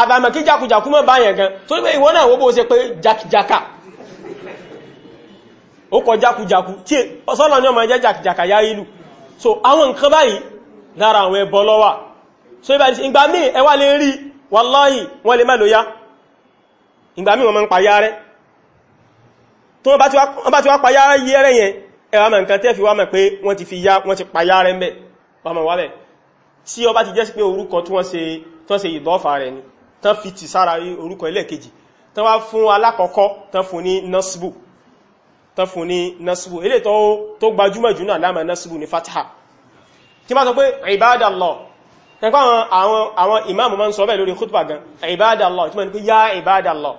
àbàmọ̀ kí jàkùjàkú mọ́ báyàn gan tó ní pé ìwọ náà wó bó ṣe pé jàkìjàkà ó kọ jàkùjàkú tí ọsọ́lọ ní ọmọ ẹjẹ́ jàkìjàkà yá ìlú so àwọn nǹkan báyìí lára àwọn ẹbọ lọ́wà so ìgbà míì ẹwà lè rí wàláhì wọ́n lè mẹ́lò yá ìgbà míì wọ́n máa ń payá rẹ̀ tó wọ́n bá ti wá payá rẹ̀ yí ẹrẹ́ yẹn ẹwà mẹ́ tán fi tì sára orúkọ ẹlẹ́ẹ̀kejì tán wá fún alákọ̀ọ́kọ́ tán fún ní nasbu tán fún ní nasbu ilé tó gbajúmọ̀ jù náà lámà nasbu ní fataha tí bá sọ pé ibadallah ẹgbẹ́ àwọn ìmáàmù máa ń sọ bẹ́ẹ̀ lórí khutbah gan ibadallah tí ma ní pé yá ibadallah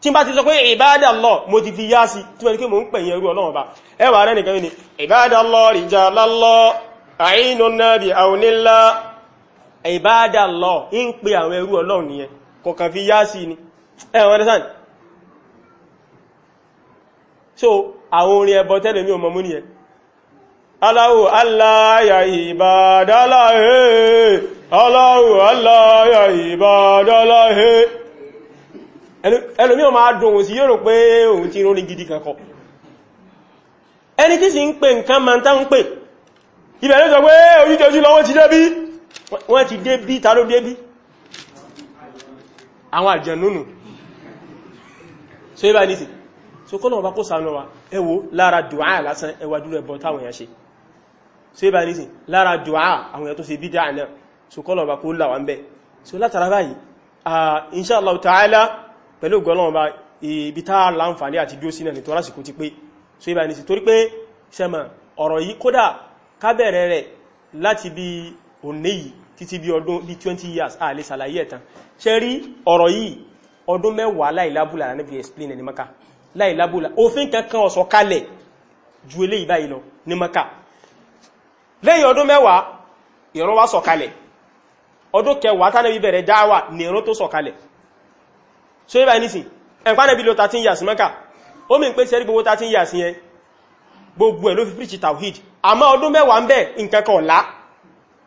tí bá ti sọ pé ibadallah mo ti fi yá sí tí ma ní pé mo ń pẹ̀yìn ẹrú ọlọ́run bá ẹwà rẹ̀ nìkan ní ibadallah rijalallah a'inunna bi aunillah ìbáadà lọ ń pè àwọn ẹrú ọlọ́run nìyẹn kọ̀kan fi yá sí ni ẹ̀wọ̀n so àwọn orin ẹbọ tẹ́lẹ̀ mi ò mọ̀mú nìyẹn aláwò aláyà ìbádọ́láhé aláwò aláyà ìbádọ́láhé ẹlòmí ò máa dùn òun sí yóò pé òun ti rún ní gidi kankan ẹni tí sì ń pè nǹkan ma ń tá ń pè ibẹ̀ sọ pé lọ́wọ́ wọ́n ti dé bí ta ló dé bí àwọn àjẹ̀núnù so ibá ní ti so kọ́lọ̀ ọba kó sànú wa ẹwọ lára dùá lásán ẹwà dúró ẹbọ táwọn èèyàn ṣe so ibá ní ti lára dùá àwọn èèyàn tó ṣe bídá náà so kọ́lọ̀ ọba kó là wà ń bẹ́ so látara báyìí inṣàlá ta'ala pẹ̀lú gọ́lọ̀ ọba ibi tá láǹfààní àti dúó sí náà nítorí àsìkò ti pé so ibá ní láti bí oneyi títí bí ọdún bí 20 years a lè ṣàlàyé ẹ̀tàn ṣe ọ̀rọ̀ yìí ọdún mẹ́wàá láìlábùlà rẹ̀ níbi explain ní maka láìlábùlà òfin kankan ọ̀sọ̀ kalẹ̀ ju eléyìí báyìí lọ ní maka lẹ́yìn ọdún mẹ́wàá ìrun wá sọ̀kalẹ̀ ọdún kẹwàá so lo 13 years mi 13 years gbogbo fi preach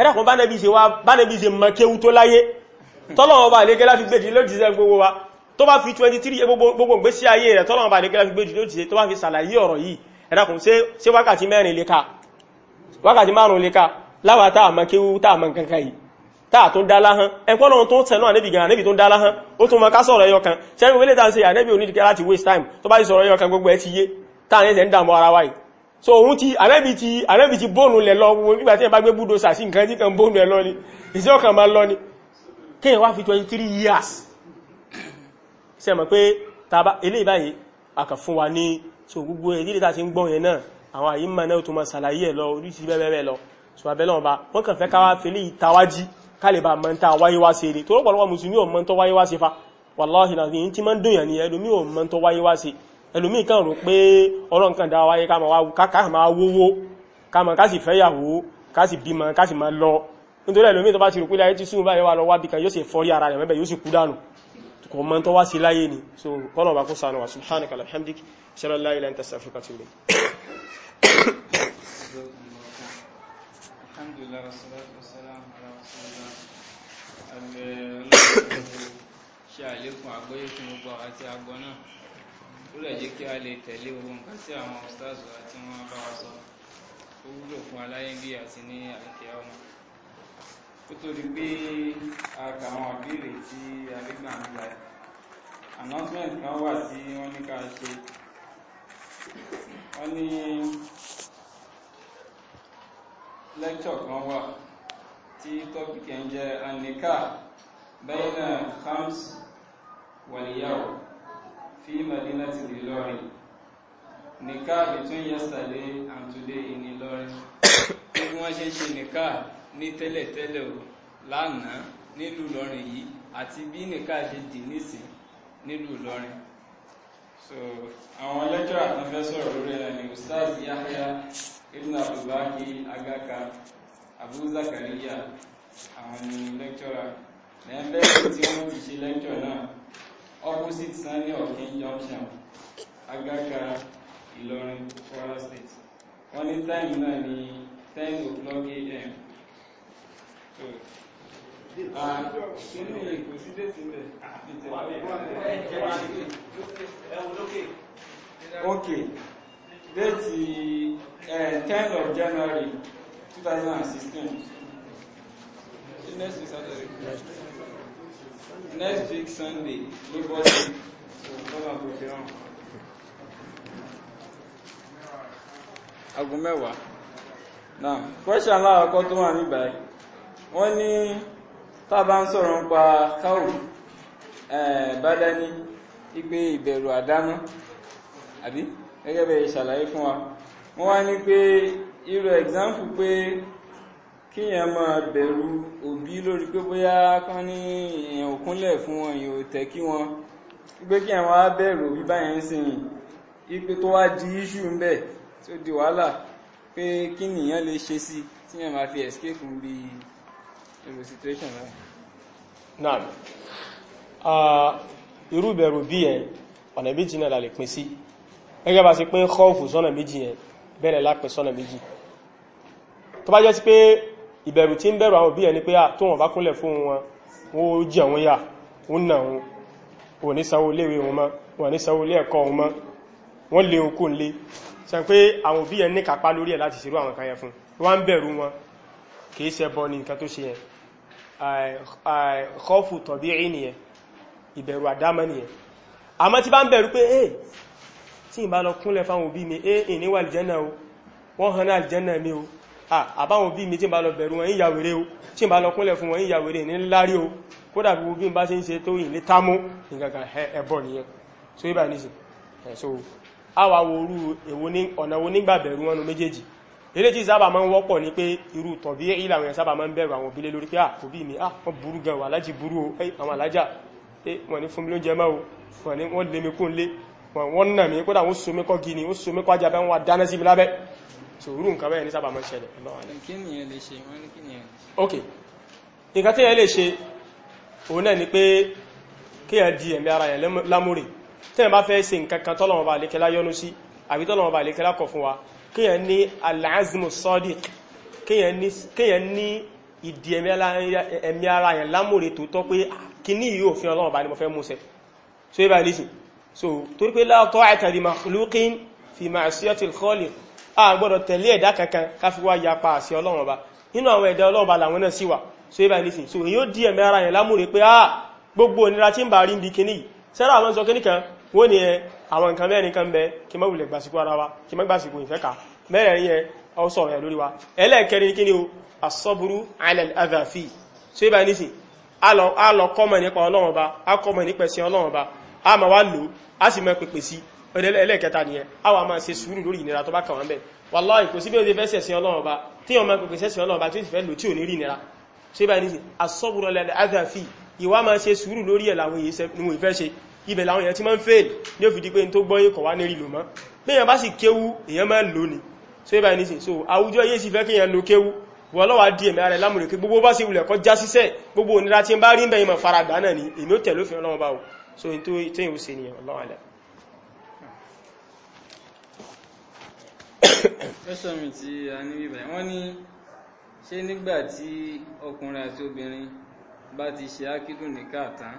ẹ̀dàkùn bánẹ́bí ṣe mọ̀ kéwú tó láyé tọ́lọ̀wọ́ bá lè gẹ́lá fi gbèjì ló ti ṣe gbogbo wa tó bá fi 23 gbogbo gbé sí ayé rẹ̀ tọ́lọ̀wọ́ bá lè gẹ́lá fi gbèjì ló ti ṣe tó bá fi sàlàyé ọ̀rọ̀ yìí ẹ̀dàkùn ṣe wákàtí mẹ́rin lè ka wákàtí márùn lè ka láwa tá àmọ́ kéwú tá àmọ́ kankan yìí tá à tún dálá hán ẹ̀kọ́ lọ́run tó ń tẹ̀lọ́ ànẹ́bì gan ká waste time tó bá ti sọ̀rọ̀ ẹyọ kan gbogbo so òun ti àrẹ́bì ti àrẹ́bì ti bóònù lẹ̀ lọ wọn nígbà tí ẹ bá gbé búdó sàsí nǹkan tí kan bóònù ẹ lọ ni ìṣẹ́ ọkàn máa lọ ni kíyàn wá fi 23 years ṣe mọ̀ pé tàbá ilé ìbáyìí àkà fún wa ní so gbogbo ẹ̀dí ta ti ń gbọ́n yẹn náà àwọn àyíma náà tó máa ṣàlàyé ẹ̀ lọ oríṣi bẹ́ẹ̀ lọ so abẹ́lẹ́ ọba wọ́n kàn fẹ́ ká wá fẹ́lẹ́ ìtawájí ká lè bá mọ́ta wáyé wá ṣe rí tó rọ́pọ̀lọpọ̀ mùsùlùmí ò mọ́ntọ́ wáyé wá ṣe fa wàláhìlà ní tí máa ń dùn yàn ní ẹlòmí ò mọ́ntọ́ wáyé wá ṣe ẹlòmíì kan rò pé Ọlọ́run kan dá wáyé ká máa wówó ká máa ká sì fẹ́yàwó ká sì bímọ ká sì máa lọ nítorí ẹlòmíì tó bá ti rò pé láyé tí súnmọ́ báyẹ̀ wà lọ wábìkan yóò sì fọ́rí ara rẹ̀ mẹ́bẹ̀ yóò sì kú dànù kò mọ́ tó wá sí láyé ni so kọ́nà bá kó sànà wà subhanaka alhamdik ṣẹlẹ̀ láyé lẹ́yìn tẹ̀sí afirka ti rí alhamdulillah wassalatu wassalamu ala rasulillah uh, <coughs> ṣe àlékún àgbóyé fún gbogbo àti àgbọ́ náà ó lè jẹ́ kí a lè tẹ̀lé ogun kan sí àwọn ọ̀stáàzù àti wọn bá wa sọ ó wúlò fún aláyé bí àti ní àìkẹ́ ọmọ ó tó di pé a kà àwọn àbílè tí a rí gbà ń gbà announcement kan wà tí wọ́n ní ká ṣe wọ́n ní lecture kan wà tí topic ẹ̀ ń jẹ́ anika bẹ́ẹ̀ náà khams wàlíyàwó في مدينة Ilorin. Nikah between yesterday and today in Ilorin. Gbogbo wọn ṣe ń ṣe nikah ní tẹ́lẹ̀tẹ́lẹ̀ o lánàá nílùú Ìlọrin yìí àti bí nikah ṣe dì nísìn nílùú Ìlọrin. So àwọn lẹ́jọ́ àtúnfẹ́ sọ̀rọ̀ lórí ẹ̀ ní Ustaz Yahya Ibn Abdulbaki Agaka Abu Zakariya àwọn ni lẹ́jọ́ra. Lẹ́yìn bẹ́ẹ̀ tí wọ́n ti ṣe lẹ́jọ́ náà opposite sunday of king junction agaka ìlọrin kwara state wọ́n ní time náà ní ten o'clock a.m. So, ah, ah, nínú sí dé sílẹ̀ ok déètì eh, ten of january two thousand and sixteen next week sunday ló bọ́ sí ọ̀nà tó fi hàn agun mẹ́wàá náà question aláàkọ́ tó wà ní báyìí wọ́n ní tàbá ń sọ̀rọ̀ ń pa káwù bádání igbe ìbẹ̀rù àdánú àbí gẹ́gẹ́ bẹ̀rẹ̀ ṣàlàyé fún wa wọ́n wá ní pé irú example pé kíyàn máa bẹ̀rù òbí lórí pé bóyá kán ní èèyàn òkúnlẹ̀ fún wọn èèyàn ò tẹ́ kí wọn pé kíyàn wá bẹ̀rù òbí báyẹn sìn ipe tó wá di iṣu ń bẹ̀ tó di wàhálà pé kí nìyàn lè ṣe sí tíyàn máa fi escape ń bí èrò situation náà. náà irú ìbẹ̀rù bí yẹn ọ̀nà méjì náà la lè pín sí gẹ́gẹ́ bá ṣe pín kọ́ọ̀fù sọ́nà méjì yẹn bẹ́ẹ̀ lápẹ̀ sọ́nà méjì tó bá jẹ́ sí pé ìbẹ̀rù tí ń bẹ̀rù àwọn òbí ẹni pé ah, tó wọ́n bá kúnlẹ̀ fún wọn wọ́n jẹ wọn yà ń nà wọn wọ́n ní sanwó léwé wọn mọ́ wọ́n ní sanwó lé ẹ̀kọ́ wọn mọ́ wọ́n lé okó ń lé sẹ pé àwọn òbí ẹni kápá lórí ẹ̀ láti ṣerú àwọn kan yẹn fún wọ́n bẹ̀rù wọn kìí ṣe bọ́ ní nǹkan tó ṣe yẹn kọ́fù tọ̀bí rí nìyẹn ìbẹ̀rù àdámọ́ nìyẹn àmọ́ tí bá ń bẹ̀rù pé ẹ̀ eh, tí ìbá lọ kúnlẹ̀ fáwọn òbí mi ẹ̀ eh, ìníwà àlìjẹ́nà o wọ́n hàn ní àlìjẹ́nà mi o àbáwọn òbí mi tí bá lọ bẹ̀rù wọn ìyà wèrè o tí bá lọ kúnlẹ̀ fún wọn ìyà wèrè ní lárí o kódà bí bí n bá ṣe ń ṣe tó ìlé támú ìgagà ẹbọ nìyẹn so ibà ní sí so àwà orú ọ̀nà wo nígbà bẹ̀rù wọn méjèèjì eré tí sábà máa ń wọ́pọ̀ ní pé irú tọ̀bí ìlà wọn sábà máa ń bẹ̀rù àwọn òbí lé lórí pé à òbí mi à wọ́n burú gan wà láti o àwọn alájà wọ́n ní o wọ́n lé mi kún lé wọ́n nà mí kódà wọ́n so mi kọ́ gini wọ́n so mi kọ́ ajá dáná sí mi lábẹ́ sòrú nǹkan bẹ́ẹ̀ ní sábà máa ń ṣẹlẹ̀ ok nǹkan tí yẹn lè ṣe òun náà ni pé kí yẹn di ẹ̀mí ara yẹn lámúrè tí yẹn bá fẹ́ ṣe nǹkan kan tọ́lọ́wọ́n bá lékelá yọ́nú sí ah, so yẹ bá lè ṣe so torí pé a gbọ́dọ̀ tẹ̀lé ẹ̀dá kankan káfí wá yapa àṣẹ ọlọ́run ọba nínú àwọn ẹ̀dá ọlọ́run ọba làwọn náà sì wà so ibà nísìn so èyí ó di ẹ̀mẹ́ ara yẹn lámúre pé a ah, gbogbo onira tí ń bá rí ń bi kíní yìí sẹ́rà àwọn sọ kíníkan wọ́n ni ẹ àwọn nǹkan mẹ́rin kan bẹ kí mọ́ wulẹ̀ gbàsíkò ara wa kí mọ́ gbàsíkò ìfẹ́ ka mẹ́rẹ̀ẹ̀rin yẹn ọ sọ̀rọ̀ ẹ̀ lórí wa ẹlẹ́ẹ̀kẹrin kíní o asọ́burú alẹ́ àdàfíì so ibà nísìn a lọ kọ́mọ̀ nípa ọlọ́run ọba a kọ́mọ̀ nípa ẹ̀sìn ọlọ́run ọba a máa wá lò ó a sì máa pèpè sí ẹlẹ́ẹ̀kẹta nìyẹn a wà máa ṣe sùúrù lórí ìnira tó bá kàn wọ́n bẹ̀ wàláì kò sí bí ó ti fẹ́ sẹ̀sìn Ọlọ́run ọba tí ọmọ kò sẹ̀sìn Ọlọ́run ọba tí ó sì fẹ́ lò tí ò ní rí ìnira ṣe bá ní asọ́bùrọ̀ lẹ́lẹ́ àdàfí ìwà máa ṣe sùúrù lórí ẹ̀ làwọn èèyàn ìfẹ́ ṣe ibẹ̀ làwọn èèyàn ti máa ń fail ní ó fi di pé tó gbọ́yé kọ̀ wá ní rí lò mọ́ bí èèyàn bá so àwùjọ yé sì fẹ́ kí èèyàn lo kéwú wọ́n lọ́wọ́ di èmi ara lámùrè pé gbogbo bá sì wulẹ̀ kọ́ já síṣẹ́ gbogbo onira tí ń bá rí ń bẹ̀yìn ni èmi ó so in tó tẹ́yìn ó ṣe fẹ́sọ̀mì tí a ní bíbẹ̀ wọ́n ní ṣé nígbà tí ọkùnrin àti obìnrin bá ti ṣe ákídùn ní káàtán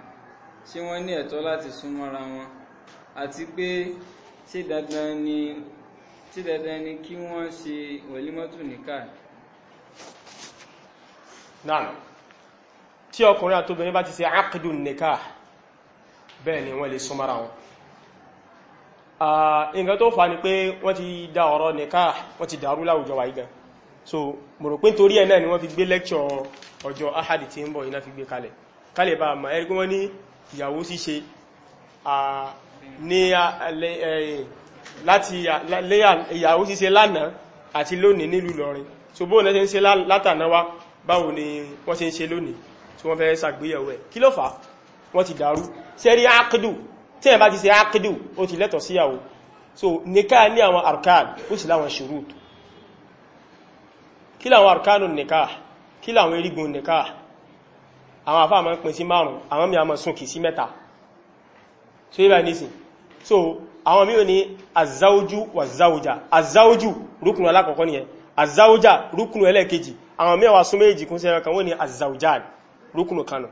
ṣé wọ́n ní ẹ̀tọ́ láti súnmọ́ra wọn àti pé ṣé dandan ni ṣé dandan ni kí wọ́n ṣe wẹ̀límọ́tò ní káàtán. náà tí ọkùnrin àti obìnrin bá ti ṣe ákídùn ní káà bẹ́ẹ̀ ni wọ́n lè súnmọ́ra wọn nǹkan tó fà ní pé wọ́n ti dá ọ̀rọ̀ nìká wọ́n ti dàrú láwùjọ wa igan so mo rò pé nítorí ẹ̀ náà ni wọ́n fi gbé lecture ọjọ́ ahadi tí ń bọ̀ iná fi gbé kalẹ̀ kalẹ̀ bá ma ẹ̀rí wọ́n ní ìyàwó ṣíṣe láti ìyàwó ṣíṣe lánàá àti lónìí nílùú lọrin so bóòlẹ́ ṣe ń ṣe báwo ni wọ́n ṣe ń ṣe lónìí tí wọ́n fẹ́ ṣàgbéyẹ̀wó ẹ̀ kí ló fà wọ́n ti dàrú sẹ́rí ákìdù tí ẹ̀ bá ti ṣe ákídù ó ti lẹ́tọ̀ síyàwó so nìká ní àwọn arkan ó sì láwọn ṣurut kí láwọn arkanu nìká kí láwọn erigun nìká àwọn àfáà máa ń pín sí márùn àwọn mi a máa súnkì sí mẹ́ta so yíba nísìn so àwọn mi ò ní azáójú wà záójá azáójú rúkùnù alákọ̀ọ́kọ́ nìyẹn azáójá rúkùnù ẹlẹ́ẹ̀kejì àwọn mẹ́wàá sún méjì kún sí ẹran kan wọ́n ní azáójá rúkùnù kanu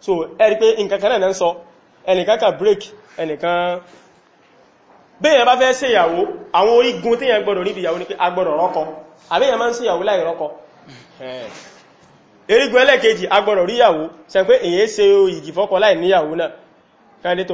so ẹ̀rí pé nǹkan kan náà ń sọ ẹnìkan ka break ẹnìkan bẹ́yàn bá fẹ́ ṣe ìyàwó àwọn orígun tí yàn gbọ́dọ̀ níbi ìyàwó ní pé agbọ́dọ̀ rọ́kọ ma máa ń ṣe ìyàwó láì rọ́kọ erigun ẹlẹ́kejì agbọ́dọ̀ ríyàwó ṣe pé èyí ṣe ìjì fọ́kọ láì níyàwó náà kẹ́ni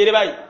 ni <laughs>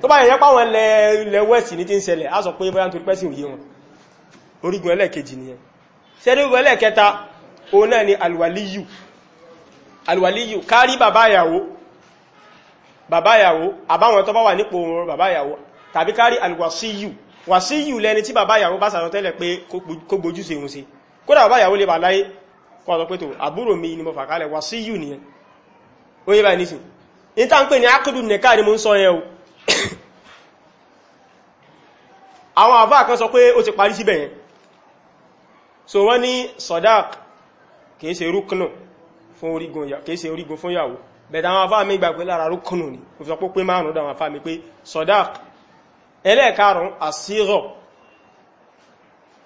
tó bá yẹ̀yẹ́ pàwọn ilẹ̀ west ní tí ń ṣẹlẹ̀ á sọ pé bóyá tó pẹ́sìn òye wọn orígun ẹlẹ́ẹ̀kejì nìyẹn sẹ́dúgbọ́ ẹlẹ́ẹ̀kẹta òun náà ni alwaliyu alwaliyu kárí bàbáyàwó bàbáyàwó àbáwọn tó bá wà nípò bàbáyàwó tàbí kárí alwasiyu wasiyu lẹni tí bàbáyàwó bá sàrọ tẹ́lẹ̀ pé kó gbójú sí òun sí kódà bàbáyàwó lè bà láyé kó ọ̀tọ̀ pé tó àbúrò ni mo fà kalẹ̀ wasiyu nìyẹn ó yé báyìí nísìn ní tá ń pè ní akudu nìkáà ni mo ń sọ yẹn o àwọn àbá kan sọ pé ó ti parí síbẹ̀ yẹn so wọ́n ní sọ̀dák kìí ṣe rúkùnù fún orígun kìí ṣe orígun fún yàwó bẹ̀dẹ̀ àwọn àfáà mi gbà pé lára rúkùnù ni ó fi sọ pé márùn dáwọn àfáà mi pé sọ̀dák ẹlẹ́ẹ̀karùn àsírọ̀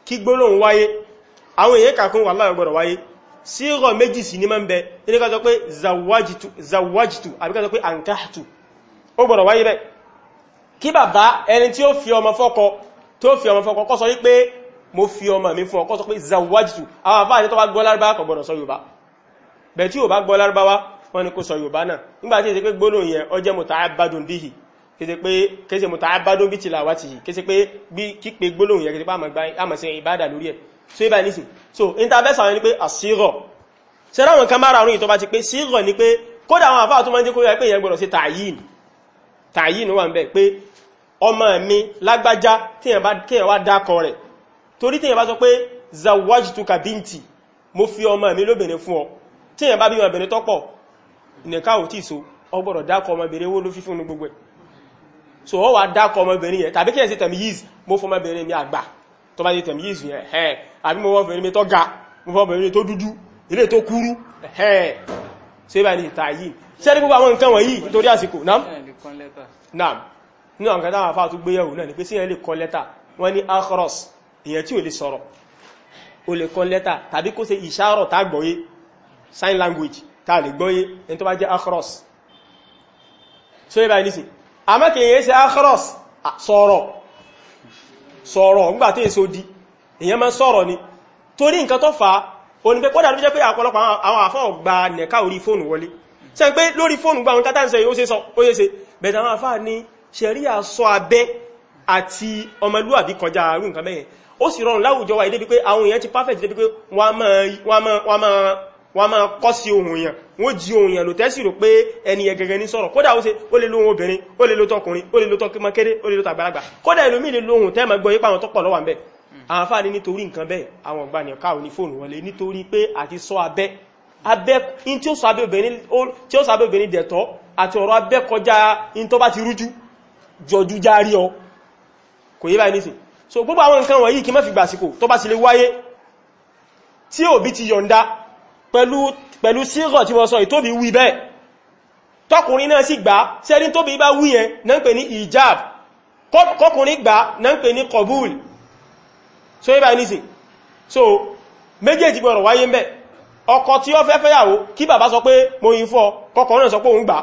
kí gbólóhùn wáyé àwọn èyẹ kàkún wà láyọ̀ gbọ́dọ̀ wáyé sírọ̀ méjì sí ní máa ń bẹ ilé ká pé zawajitu zawajitu àbíká sọ pé ankahtu ó gbọ́dọ̀ wáyé bẹ́ẹ̀ kí bàbá ẹni tí ó fi ọmọ fọ́kọ tó fi ọmọ fọ́kọ kọ́ sọ wípé mo fi ọmọ mi fún ọ kọ́ sọ pé zawajtu àwọn àfáà ní tó bá gbọ́ lárúbáwá kò gbọ́dọ̀ sọ yorùbá bẹ̀ tí ò bá gbọ́ lárúbáwá wọ́n ní kó sọ yorùbá náà nígbà tí èsì pé pé bi tilawatihi kése pé bí kípe gbólóhùn yẹn so ibà so intervest àwọn ni pé àsírọ̀ ṣe ráwọn ni pé kódà àwọn àfáà tó máa ń jẹ́ kó yẹ pé ìyẹn gbọ́dọ̀ sí tààyí ní wà ń bẹ̀ pé ọmọ mi lágbájá kíyàn wá dákọ rẹ̀ torí tíyàn bá sọ pé zawajtuka binti mo fi ọmọ mi lóbìnrin fún ọ tíyàn bá bí wọn bẹ̀rẹ̀ tọ́pọ̀ nìka ò tí so ọgbọ̀rọ̀ dákọ ọmọbìnrin wó ló fífún ní gbogbo ẹ̀ so ṣe bá ní tààyí ṣe ní gbogbo àwọn nǹkan wọ̀nyí nítorí àsìkò náà náà nǹkan dáwà fà tó gbéyàwó náà ni pé sí ẹ lè kọ lẹ́tà wọ́n ní akros èyàn tí ò lè sọ̀rọ̀ o lè kọ lẹ́tà tàbí kó ṣe ìṣàrọ̀ tá gbọ́yé sign language tá lè gbọ́yé akros ṣe bá ní sí akros sọ̀rọ̀ sọ̀rọ̀ nígbà tó èso di èyàn ni torí nǹkan tó o ní pé kódà ló jẹ́ pé àpọ̀lọpọ̀ àwọn àfọ́ gba nẹ̀ká orí fóònù wọlé ṣe pé lórí fóònù gba ohun tátà ń sẹ yóò ṣe sọ ó yẹ́ ṣe bẹ̀rẹ̀ àwọn àfáà ní ṣẹ̀ríà sọ abẹ́ àti ọmọlúwàbí kọjá arú nǹkan mẹ́yẹn ó sì rọrùn láwùjọ wa débi pé àwọn èèyàn ti perfect débi pé wọ́n máa kọ́ sí ohun èèyàn wọ́n jí ohun èèyàn ló tẹ́sì rò pé ẹni ẹgẹgẹ ní sọ̀rọ̀ kódà àǹfààní nítorí nǹkan bẹ́ẹ̀ àwọn ọ̀gbà ní ọ̀ká òní fóònù wọlé nítorí pé àti sọ abẹ́ abẹ́ in tí ó sọ abẹ́ obìnrin dẹ̀tọ́ àti ọ̀rọ̀ abẹ́ kọjá in tó bá ti rújú jọjú járí ọ kò yé báyìí nísìn so gbogbo àwọn nǹkan wọ̀nyí kí má fi gbàsíkò tó bá sì lè wáyé tí òbí ti yọ̀ǹda pẹ̀lú pẹ̀lú sígọ̀ tí wọ́n sọ ìtóbi wí bẹ́ẹ̀ tọkùnrin náà sì gbà sẹ́rin tóbi bá wí yẹn náà ń pè ní ìjáàb kọkùnrin gbà náà ń pè ní kọbúl so yíba nísìn so méjèèjì gbọ́rọ̀ wáyé ń bẹ̀ ọkọ tí ó fẹ́ fẹ́yàwó kí bàbá sọ pé mo yìn fọ́ kọkọ náà sọ pé òun gbà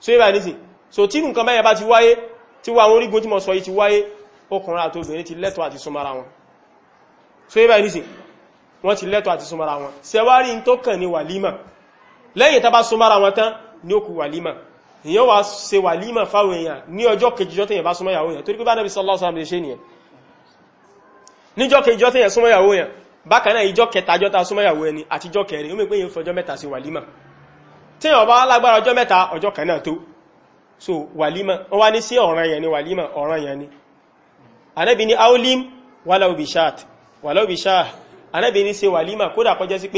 so yíba nísìn so tí nǹkan bẹ́yẹ bá ti wáyé tí wà àwọn orígun tí mo sọ yìí ti wáyé ọkùnrin àti obìnrin ti lẹ́tọ̀ àti súnmọ́ra so yíba nísìn wọ́n ti lẹ́tọ̀ àti súnmọ́ra wọn sẹwárí tó kàn ní wàlímà lẹ́yìn tá bá súnmọ́ra wọn tán ní ó kù wàlímà èèyàn wá ṣe wàlímà fáwọn èèyàn ní ọjọ́ kejìjọ́ tẹ́yàn bá súnmọ́ ìyàwó èèyàn torí bá Nábì sallallahu alaihi wasallam ṣe níjọ́ kejì ọjọ́ tẹ́yàn súnmọ́ ìyàwó yẹn bákan náà ìjọ́ kẹta ọjọ́ ta súnmọ́ ìyàwó ẹni àti ìjọ́ kẹrin ó mẹ́ pé yẹn fọjọ́ mẹ́ta sí wàlímà tẹ́yàn bá lágbára ọjọ́ mẹ́ta ọjọ́ kan náà tó so wàlímà wọ́n wá ní sí ọ̀ràn yẹn ni wàlímà ọ̀ràn yẹn ni aulim walau bishat walau bishah Ànábì ní ṣe wàlímà kódà kó jẹ́ sí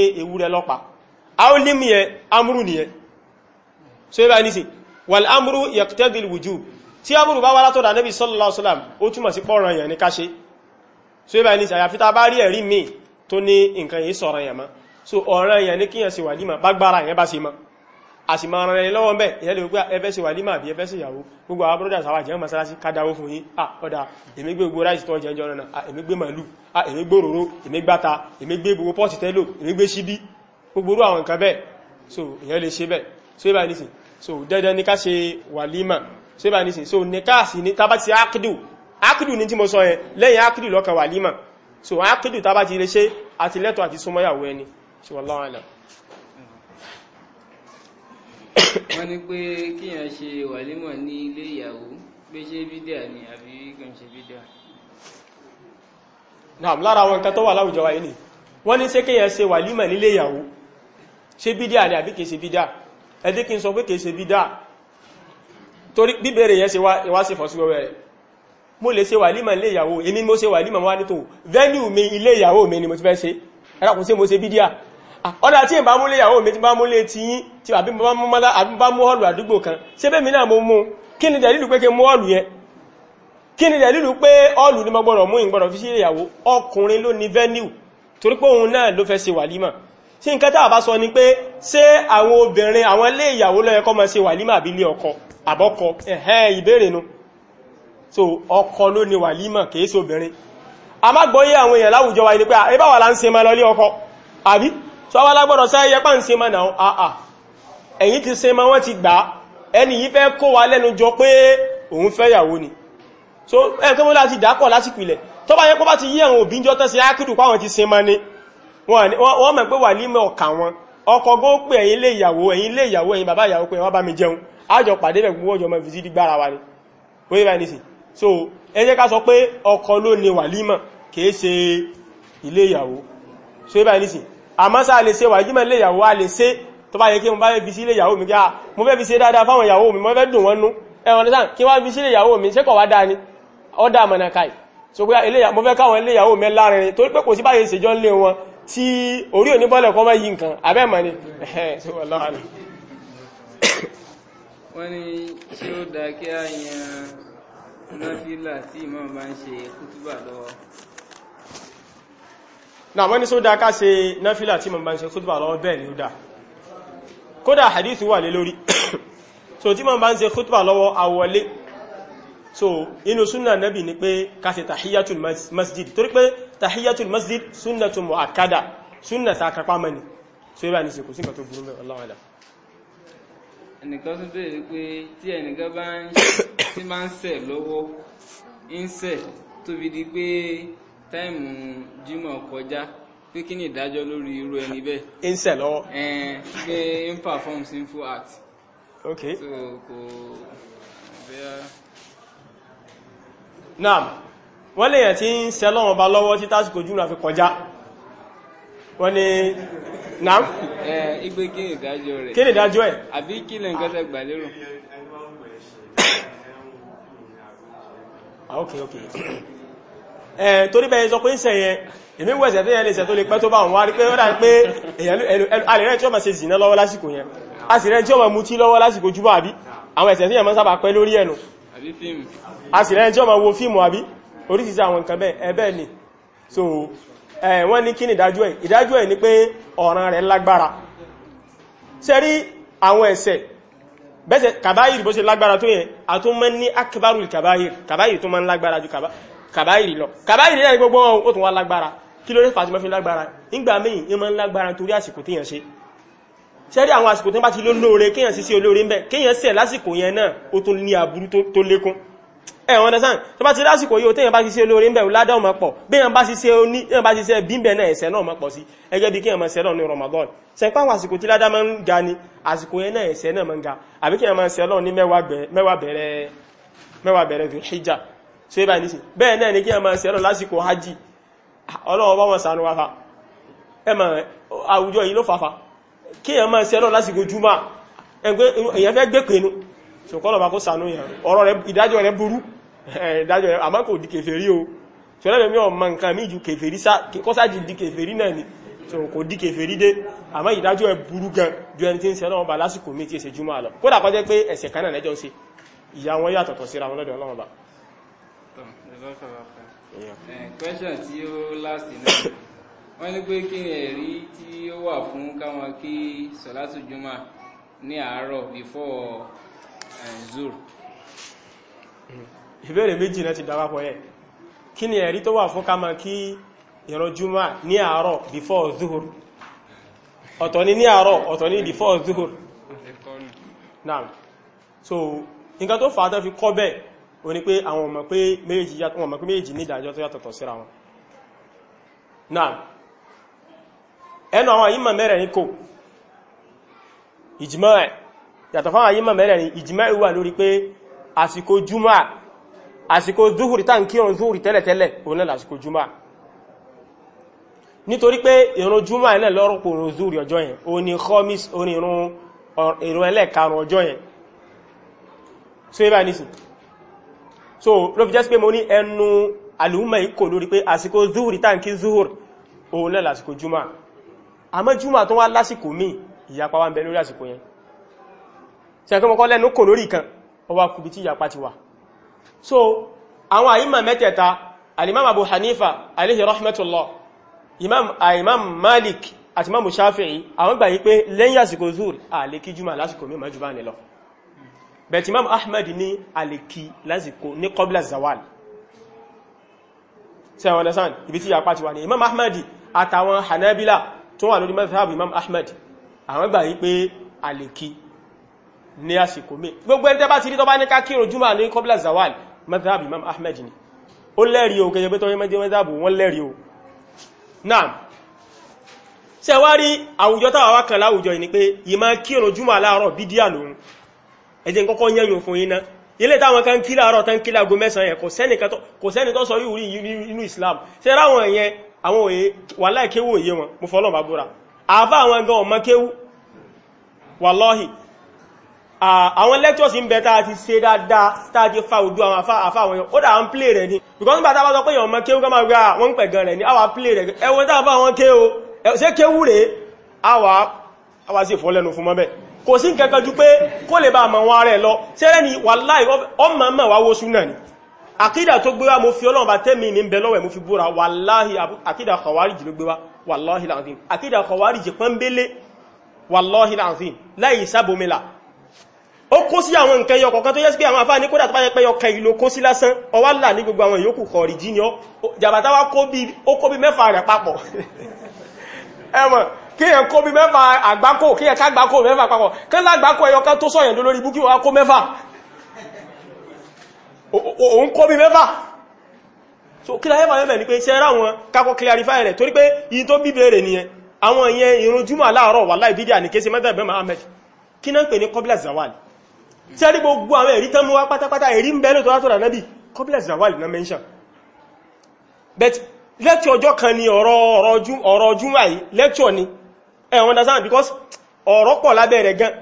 aulim yẹn amúrù nìyẹn so ibà ní sí wal amúrù yaqtadil wujub tí amúrù bá wá látọ̀dọ̀ Ànábì sallallahu alaihi so ibà ní àyàfi tá bá rí ẹ̀rí mi tó ní nǹkan yìí sọ̀rọ̀ yẹn mọ́ so ọ̀rọ̀ yẹn ní kíyàn sí wàlímà bá gbára yẹn bá sí mọ́ a sì máa rẹ̀ lọ́wọ́ bẹ́ ìyẹ́ lè gbá ẹbẹ́ sí wàlímà àbí ẹbẹ́ sí ìyàwó gbogbo àwọn brothers àwọn àjẹ́ masalasi kádàwó fún yín à ah, ọ̀dà èmi gbé gbogbo ráìsì tó jẹ́ jọ náà ah, èmi gbé màlúù à ah, èmi gbé òróró èmi gbáta èmi gbé gbogbo pọ́ọ̀tì tẹ́lò èmi gbé síbí gbogbo àwọn nǹkan bẹ́ẹ̀ so ìyẹn lè ṣe bẹ́ẹ̀ so ibà nísìn so dandan ní ká ṣe wàlímà so ibà nísìn so ní si, sì ní tábà ti ákìdù Akidu ní tí mo sọ yẹn lẹ́yìn ákìdù lọ́kàn wàlímà so akidu tá bá ti lè ṣe àti lẹ́tọ̀ àti súnmọ́yàwó ẹni so wallahu a'lam wọ́n ní pé kíyàn ṣe wàlímà ní ilé ìyàwó pé ṣe bídíà ni àbí kàn video. bídíà náà lára wọn nǹkan tó wà láwùjọ wa yìí wọ́n ní ṣé kíyàn ṣe wàlímà nílé ìyàwó ṣe bídíà ni àbí kìí ṣe bídíà ẹ̀dí kí n sọ pé kìí ṣe bídíà torí bíbẹ̀rẹ̀ yẹn ṣe wá ṣe fọ́síwẹ́wẹ́ mo le ṣe wàlímà ilé ìyàwó emi mo ṣe wàlímà wá ní tó venue mi ile ìyàwó mi ni mo ti fẹ́ ṣe ẹ̀rọ̀kùn sí mo ṣe bídíà ọ̀dá tí ìbá múlé ìyàwó mi ti bá ti yín tí àbí bá mú mọ́lá àdúgbò kan ṣé bẹ́ẹ̀ mi mo mú kí ni dẹ̀lílù pé kí mú holu kí ni lilu pé holu ni mo gbọ́dọ̀ fi se ló ní venue so ọkọ ló ni wàlímà kìí sí obìnrin a má gbọ́yé àwọn èèyàn láwùjọ wa ní pé ẹbá wà láńse ma lọ lé ọkọ àbí tó wá lágbọ́dọ̀ sáyẹ pà ń se ma náà àà ẹ̀yìn ti se ma wọ́n ti gbà ẹni yí fẹ́ kó wa lẹ́nu jọ pé òun fẹ́ yàwó ni so ẹ̀kọ́ mọ́ láti dákọ̀ láti pìlẹ̀ tó bá yẹ kó bá ti yí àwọn òbí jọ tẹ́sí ni wọ́n mọ̀ pé wàlímà ọ̀kà wọn ọkọ gó pé ẹ̀yin lé ìyàwó ẹ̀yin lé ìyàwó ẹ̀yin bàbá ìyàwó pé wọ́n bá mi jẹun àjọ pàdé bẹ̀ gbogbo ni ó so ẹ jẹ́ ká sọ pé ọkọ ló ní wàlímà kìí ṣe ilé ìyàwó so ibà nísìn àmásà lè ṣe wàlímà ilé ìyàwó a lè ṣe tó bá yẹ kí mo bá fi sí ilé ìyàwó mi kí a mo fẹ́ fi ṣe dáadáa fáwọn ìyàwó mi mo fẹ́ dùn wọn nú ẹ̀wọ̀n ní sáà kí wá fi sí ilé ni ọ́dà mọ̀nàkàì so pé ilé mo fẹ́ káwọn ilé ìyàwó mi láàrin torí pé kò sí báyìí ìṣèjọ́ ńlé wọn tí orí òní bọ́lẹ̀ kọ́ mọ́ yí nǹkan abẹ́ mọ̀ ni wọ́n ni ṣé ó dáa kí á yan náfílà tí ìmọ̀ bá ń ṣe kútúbà lọ́wọ́ náà wọ́n ní só dá ká ṣe náfílà tí ìmọ̀ bá ń ṣe kútúbà lọ́wọ́ bẹ́ẹ̀ ni ó dá kódà hadith wà lé lórí so tí ìmọ̀ bá ń ṣe kútúbà lọ́wọ́ àwọlé so inú súnà nábì ni pé ká ṣe masjid torí pé tahiyatul masjid súnà tó mọ̀ àkádà súnà sàkápámẹ́ni so ibà ní ṣe kò sí nǹkan ẹnìkan tó bèèrè pé tí ẹnìkan bá ń <coughs> tí máa ń sẹ̀ lọ́wọ́ ń sẹ̀ tóbi di pé táìmù jímọ̀ kọjá pé kí ni ìdájọ́ lórí irú ẹni bẹ́ẹ̀. ń sẹ̀ lọ́wọ́. ẹn pé ń perform sinful art. ok so kò bẹ́ẹ̀. naam wọ́n lè yàn tí ń sẹ́ lọ́wọ́ bá lọ́wọ́ tí tásìkò jùlọ àfi kọjá wọ́n ní naam. ẹ igbe kí ni ìdájọ́ rẹ̀. kí ni ìdájọ́ ẹ̀. àbí kí ni nǹkan tẹ́ gbà lérò. Ah, ok ok ẹ torí bẹ́ẹ̀ sọ pé ń sẹ̀ yẹn èmi wọ ẹ̀sẹ̀ tó yẹn lè sẹ̀ tó lè pẹ́ tó bá wọn wá rí pé ó dà pé àlèrè tí ó máa ṣe zìnà lọ́wọ́ lásìkò yẹn a sì rẹ́ tí ó máa mutí lọ́wọ́ lásìkò júbà àbí àwọn ẹ̀sẹ̀ tí yẹn máa sábà pẹ́ lórí ẹnu a sì rẹ́ tí ó máa wo fíìmù àbí oríṣiríṣi àwọn nǹkan bẹ́ẹ̀ ẹ̀bẹ́ẹ̀ ni so Eh, wọ́n ní kí ni ìdájọ́ ẹ̀ ìdájọ́ ẹ̀ ni pé ọ̀ràn rẹ̀ lágbára sẹ́rí àwọn ẹ̀ṣẹ̀ bẹ́sẹ̀ kàbáyìrì bó ṣe lágbára tó yẹn àtún mọ́ ní akẹbárù kàbáyìrì kàbáyìrì tó mọ́ ń lágbára ju kàbáyìrì lọ kàbáyìrì náà gbogbo ó tún wá lágbára kí ló rí fàtímọ́ fi lágbára nígbà míì ní mọ́ ń lágbára torí àsìkò tíyàn ṣe sẹ́rí àwọn àsìkò tó bá ti ẹ̀wọ̀n ẹ̀sán tó bá ti lásìkò yóò tẹ́yàn bá ti ṣe olórin bẹ̀rù ládá ọmọ pọ̀ bẹ́yàn bá ti ṣe oní tẹ́yàn bá ti ṣe bímbẹ̀ náà ẹ̀ṣẹ̀ náà mọ́pọ̀ sí ẹgẹ́ bí kíyàn máa ṣẹlọ ni àsìkò yẹn náà ẹ̀ṣẹ̀ náà máa ń ga àbí kíyàn máa ṣẹlọ ní mẹ́wàá bẹ̀rẹ̀ Dhul-Hijjah so ibà ní sí bẹ́ẹ̀ náà ni kíyàn máa ṣẹlọ lásìkò hajj Ọlọ́run bá so kọ́lọ̀ bá kó sànú yàn ọ̀rọ̀ rẹ̀ ìdájọ́ rẹ̀ burú ìdájọ́ rẹ̀ àmọ́ kò di kèfèrí o so lẹ́bẹ̀ mi ọmọ nǹkan mi ju kèfèrí kọ́sájì di kèfèrí náà ni so kò di kèfèrí dé àmọ́ ìdájọ́ rẹ̀ burú gan ju ẹni tí ń sẹ́nà ọba lásìkò méjì ẹsẹ̀ jùmọ́ àlọ́ kódà kọ́ jẹ́ pé ẹsẹ̀ kan náà lẹ́jọ́ se ìyá wọn yàtọ̀tọ̀ síra wọn lọ́dọ̀ ọlọ́run ọba question tí ó láti náà wọ́n ní pé kí ni ẹ̀rí tí ó wà fún káwọn kí sọ̀látù jùmọ̀ before zuru hmm. ìbéèrè méjì náà ti dáwápọ̀ ẹ̀ kí ni ẹ̀rí tó wà fún ká máa kí ìran ní àárọ̀ before zuhur ọ̀tọ̀ ni ní àárọ̀ ọ̀tọ̀ ni before zuhur naam so nǹkan tó fi kọ́ bẹ́ẹ̀ o ní pé àwọn ọmọ pé méjì ní ìdájọ́ tó yàtọ̀tọ̀ síra wọn ẹnu àwọn mẹ́rẹ̀ ní kò ìjìmọ́ ẹ̀ yàtọ̀ fáwọn ayé mẹ́rẹ̀ ni ìjìmá ìwà lórí pé àsìkò júmà àsìkò zuhuri tá ń kírun zuhuri tẹ́lẹ̀tẹ́lẹ̀ òun náà lásìkò júmà nítorí pé ìrun júmà náà lọ́rọ̀pọ̀ ìrun zuhuri ọjọ́ khamis o ní ìrun ẹlẹ́karùn ọjọ́ yẹn so so ló mo ní ẹnu àlùmọ̀ ikò lórí pé àsìkò zuhuri tá ń kí zuhuri òun náà lásìkò júmà àmọ́ júmà tó yẹn sẹ́kọ́mọ́kọ́ lẹ́nu kò lórí kan ọwá kùbí tí ìyapa ti wà so àwọn àyíma mẹ́tẹ̀ẹ̀ta alimam abu hanifa alihi rahmatullah imam imam malik àti imam shafi'i àwọn gbà yí pé lẹ́yìn àsìkò zuhur juma lásìkò mí máa jù bá ní lọ bẹ̀t imam ahmad ní àlekí lásìkò ní qabla zawal sẹ́wọ̀n lẹ́sàn ibi tí ìyapa imam ahmad àtàwọn hanabila tó wà lórí mazhab imam ahmad àwọn gbà yí pé àlekí ní àsìkò mé gbogbo ẹni tẹ́bá ti rí tọ́bá ní ká kírun ní kọ́bílà zawal madhab imam ahmed ni ó lẹ́rí o kẹjẹ pé tọ́yẹ mẹ́jẹ madhab wọ́n lẹ́rí o náà ṣe wá rí àwùjọ táwà wá kan láwùjọ ni pé ìmá kírun júmọ̀ aláàárọ̀ bí díà lòun ẹjẹ́ kọ́kọ́ yẹ́yùn fún iná ilé táwọn kan kí láàárọ̀ islam ṣe ráwọn yẹn àwọn òye wà láìkéwò òye wọn mo fọlọ́ bàbúra àbá àwọn lectures ń bẹ tàà ti ṣe dáadáa tàà ti fa ojú àwọn afá àwọn èèyàn ó dà ń plé rẹ̀ ní because nígbà tàbá sọ pé èèyàn mọ́ kéwú kọ́mà gbá wọ́n ń pẹ̀gàn rẹ̀ ní àwà plé rẹ̀ ẹwọ́n tàbá wọn kéwú ṣe kéwú rẹ̀ àwà sí ìfọ́lẹ́nu fún mọ́bẹ̀ kò sí nǹkan ju pé kó lè bá mọ̀ wọn rẹ̀ lọ ṣẹ́rẹ́ ni wàláì ọmọ mọ̀ wá wó súnà ni àkídà tó gbé wá mo fi ọlọ́run bá tẹ́mì ní bẹ lọ́wẹ̀ mo fi búra wàláì àkídà kọwàríjì ló gbé wá wàláì láàrín àkídà kọwàríjì pọ́nbélé wàláì láì sábòmílà ó kó sí àwọn nǹkan ẹyọ kọ̀ọ̀kan tó yẹ́ sí pé àwọn àfáà ní kódà tó bá yẹ pé ọkàn ìlò kó sí lásán ọwá là ní gbogbo àwọn ìyókù kọ̀ọ̀rì jí ni ó jàbátá wá ó kó bí mẹ́fà rẹ̀ papọ̀ <laughs> ẹmọ̀ kí yẹn kó bí mẹ́fà àgbákò kí yẹn kágbákò mẹ́fà papọ̀ kán lágbákò ẹyọ kan tó sọ̀yàn lórí so kí láyé fàyẹ́mẹ̀ ni pé iṣẹ́ ráwọn clarify rẹ̀ torí pé yìí tó bíbẹ̀rẹ̀ nìyẹn àwọn ìyẹn ìrun júmọ̀ láàárọ̀ wà láì bídíà ní kése mẹ́tẹ̀ẹ̀bẹ̀ mahammed kí náà ń pè ní kọ́bílà zawali tí a rí gbogbo àwọn ẹ̀rí tán mú wá pátápátá ẹ̀rí ń bẹ̀rẹ̀ tó látọ̀rọ̀ náàbì kọ́bílẹ̀ zawal na mention but lecture ọjọ́ kan ni ọ̀rọ̀ júmà yìí lecture ni ẹ understand because ọ̀rọ̀ pọ̀ lábẹ́ rẹ̀ gan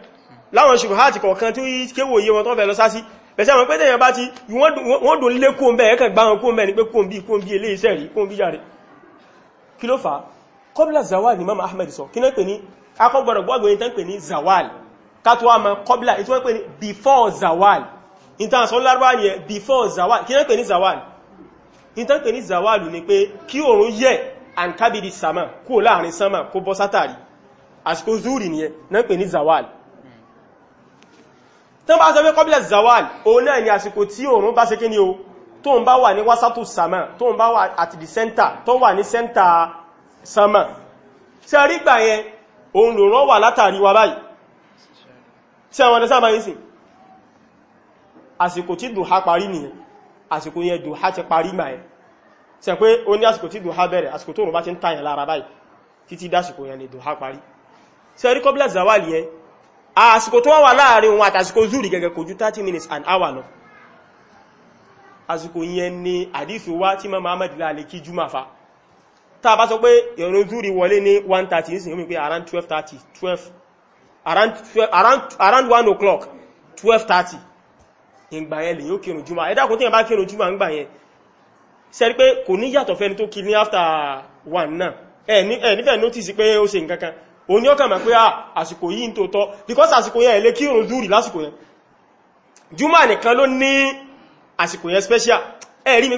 láwọn ṣùgbọ́n kọ̀ọ̀kan tí kéwò yé wọn tó fẹ́ lọ sásí bẹ̀sẹ̀ àwọn pẹ́tẹ̀ yẹn bá ti wọ́n dùn lé kóòmbẹ̀ ẹ̀kàn gbá wọn kóòmbẹ̀ ní pé kóòmbí kóòmbí ilé iṣẹ́ rí kóòmbí jàre kí ló fà kọ́bílà zawal ni mama ahmed sọ kí náà pè ní akọ́gbọ̀rọ̀ gbọ́gbọ̀ yìí tán pè ní zawal kátọ́wà ma kọ́bílá ìtí wọ́n pè ní before zawal ìtànsọ́ lárúwá yẹ before zawal kí wọ́n pè ní zawal ìtàn pè ní zawal ní pé kí oòrùn yẹ àǹkábìdì sàmà kó láàrin sánmà kó bọ́ sátàrí àsìkò zúrì ni náà pè ní zawal tán bá sọ pé kọ́bílá zawal òun náà ni àsìkò tí oòrùn bá ṣe kí ni o tó ń bá wà ní wásátù sàmà tó ń bá wà àti di sẹ́ntà tó wà ní sẹ́ntà sánmà ṣe rí gbà yẹn òun lòrán wà látàrí wa báyìí sí àwọn ọ̀dẹ́sà bá yìí sí àsìkò tí dùhá parí nìyẹn àsìkò yẹn dùhá ti parí gbà yẹn sẹ pé ó ní àsìkò tí dùhá bẹ̀rẹ̀ àsìkò tó rùn bá ti ń tàyàn lára báyìí títí dásìkò yẹn ni dùhá parí zawali yẹn àsìkò tó wà láàrin wọn àtàsìkò minutes an hour lọ àsìkò yẹn ni àdífì wá tí mọ́ Muhammad láàrin kí jùmọ̀ fa tá a bá sọ pé ìrun zuri wọlé ní 1:30 ní sin pé around 12:30 around 12, around around one o'clock twelve thirty ìgbà yẹn lèyìn ó kírun jùmọ̀ ẹ̀dá kún tí yẹn bá kírun jùmọ̀ ìgbà yẹn sẹ́rí pé kò ní yàtọ̀ fẹ́ni tó kí ní after one náà ẹ̀ nífẹ̀ẹ́ notice pé ó ṣe nǹkan kan o ní ọkà mọ̀ pé àsìkò yìí tó because àsìkò yẹn ilé kírun dúrì lásìkò yẹn jùmọ̀ nìkan ló ní àsìkò yẹn special ẹ̀ rí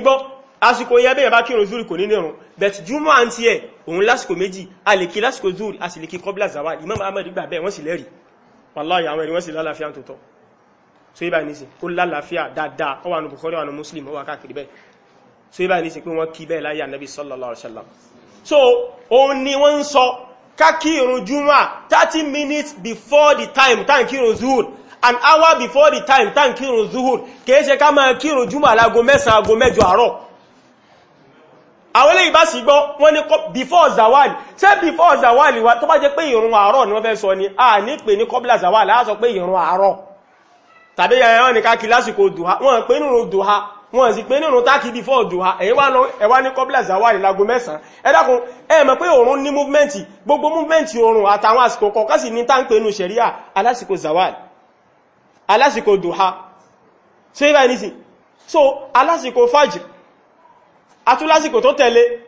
àsìkò yẹ bẹ́ẹ̀ bá kírun zúrì kò ní nírun bet júmọ́ à ń tiẹ̀ òun lásìkò méjì a lè kí lásìkò zúrì a sì lè kí kọ́bílà zawal Imam Ahmad gbà bẹ́ẹ̀ wọ́n sì lẹ́rì so ibà ní sí ó lálàáfíà dáadáa ó wà ní Bukhari wà ní Muslim ó wà káàkiri so ibà ní sí pé wọ́n kí bẹ́ẹ̀ láyé sallallahu alaihi wasallam so òun ni wọ́n ń sọ minutes before the time tá ń an hour before the time tá ń kírun zúrì kìí ṣe ká máa kírun júmọ́ alágo mẹ́sàn-án ago mẹ́jọ àárọ̀ àwọn ilé ìbá sì gbọ́ wọ́n ní before zawal ṣe before zawal wa tó bá jẹ́ pé ìrun àárọ̀ ni wọ́n fẹ́ sọ ni a ní pè ní kọ́bílà zawal a sọ pé ìrun àárọ̀ tàbí ẹ̀yàn ní káàkì lásìkò dùhá wọ́n pè nínú dùhá wọ́n sì pè nínú táàkì before dùhá ẹ̀yin wá lọ ẹ̀wá ní kọ́bílà zawal lago mẹ́sàn ẹ dákun ẹ mọ̀ pé òrun ní movement gbogbo movement òrun àtàwọn àsìkò kọ̀ọ̀kan sì ní táǹpé nínú ṣẹ̀ríà alásìkò zawal alásìkò dùhá so ibà nísìn so alásìkò fajr atúlásìkò tó tẹ̀lé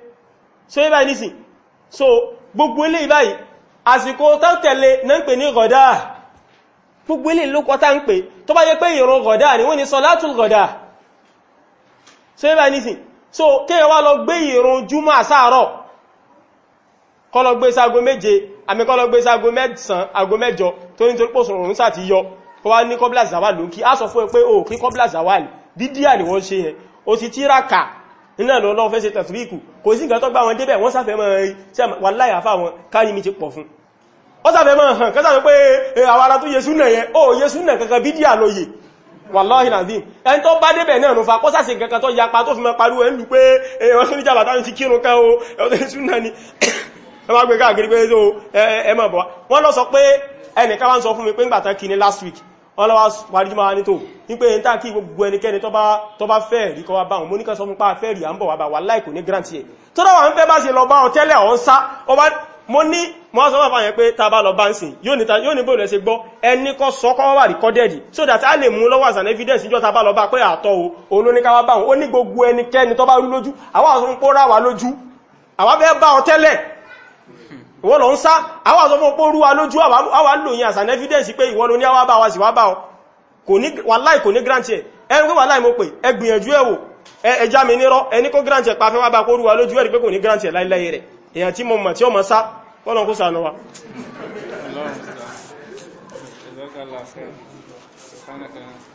so ibá nísì so gbogbo ilé ìbáyìí àsìkò tó tẹ̀lé náà ń pè ní gọ̀dá gbogbo ilé lókọ tá ń pè tó bá yẹ pé ìrun gọ̀dá ni wọ́n ni sọ̀látùl gọ̀dá so ibá nísì so kéèyàn wá lọ gbé ìrun júmọ́ àsáàrọ̀ kọ́ lọ gbé ságo méje àmì kọ́ lọ gbé ságo mẹ́sàn ago mẹ́jọ tó ní torípò sọ̀rọ̀ ń sàti yọ kọ́ wá ní kọ́bílà zawal ló á sọ fún ẹ pé o kí kọ́bílà zawal dídíà ni wọ́n ṣe yẹn o sì tíráka iná lọ lọ́wọ́ fẹ́ ṣe tẹ̀fíríkù kò sí nǹkan tó gbá wọn débẹ̀ wọ́n sáfẹ́ mọ́ rí tí wà láyà fà wọn káyí mi ti pọ̀ fún ó sáfẹ́ mọ́ hàn kẹsàfẹ́ pé àwọn tó yẹ súnà yẹn ó yẹ súnà kankan bídíà lọ yìí ẹnìkan wá ń sọ fún mi pé ń gbàtàn ní last week ọlọ́wà paríjúmọ́ ní tó ní pé ẹ̀ntà kí gbogbo ẹnikẹ́ni tó bá fẹ́ rí kọwa bá wọn mú ní kan sọ fún pa fẹ́ rí à ń bọ̀ wà bá wà láìkò ní granti ẹ̀ tó rọwà ń fẹ́ bá ṣe lọ bá wọn tẹ́lẹ̀ ọ̀n sá ọba mo ní mọ́ sọ fà yẹn pé ta bá lọ bá ń sìn yóò ní bóòlẹ̀ ṣe gbọ́ ẹni kọ́ sọ kọ́ so that a lè mú lọ́wọ́ as an evidence níjọ́ ta bá lọ bá pé àtọ́ o òun ló ní káwá bá wọn ó ní gbogbo ẹnikẹ́ni tó bá rú lójú àwọn àwọn ń pòórá wà lójú àwọn fẹ́ bá wọn tẹ́lẹ̀ ìwọ lọ ń sá àwọn àtọ́fún opó rúwa lójú àwà lòyìn as an evidence pé ìwọ ló ní àwábá wa sì wá bá ọ wàláì kò ní grant ẹ̀ ẹni pé wàláì mo pè ẹ gbìyànjú ẹ̀ wò ẹjá mi nírọ́ ẹni kó grant ẹ̀ pàfẹ́ wá bá kó rúwa lójú Thank you.